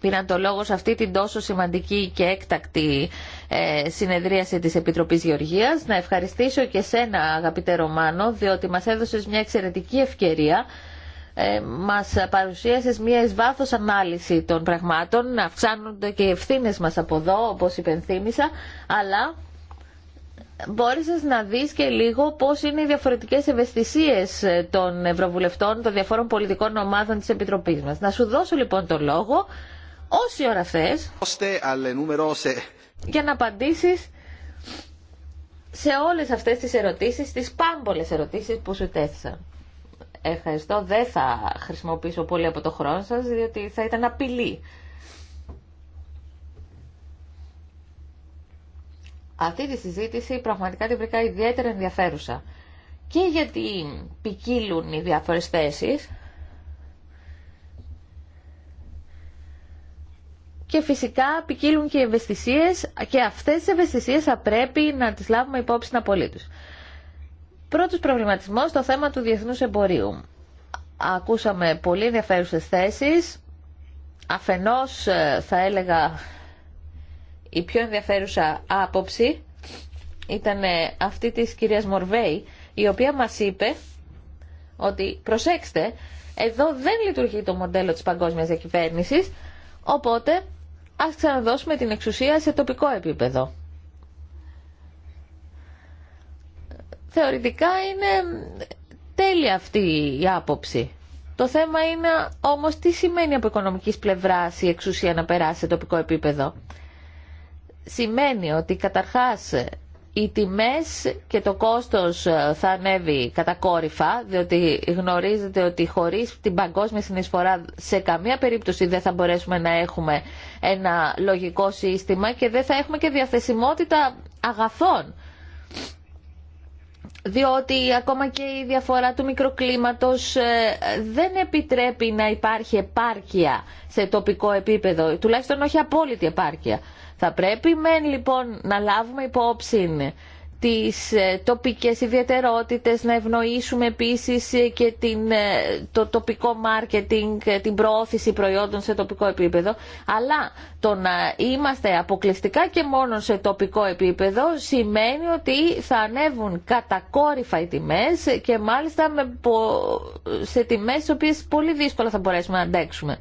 πήραν το λόγο σε αυτή την τόσο σημαντική και έκτακτη ε, συνεδρίαση της Επιτροπής Γεωργίας. Να ευχαριστήσω και σένα αγαπητέ Ρωμάνο, διότι μας έδωσες μια εξαιρετική ευκαιρία ε, μας παρουσίασες μια εσβάθος ανάλυση των πραγμάτων, να αυξάνονται και οι ευθύνε μας από εδώ, όπως υπενθύμησα, αλλά μπόρεσες να δεις και λίγο πώς είναι οι διαφορετικές ευαισθησίες των Ευρωβουλευτών, των διαφόρων πολιτικών ομάδων της Επιτροπής μας. Να σου δώσω λοιπόν το λόγο, όση ώρα θες για να απαντήσεις σε όλες αυτές τις ερωτήσεις, τις πάμπολες ερωτήσεις που σου τέθησαν. Ευχαριστώ. Δεν θα χρησιμοποιήσω πολύ από το χρόνο σας, διότι θα ήταν απειλή. Αυτή τη συζήτηση πραγματικά την βρήκα ιδιαίτερα ενδιαφέρουσα. Και γιατί ποικίλουν οι διάφορες θέσεις, και φυσικά ποικίλουν και οι ευαισθησίες και αυτές τι ευαισθησίες θα πρέπει να τις λάβουμε υπόψη απολύτως. Πρώτος προβληματισμός, το θέμα του διεθνούς εμπορίου. Ακούσαμε πολύ ενδιαφέρουσε θέσεις. Αφενός ε, θα έλεγα η πιο ενδιαφέρουσα άποψη ήταν ε, αυτή της κυρίας Μορβέη, η οποία μας είπε ότι προσέξτε, εδώ δεν λειτουργεί το μοντέλο της παγκόσμιας διακυβέρνησης, οπότε ας ξαναδώσουμε την εξουσία σε τοπικό επίπεδο. Θεωρητικά είναι τέλεια αυτή η άποψη. Το θέμα είναι όμως τι σημαίνει από οικονομικής πλευράς η εξουσία να περάσει σε τοπικό επίπεδο. Σημαίνει ότι καταρχάς οι τιμές και το κόστος ε, θα ανέβει κατακόρυφα, διότι γνωρίζετε ότι χωρίς την παγκόσμια συνεισφορά σε καμία περίπτωση δεν θα μπορέσουμε να έχουμε ένα λογικό σύστημα και δεν θα έχουμε και διαθεσιμότητα αγαθών. Διότι ακόμα και η διαφορά του μικροκλίματος ε, δεν επιτρέπει να υπάρχει επάρκεια σε τοπικό επίπεδο, τουλάχιστον όχι απόλυτη επάρκεια. Θα πρέπει μεν λοιπόν να λάβουμε υπόψη τις ε, τοπικές ιδιαιτερότητες, να ευνοήσουμε επίσης ε, και την, ε, το τοπικό μάρκετινγκ, την προώθηση προϊόντων σε τοπικό επίπεδο, αλλά το να είμαστε αποκλειστικά και μόνο σε τοπικό επίπεδο σημαίνει ότι θα ανέβουν κατακόρυφα οι τιμές και μάλιστα με, σε τιμές τις οποίες πολύ δύσκολα θα μπορέσουμε να αντέξουμε.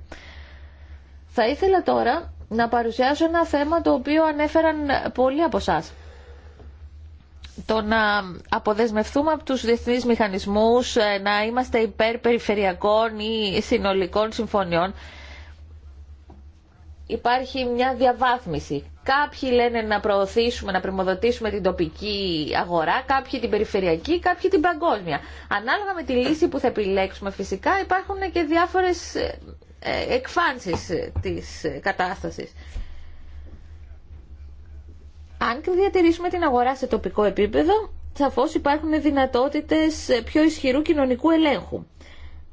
Θα ήθελα τώρα να παρουσιάσω ένα θέμα το οποίο ανέφεραν πολλοί από εσά. Το να αποδεσμευτούμε από τους διεθνείς μηχανισμούς, ε, να είμαστε υπέρ περιφερειακών ή συνολικών συμφωνιών, υπάρχει μια διαβάθμιση. Κάποιοι λένε να προωθήσουμε, να πρημοδοτήσουμε την τοπική αγορά, κάποιοι την περιφερειακή, κάποιοι την παγκόσμια. Ανάλογα με τη λύση που θα επιλέξουμε φυσικά υπάρχουν και διάφορες ε, εκφάνσεις της κατάστασης. Αν και διατηρήσουμε την αγορά σε τοπικό επίπεδο, σαφώς υπάρχουν δυνατότητες πιο ισχυρού κοινωνικού ελέγχου.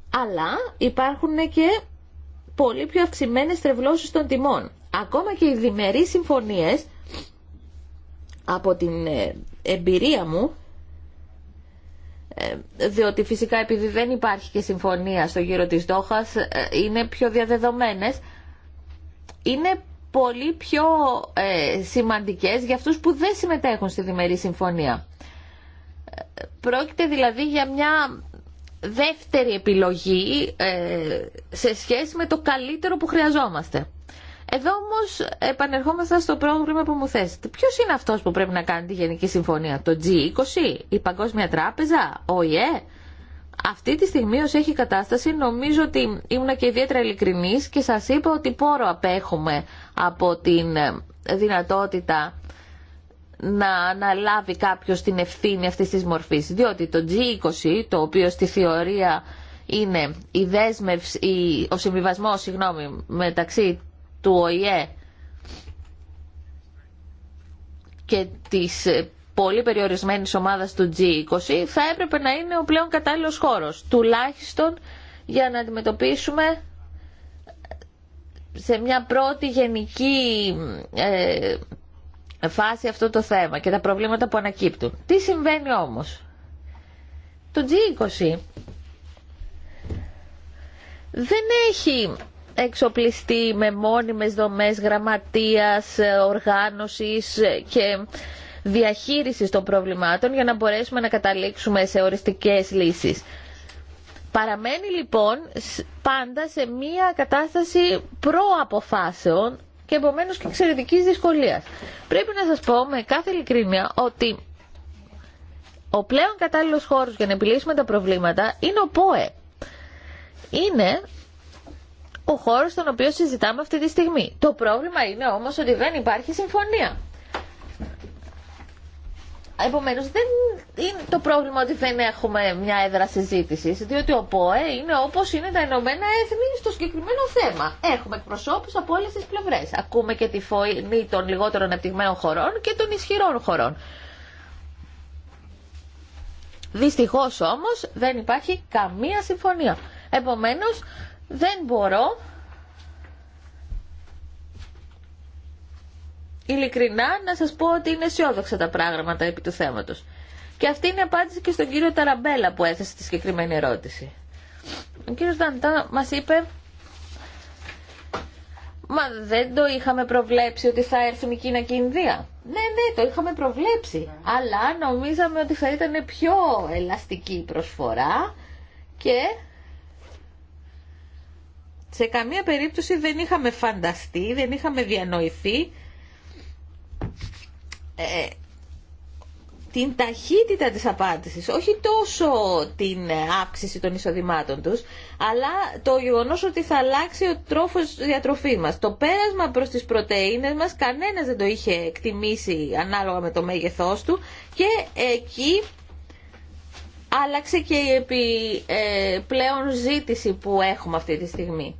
Αλλά υπάρχουν και πολύ πιο αυξημένες τρευλώσεις των τιμών. Ακόμα και οι διμερείς συμφωνίες, από την ε, εμπειρία μου, ε, διότι φυσικά επειδή δεν υπάρχει και συμφωνία στο γύρο της Δόχας ε, είναι πιο διαδεδομένες είναι πολύ πιο ε, σημαντικές για αυτούς που δεν συμμετέχουν στη διμερή συμφωνία. Ε, πρόκειται δηλαδή για μια δεύτερη επιλογή σε σχέση με το καλύτερο που χρειαζόμαστε. Εδώ όμω επανερχόμαστε στο πρόβλημα που μου θέσετε. Ποιο είναι αυτό που πρέπει να κάνει τη Γενική Συμφωνία, το G20, η Παγκόσμια Τράπεζα, ο ΙΕ. Αυτή τη στιγμή ως έχει κατάσταση νομίζω ότι ήμουν και ιδιαίτερα ειλικρινής και σας είπα ότι πόρο απέχουμε από την ε, δυνατότητα να αναλάβει κάποιος την ευθύνη αυτής της μορφής. Διότι το G20, το οποίο στη θεωρία είναι η δέσμευση, ο συμβιβασμός συγγνώμη, μεταξύ του ΟΗΕ και της πολύ περιορισμένης ομάδας του G20 θα έπρεπε να είναι ο πλέον κατάλληλος χώρος, τουλάχιστον για να αντιμετωπίσουμε σε μια πρώτη γενική ε, φάση αυτό το θέμα και τα προβλήματα που ανακύπτουν. Τι συμβαίνει όμως. Το G20 δεν έχει εξοπλιστεί με μόνιμες δομές γραμματείας, ε, οργάνωσης ε, και διαχείρισης των προβλημάτων για να μπορέσουμε να καταλήξουμε σε οριστικές λύσεις. Παραμένει λοιπόν πάντα σε μία κατάσταση προαποφάσεων και επομένως και εξαιρετική δυσκολία. Πρέπει να σας πω με κάθε ειλικρίνεια ότι ο πλέον κατάλληλος χώρος για να επιλύσουμε τα προβλήματα είναι ο ΠΟΕ. Είναι ο χώρο στον οποίο συζητάμε αυτή τη στιγμή. Το πρόβλημα είναι όμως ότι δεν υπάρχει συμφωνία. Επομένως δεν είναι το πρόβλημα ότι δεν έχουμε μια έδρα συζήτησης, διότι ο ΠΟΕ είναι όπως είναι τα Ηνωμένα Έθνη στο συγκεκριμένο θέμα. Έχουμε εκπροσώπους από όλες τις πλευρές. Ακούμε και τη φωνή των λιγότερων ανεπτυγμένων χωρών και των ισχυρών χωρών. Δυστυχώς όμως δεν υπάρχει καμία συμφωνία. Επομένως δεν μπορώ ειλικρινά να σας πω ότι είναι αισιόδοξα τα πράγματα επί του θέματος. Και αυτή είναι η απάντηση και στον κύριο Ταραμπέλα που έθεσε τη συγκεκριμένη ερώτηση. Ο κύριος Δαντά μας είπε «Μα δεν το είχαμε προβλέψει ότι θα έρθουν η Κίνα και η Ινδία». Ναι, ναι, το είχαμε προβλέψει, αλλά νομίζαμε ότι θα ήταν πιο ελαστική η προσφορά και σε καμία περίπτωση δεν είχαμε φανταστεί, δεν είχαμε διανοηθεί ε, την ταχύτητα της απάντησης, όχι τόσο την αύξηση των εισοδημάτων τους, αλλά το γεγονός ότι θα αλλάξει ο τρόφος διατροφής μας. Το πέρασμα προς τις πρωτεΐνες μας κανένας δεν το είχε εκτιμήσει ανάλογα με το μέγεθός του και εκεί άλλαξε και η ε, πλέον ζήτηση που έχουμε αυτή τη στιγμή.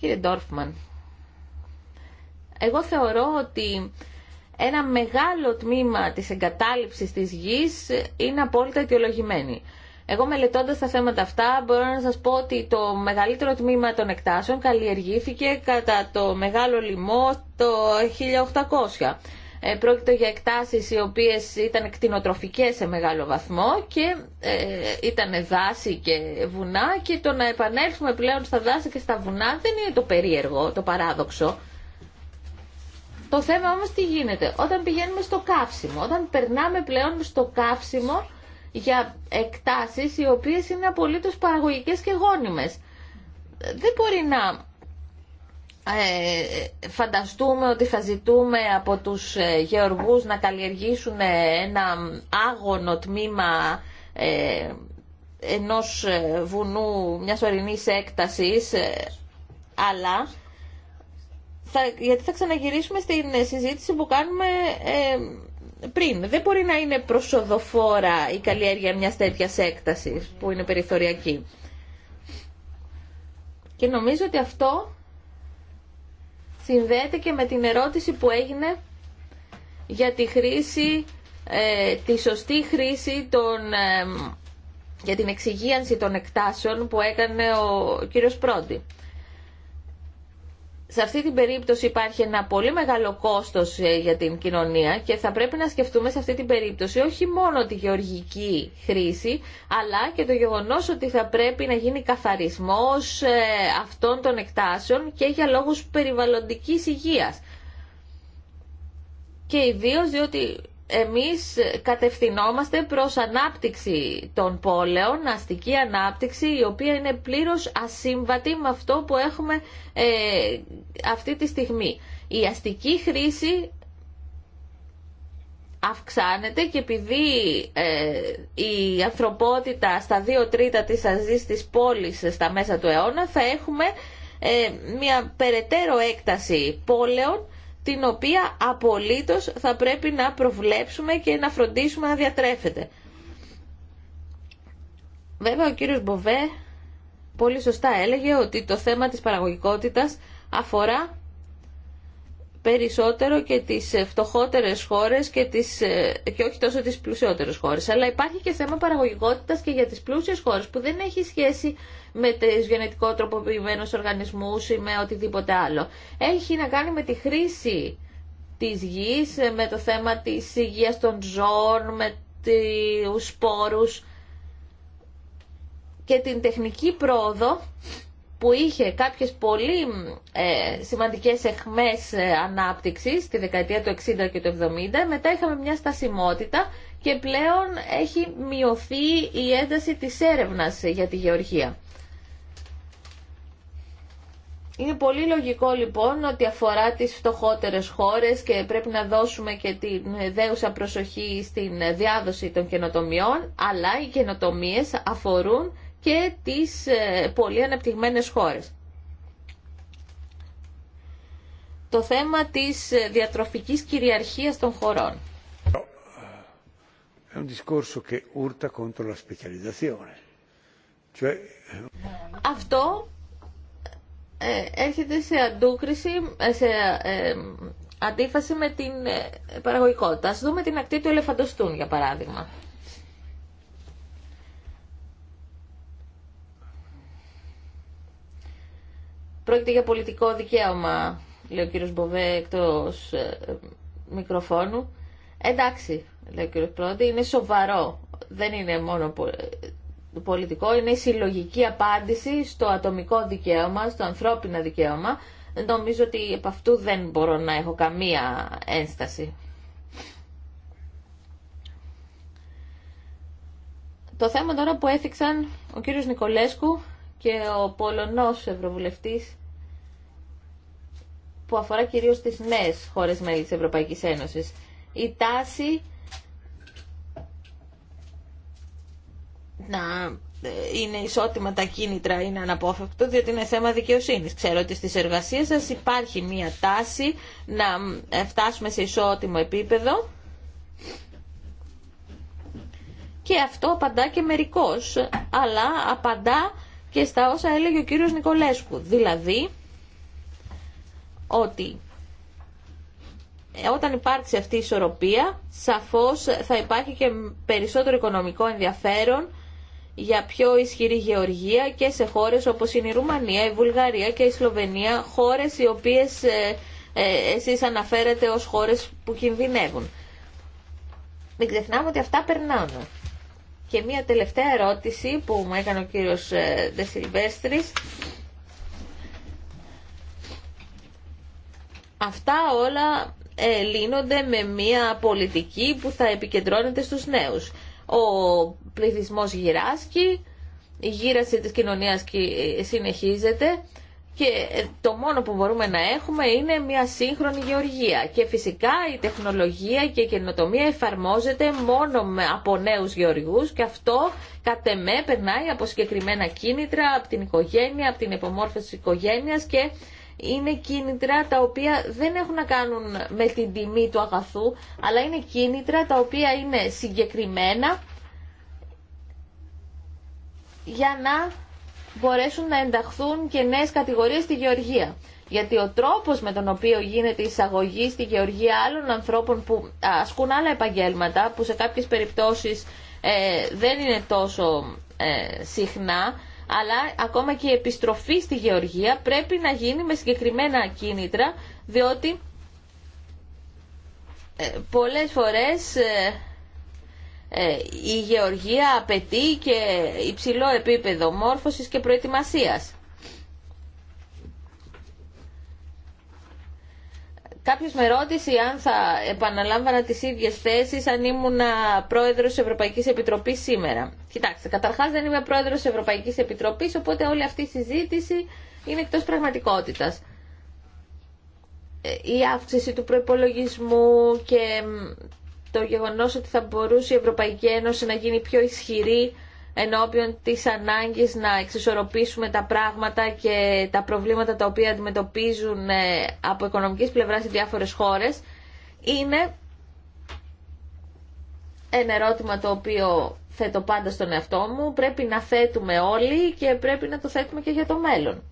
Κύριε Ντόρφμαν, εγώ θεωρώ ότι ένα μεγάλο τμήμα της εγκατάλειψης της γης είναι απόλυτα αιτιολογημένη. Εγώ μελετώντας τα θέματα αυτά μπορώ να σας πω ότι το μεγαλύτερο τμήμα των εκτάσεων καλλιεργήθηκε κατά το μεγάλο λοιμό το 1800. Ε, πρόκειται για εκτάσεις οι οποίες ήταν κτηνοτροφικές σε μεγάλο βαθμό και ε, ήταν δάση και βουνά και το να επανέλθουμε πλέον στα δάση και στα βουνά δεν είναι το περίεργο, το παράδοξο. Το θέμα όμως τι γίνεται. Όταν πηγαίνουμε στο καύσιμο, όταν περνάμε πλέον στο καύσιμο για εκτάσεις οι οποίες είναι απολύτως παραγωγικές και γόνιμες. Δεν μπορεί να ε, φανταστούμε ότι θα ζητούμε από τους ε, γεωργούς να καλλιεργήσουν ε, ένα άγωνο τμήμα ε, ενός βουνού μιας ορεινής έκτασης, αλλά θα, γιατί θα ξαναγυρίσουμε στην συζήτηση που κάνουμε πριν. Δεν μπορεί να είναι προσοδοφόρα η καλλιέργεια μιας τέτοιας έκτασης που είναι περιθωριακή. Και νομίζω ότι αυτό συνδέεται και με την ερώτηση που έγινε για τη χρήση, ε, τη σωστή χρήση των, ε, για την εξυγίανση των εκτάσεων που έκανε ο κύριος Πρόντι σε αυτή την περίπτωση υπάρχει ένα πολύ μεγάλο κόστος ε, για την κοινωνία και θα πρέπει να σκεφτούμε σε αυτή την περίπτωση όχι μόνο τη γεωργική χρήση αλλά και το γεγονός ότι θα πρέπει να γίνει καθαρισμός ε, αυτών των εκτάσεων και για λόγους περιβαλλοντικής υγείας. Και ιδίω διότι εμείς κατευθυνόμαστε προς ανάπτυξη των πόλεων, αστική ανάπτυξη, η οποία είναι πλήρως ασύμβατη με αυτό που έχουμε ε, αυτή τη στιγμή. Η αστική χρήση αυξάνεται και επειδή ε, η ανθρωπότητα στα δύο τρίτα της αζή της πόλης στα μέσα του αιώνα θα έχουμε ε, μια περαιτέρω έκταση πόλεων την οποία απολύτως θα πρέπει να προβλέψουμε και να φροντίσουμε να διατρέφεται. Βέβαια ο κύριος Μποβέ πολύ σωστά έλεγε ότι το θέμα της παραγωγικότητας αφορά περισσότερο και τις φτωχότερες χώρες και, τις, ε, και όχι τόσο τις πλουσιότερες χώρες. Αλλά υπάρχει και θέμα παραγωγικότητας και για τις πλούσιες χώρες που δεν έχει σχέση με τις γενετικό τροποποιημένους οργανισμούς ή με οτιδήποτε άλλο. Έχει να κάνει με τη χρήση της γης, ε, με το θέμα της υγείας των ζώων, με τους σπόρους και την τεχνική πρόοδο που είχε κάποιες πολύ ε, σημαντικές εχμές ε, ανάπτυξης τη δεκαετία του 60 και του 70, μετά είχαμε μια στασιμότητα και πλέον έχει μειωθεί η ένταση της έρευνας για τη γεωργία. Είναι πολύ λογικό λοιπόν ότι αφορά τις φτωχότερες χώρες και πρέπει να δώσουμε και την δέουσα προσοχή στην διάδοση των καινοτομιών, αλλά οι καινοτομίες αφορούν και τις ε, πολύ αναπτυγμένες χώρες. Το θέμα της ε, διατροφικής κυριαρχίας των χωρών. Eh, Αυτό ε, έρχεται σε αντούκριση, σε αντίφαση με την παραγωγικότητα. Ας δούμε την ακτή του ελεφαντοστούν, για παράδειγμα. Πρόκειται για πολιτικό δικαίωμα, λέει ο κύριος Μποβέ εκτός ε, μικροφόνου. Εντάξει, λέει ο κύριος Πρόντι, είναι σοβαρό. Δεν είναι μόνο ε, πολιτικό, είναι η συλλογική απάντηση στο ατομικό δικαίωμα, στο ανθρώπινο δικαίωμα. Νομίζω ότι από αυτού δεν μπορώ να έχω καμία ένσταση. Το θέμα τώρα που έθιξαν ο κύριος Νικολέσκου και ο Πολωνός Ευρωβουλευτής που αφορά κυρίως τις νέες χώρες μέλη της Ευρωπαϊκής Ένωσης. Η τάση να ε, είναι ισότιμα τα κίνητρα είναι αναπόφευκτο διότι είναι θέμα δικαιοσύνης. Ξέρω ότι στις εργασίες σας υπάρχει μία τάση να ε, φτάσουμε σε ισότιμο επίπεδο και αυτό απαντά και μερικώς. αλλά απαντά και στα όσα έλεγε ο κύριος Νικολέσκου. Δηλαδή ότι όταν υπάρξει αυτή η ισορροπία, σαφώς θα υπάρχει και περισσότερο οικονομικό ενδιαφέρον για πιο ισχυρή γεωργία και σε χώρες όπως είναι η Ρουμανία, η Βουλγαρία και η Σλοβενία, χώρες οι οποίες ε, ε, εσείς αναφέρετε ως χώρες που κινδυνεύουν. Μην ξεχνάμε ότι αυτά περνάνε. Και μία τελευταία ερώτηση που μου έκανε ο κύριος ε, Δεσιλβέστρης Αυτά όλα ε, λύνονται με μια πολιτική που θα επικεντρώνεται στους νέους. Ο πληθυσμός γυράσκει, η γύραση της κοινωνίας ε, συνεχίζεται και ε, το μόνο που μπορούμε να έχουμε είναι μια σύγχρονη γεωργία. Και φυσικά η τεχνολογία και η καινοτομία εφαρμόζεται μόνο από νέους γεωργούς και αυτό κατ' εμέ περνάει από συγκεκριμένα κίνητρα, από την οικογένεια, από την επομόρφωση της οικογένειας και είναι κίνητρα τα οποία δεν έχουν να κάνουν με την τιμή του αγαθού, αλλά είναι κίνητρα τα οποία είναι συγκεκριμένα για να μπορέσουν να ενταχθούν και νέες κατηγορίες στη γεωργία. Γιατί ο τρόπος με τον οποίο γίνεται η εισαγωγή στη γεωργία άλλων ανθρώπων που ασκούν άλλα επαγγέλματα, που σε κάποιες περιπτώσεις ε, δεν είναι τόσο ε, συχνά, αλλά ακόμα και η επιστροφή στη γεωργία πρέπει να γίνει με συγκεκριμένα κίνητρα, διότι ε, πολλές φορές ε, ε, η γεωργία απαιτεί και υψηλό επίπεδο μόρφωσης και προετοιμασίας. Κάποιος με ρώτησε αν θα επαναλάμβανα τις ίδιες θέσεις αν ήμουν πρόεδρος της Ευρωπαϊκής Επιτροπής σήμερα. Κοιτάξτε, καταρχάς δεν είμαι πρόεδρος της Ευρωπαϊκής Επιτροπής, οπότε όλη αυτή η συζήτηση είναι εκτός πραγματικότητας. Ε, η αύξηση του προϋπολογισμού και το γεγονός ότι θα μπορούσε η Ευρωπαϊκή Ένωση να γίνει πιο ισχυρή ενώπιον της ανάγκης να εξισορροπήσουμε τα πράγματα και τα προβλήματα τα οποία αντιμετωπίζουν ε, από οικονομικής πλευράς οι διάφορες χώρες είναι ένα ερώτημα το οποίο θέτω πάντα στον εαυτό μου, πρέπει να θέτουμε όλοι και πρέπει να το θέτουμε και για το μέλλον.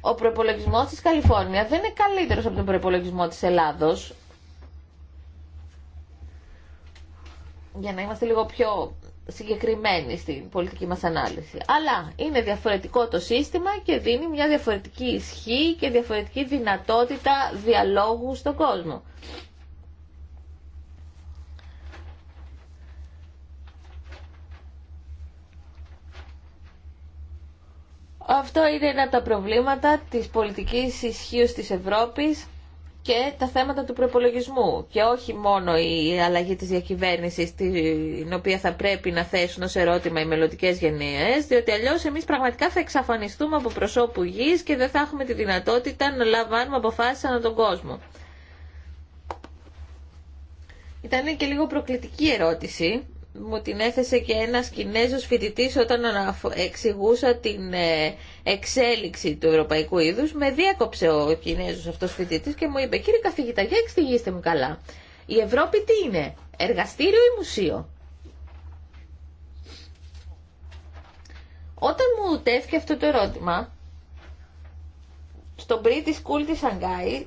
Ο προπολογισμό της Καλιφόρνια δεν είναι καλύτερος από τον προπολογισμό της Ελλάδος. Για να είμαστε λίγο πιο συγκεκριμένη στην πολιτική μας ανάλυση. Αλλά είναι διαφορετικό το σύστημα και δίνει μια διαφορετική ισχύ και διαφορετική δυνατότητα διαλόγου στον κόσμο. Αυτό είναι ένα από τα προβλήματα της πολιτικής ισχύω της Ευρώπης και τα θέματα του προπολογισμού και όχι μόνο η αλλαγή της διακυβέρνησης την οποία θα πρέπει να θέσουν ως ερώτημα οι μελλοντικέ γενίες διότι αλλιώς εμείς πραγματικά θα εξαφανιστούμε από προσώπου γης και δεν θα έχουμε τη δυνατότητα να λαμβάνουμε αποφάσεις ανά τον κόσμο. Ήταν και λίγο προκλητική ερώτηση. Μου την έθεσε και ένας Κινέζος φοιτητής όταν εξηγούσα την ε, εξέλιξη του ευρωπαϊκού είδου με διέκοψε ο Κινέζο αυτό φοιτητή και μου είπε «Κύριε καθηγητά, για εξηγήστε μου καλά, η Ευρώπη τι είναι, εργαστήριο ή μουσείο» Όταν μου τέθηκε αυτό το ερώτημα, στο British School της Σανγκάη,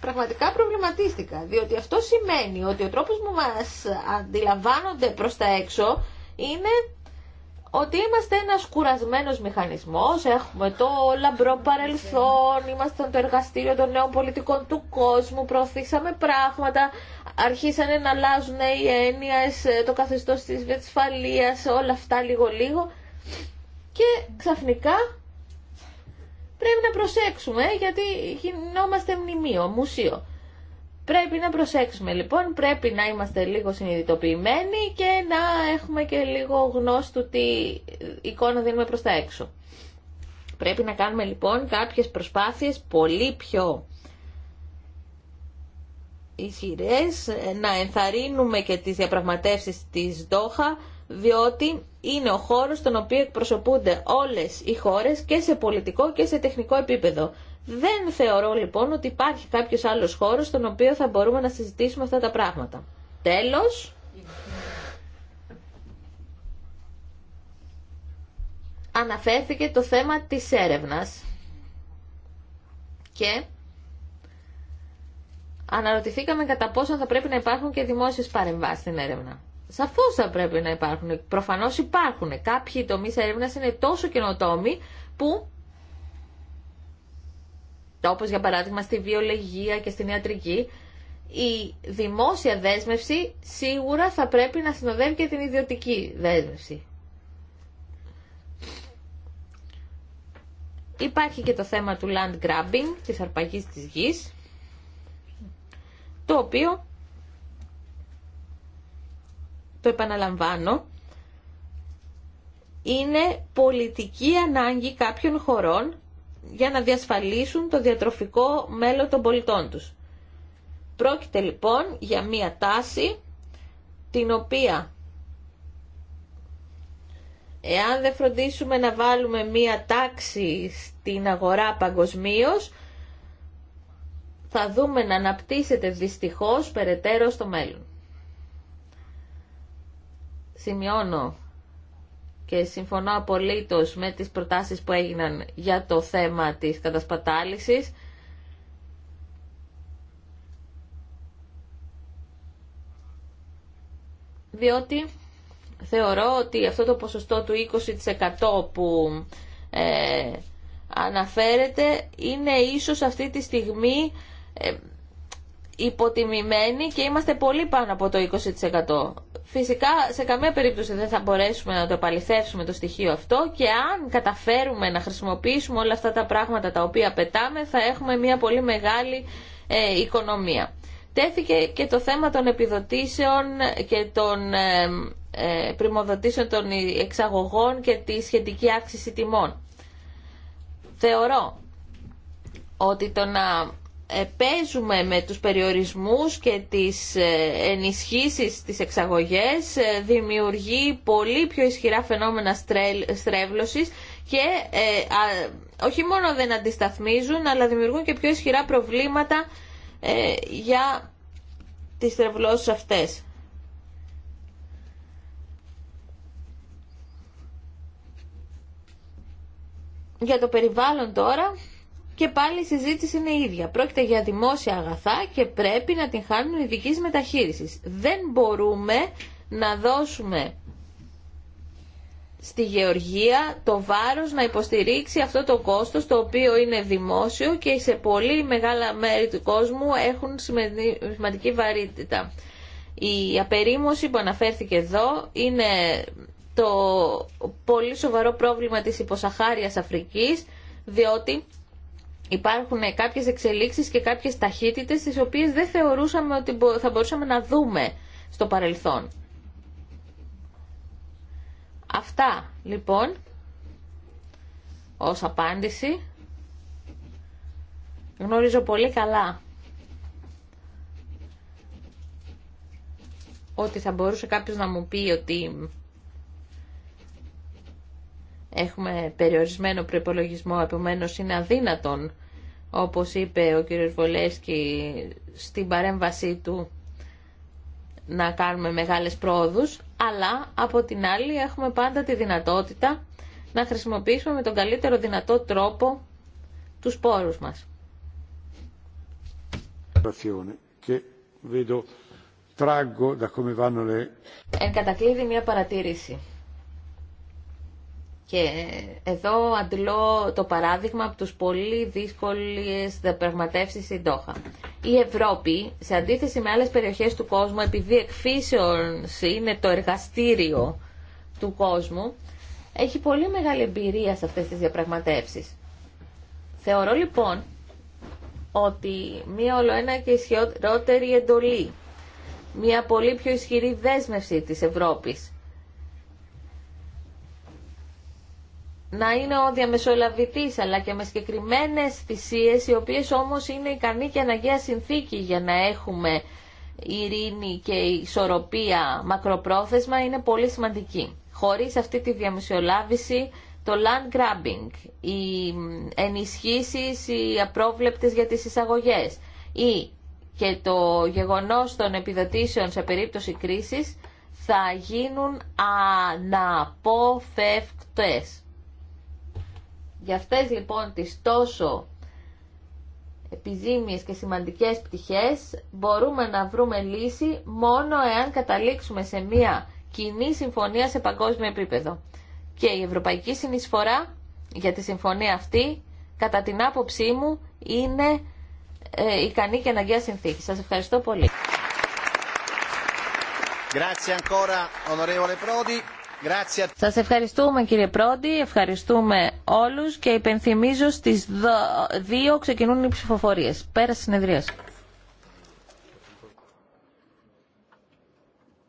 πραγματικά προβληματίστηκα, διότι αυτό σημαίνει ότι ο τρόπος που μας αντιλαμβάνονται προς τα έξω είναι ότι είμαστε ένας κουρασμένος μηχανισμός, έχουμε το λαμπρό παρελθόν, είμαστε το εργαστήριο των νέων πολιτικών του κόσμου, προωθήσαμε πράγματα, αρχίσανε να αλλάζουν οι έννοιες, το καθεστώς της βετσφαλίας, όλα αυτά λίγο-λίγο και ξαφνικά πρέπει να προσέξουμε γιατί γινόμαστε μνημείο, μουσείο. Πρέπει να προσέξουμε λοιπόν, πρέπει να είμαστε λίγο συνειδητοποιημένοι και να έχουμε και λίγο γνώση του τι εικόνα δίνουμε προς τα έξω. Πρέπει να κάνουμε λοιπόν κάποιες προσπάθειες πολύ πιο ισχυρές, να ενθαρρύνουμε και τις διαπραγματεύσεις της Δόχα, διότι είναι ο χώρος στον οποίο εκπροσωπούνται όλες οι χώρες και σε πολιτικό και σε τεχνικό επίπεδο. Δεν θεωρώ λοιπόν ότι υπάρχει κάποιος άλλος χώρος στον οποίο θα μπορούμε να συζητήσουμε αυτά τα πράγματα. Τέλος. Αναφέρθηκε το θέμα της έρευνας και αναρωτηθήκαμε κατά πόσο θα πρέπει να υπάρχουν και δημόσιες παρεμβάσεις στην έρευνα. Σαφώς θα πρέπει να υπάρχουν. Προφανώς υπάρχουν. Κάποιοι τομείς έρευνας είναι τόσο καινοτόμοι που όπως για παράδειγμα στη βιολογία και στην ιατρική, η δημόσια δέσμευση σίγουρα θα πρέπει να συνοδεύει και την ιδιωτική δέσμευση. Υπάρχει και το θέμα του land grabbing, της αρπαγής της γης, το οποίο, το επαναλαμβάνω, είναι πολιτική ανάγκη κάποιων χωρών για να διασφαλίσουν το διατροφικό μέλο των πολιτών τους. Πρόκειται λοιπόν για μία τάση την οποία εάν δεν φροντίσουμε να βάλουμε μία τάξη στην αγορά παγκοσμίω, θα δούμε να αναπτύσσεται δυστυχώς περαιτέρω στο μέλλον. Σημειώνω και συμφωνώ απολύτως με τις προτάσεις που έγιναν για το θέμα της κατασπατάλησης. Διότι θεωρώ ότι αυτό το ποσοστό του 20% που ε, αναφέρεται είναι ίσως αυτή τη στιγμή... Ε, υποτιμημένοι και είμαστε πολύ πάνω από το 20%. Φυσικά σε καμία περίπτωση δεν θα μπορέσουμε να το επαληθεύσουμε το στοιχείο αυτό και αν καταφέρουμε να χρησιμοποιήσουμε όλα αυτά τα πράγματα τα οποία πετάμε θα έχουμε μια πολύ μεγάλη ε, οικονομία. Τέθηκε και το θέμα των επιδοτήσεων και των ε, ε, πρημοδοτήσεων των εξαγωγών και τη σχετική αύξηση τιμών. Θεωρώ ότι το να ε, παίζουμε με τους περιορισμούς και τις ε, ενισχύσεις της εξαγωγές ε, δημιουργεί πολύ πιο ισχυρά φαινόμενα στρέβλωσης και όχι μόνο δεν αντισταθμίζουν αλλά δημιουργούν και πιο ισχυρά προβλήματα για τις στρεβλώσεις αυτές. Για το περιβάλλον τώρα και πάλι η συζήτηση είναι η ίδια. Πρόκειται για δημόσια αγαθά και πρέπει να την χάνουν ειδική μεταχείριση. Δεν μπορούμε να δώσουμε στη γεωργία το βάρος να υποστηρίξει αυτό το κόστος το οποίο είναι δημόσιο και σε πολύ μεγάλα μέρη του κόσμου έχουν σημαντική βαρύτητα. Η απερίμωση που αναφέρθηκε εδώ είναι το πολύ σοβαρό πρόβλημα της υποσαχάριας Αφρικής διότι υπάρχουν κάποιες εξελίξεις και κάποιες ταχύτητες τις οποίες δεν θεωρούσαμε ότι θα μπορούσαμε να δούμε στο παρελθόν. Αυτά λοιπόν ως απάντηση γνωρίζω πολύ καλά ότι θα μπορούσε κάποιος να μου πει ότι Έχουμε περιορισμένο προπολογισμό, επομένως είναι αδύνατον, όπως είπε ο κύριος Βολέσκι στην παρέμβασή του, να κάνουμε μεγάλες πρόοδους, αλλά από την άλλη έχουμε πάντα τη δυνατότητα να χρησιμοποιήσουμε με τον καλύτερο δυνατό τρόπο τους πόρους μας. Εν κατακλείδη μια παρατήρηση. Και εδώ αντλώ το παράδειγμα από τους πολύ δύσκολες διαπραγματεύσει στην Τόχα. Η Ευρώπη, σε αντίθεση με άλλες περιοχές του κόσμου, επειδή εκφύσεων είναι το εργαστήριο του κόσμου, έχει πολύ μεγάλη εμπειρία σε αυτές τις διαπραγματεύσεις. Θεωρώ λοιπόν ότι μία ολοένα και ισχυρότερη εντολή, μία πολύ πιο ισχυρή δέσμευση της Ευρώπης να είναι ο διαμεσολαβητής αλλά και με συγκεκριμένε θυσίε, οι οποίες όμως είναι ικανή και αναγκαία συνθήκη για να έχουμε ειρήνη και ισορροπία μακροπρόθεσμα είναι πολύ σημαντική. Χωρίς αυτή τη διαμεσολάβηση το land grabbing, οι ενισχύσεις, οι απρόβλεπτες για τις εισαγωγές ή και το γεγονός των επιδοτήσεων σε περίπτωση κρίσης θα γίνουν αναποφευκτές. Για αυτές λοιπόν τις τόσο επιζήμιες και σημαντικές πτυχές μπορούμε να βρούμε λύση μόνο εάν καταλήξουμε σε μια κοινή συμφωνία σε παγκόσμιο επίπεδο. Και η ευρωπαϊκή συνεισφορά για τη συμφωνία αυτή, κατά την άποψή μου, είναι ε, ικανή και αναγκαία συνθήκη. Σας ευχαριστώ πολύ. Σας ευχαριστούμε κύριε Πρόντι, ευχαριστούμε όλους και υπενθυμίζω στις 2 ξεκινούν οι ψηφοφορίες. Πέρα συνεδρίαση.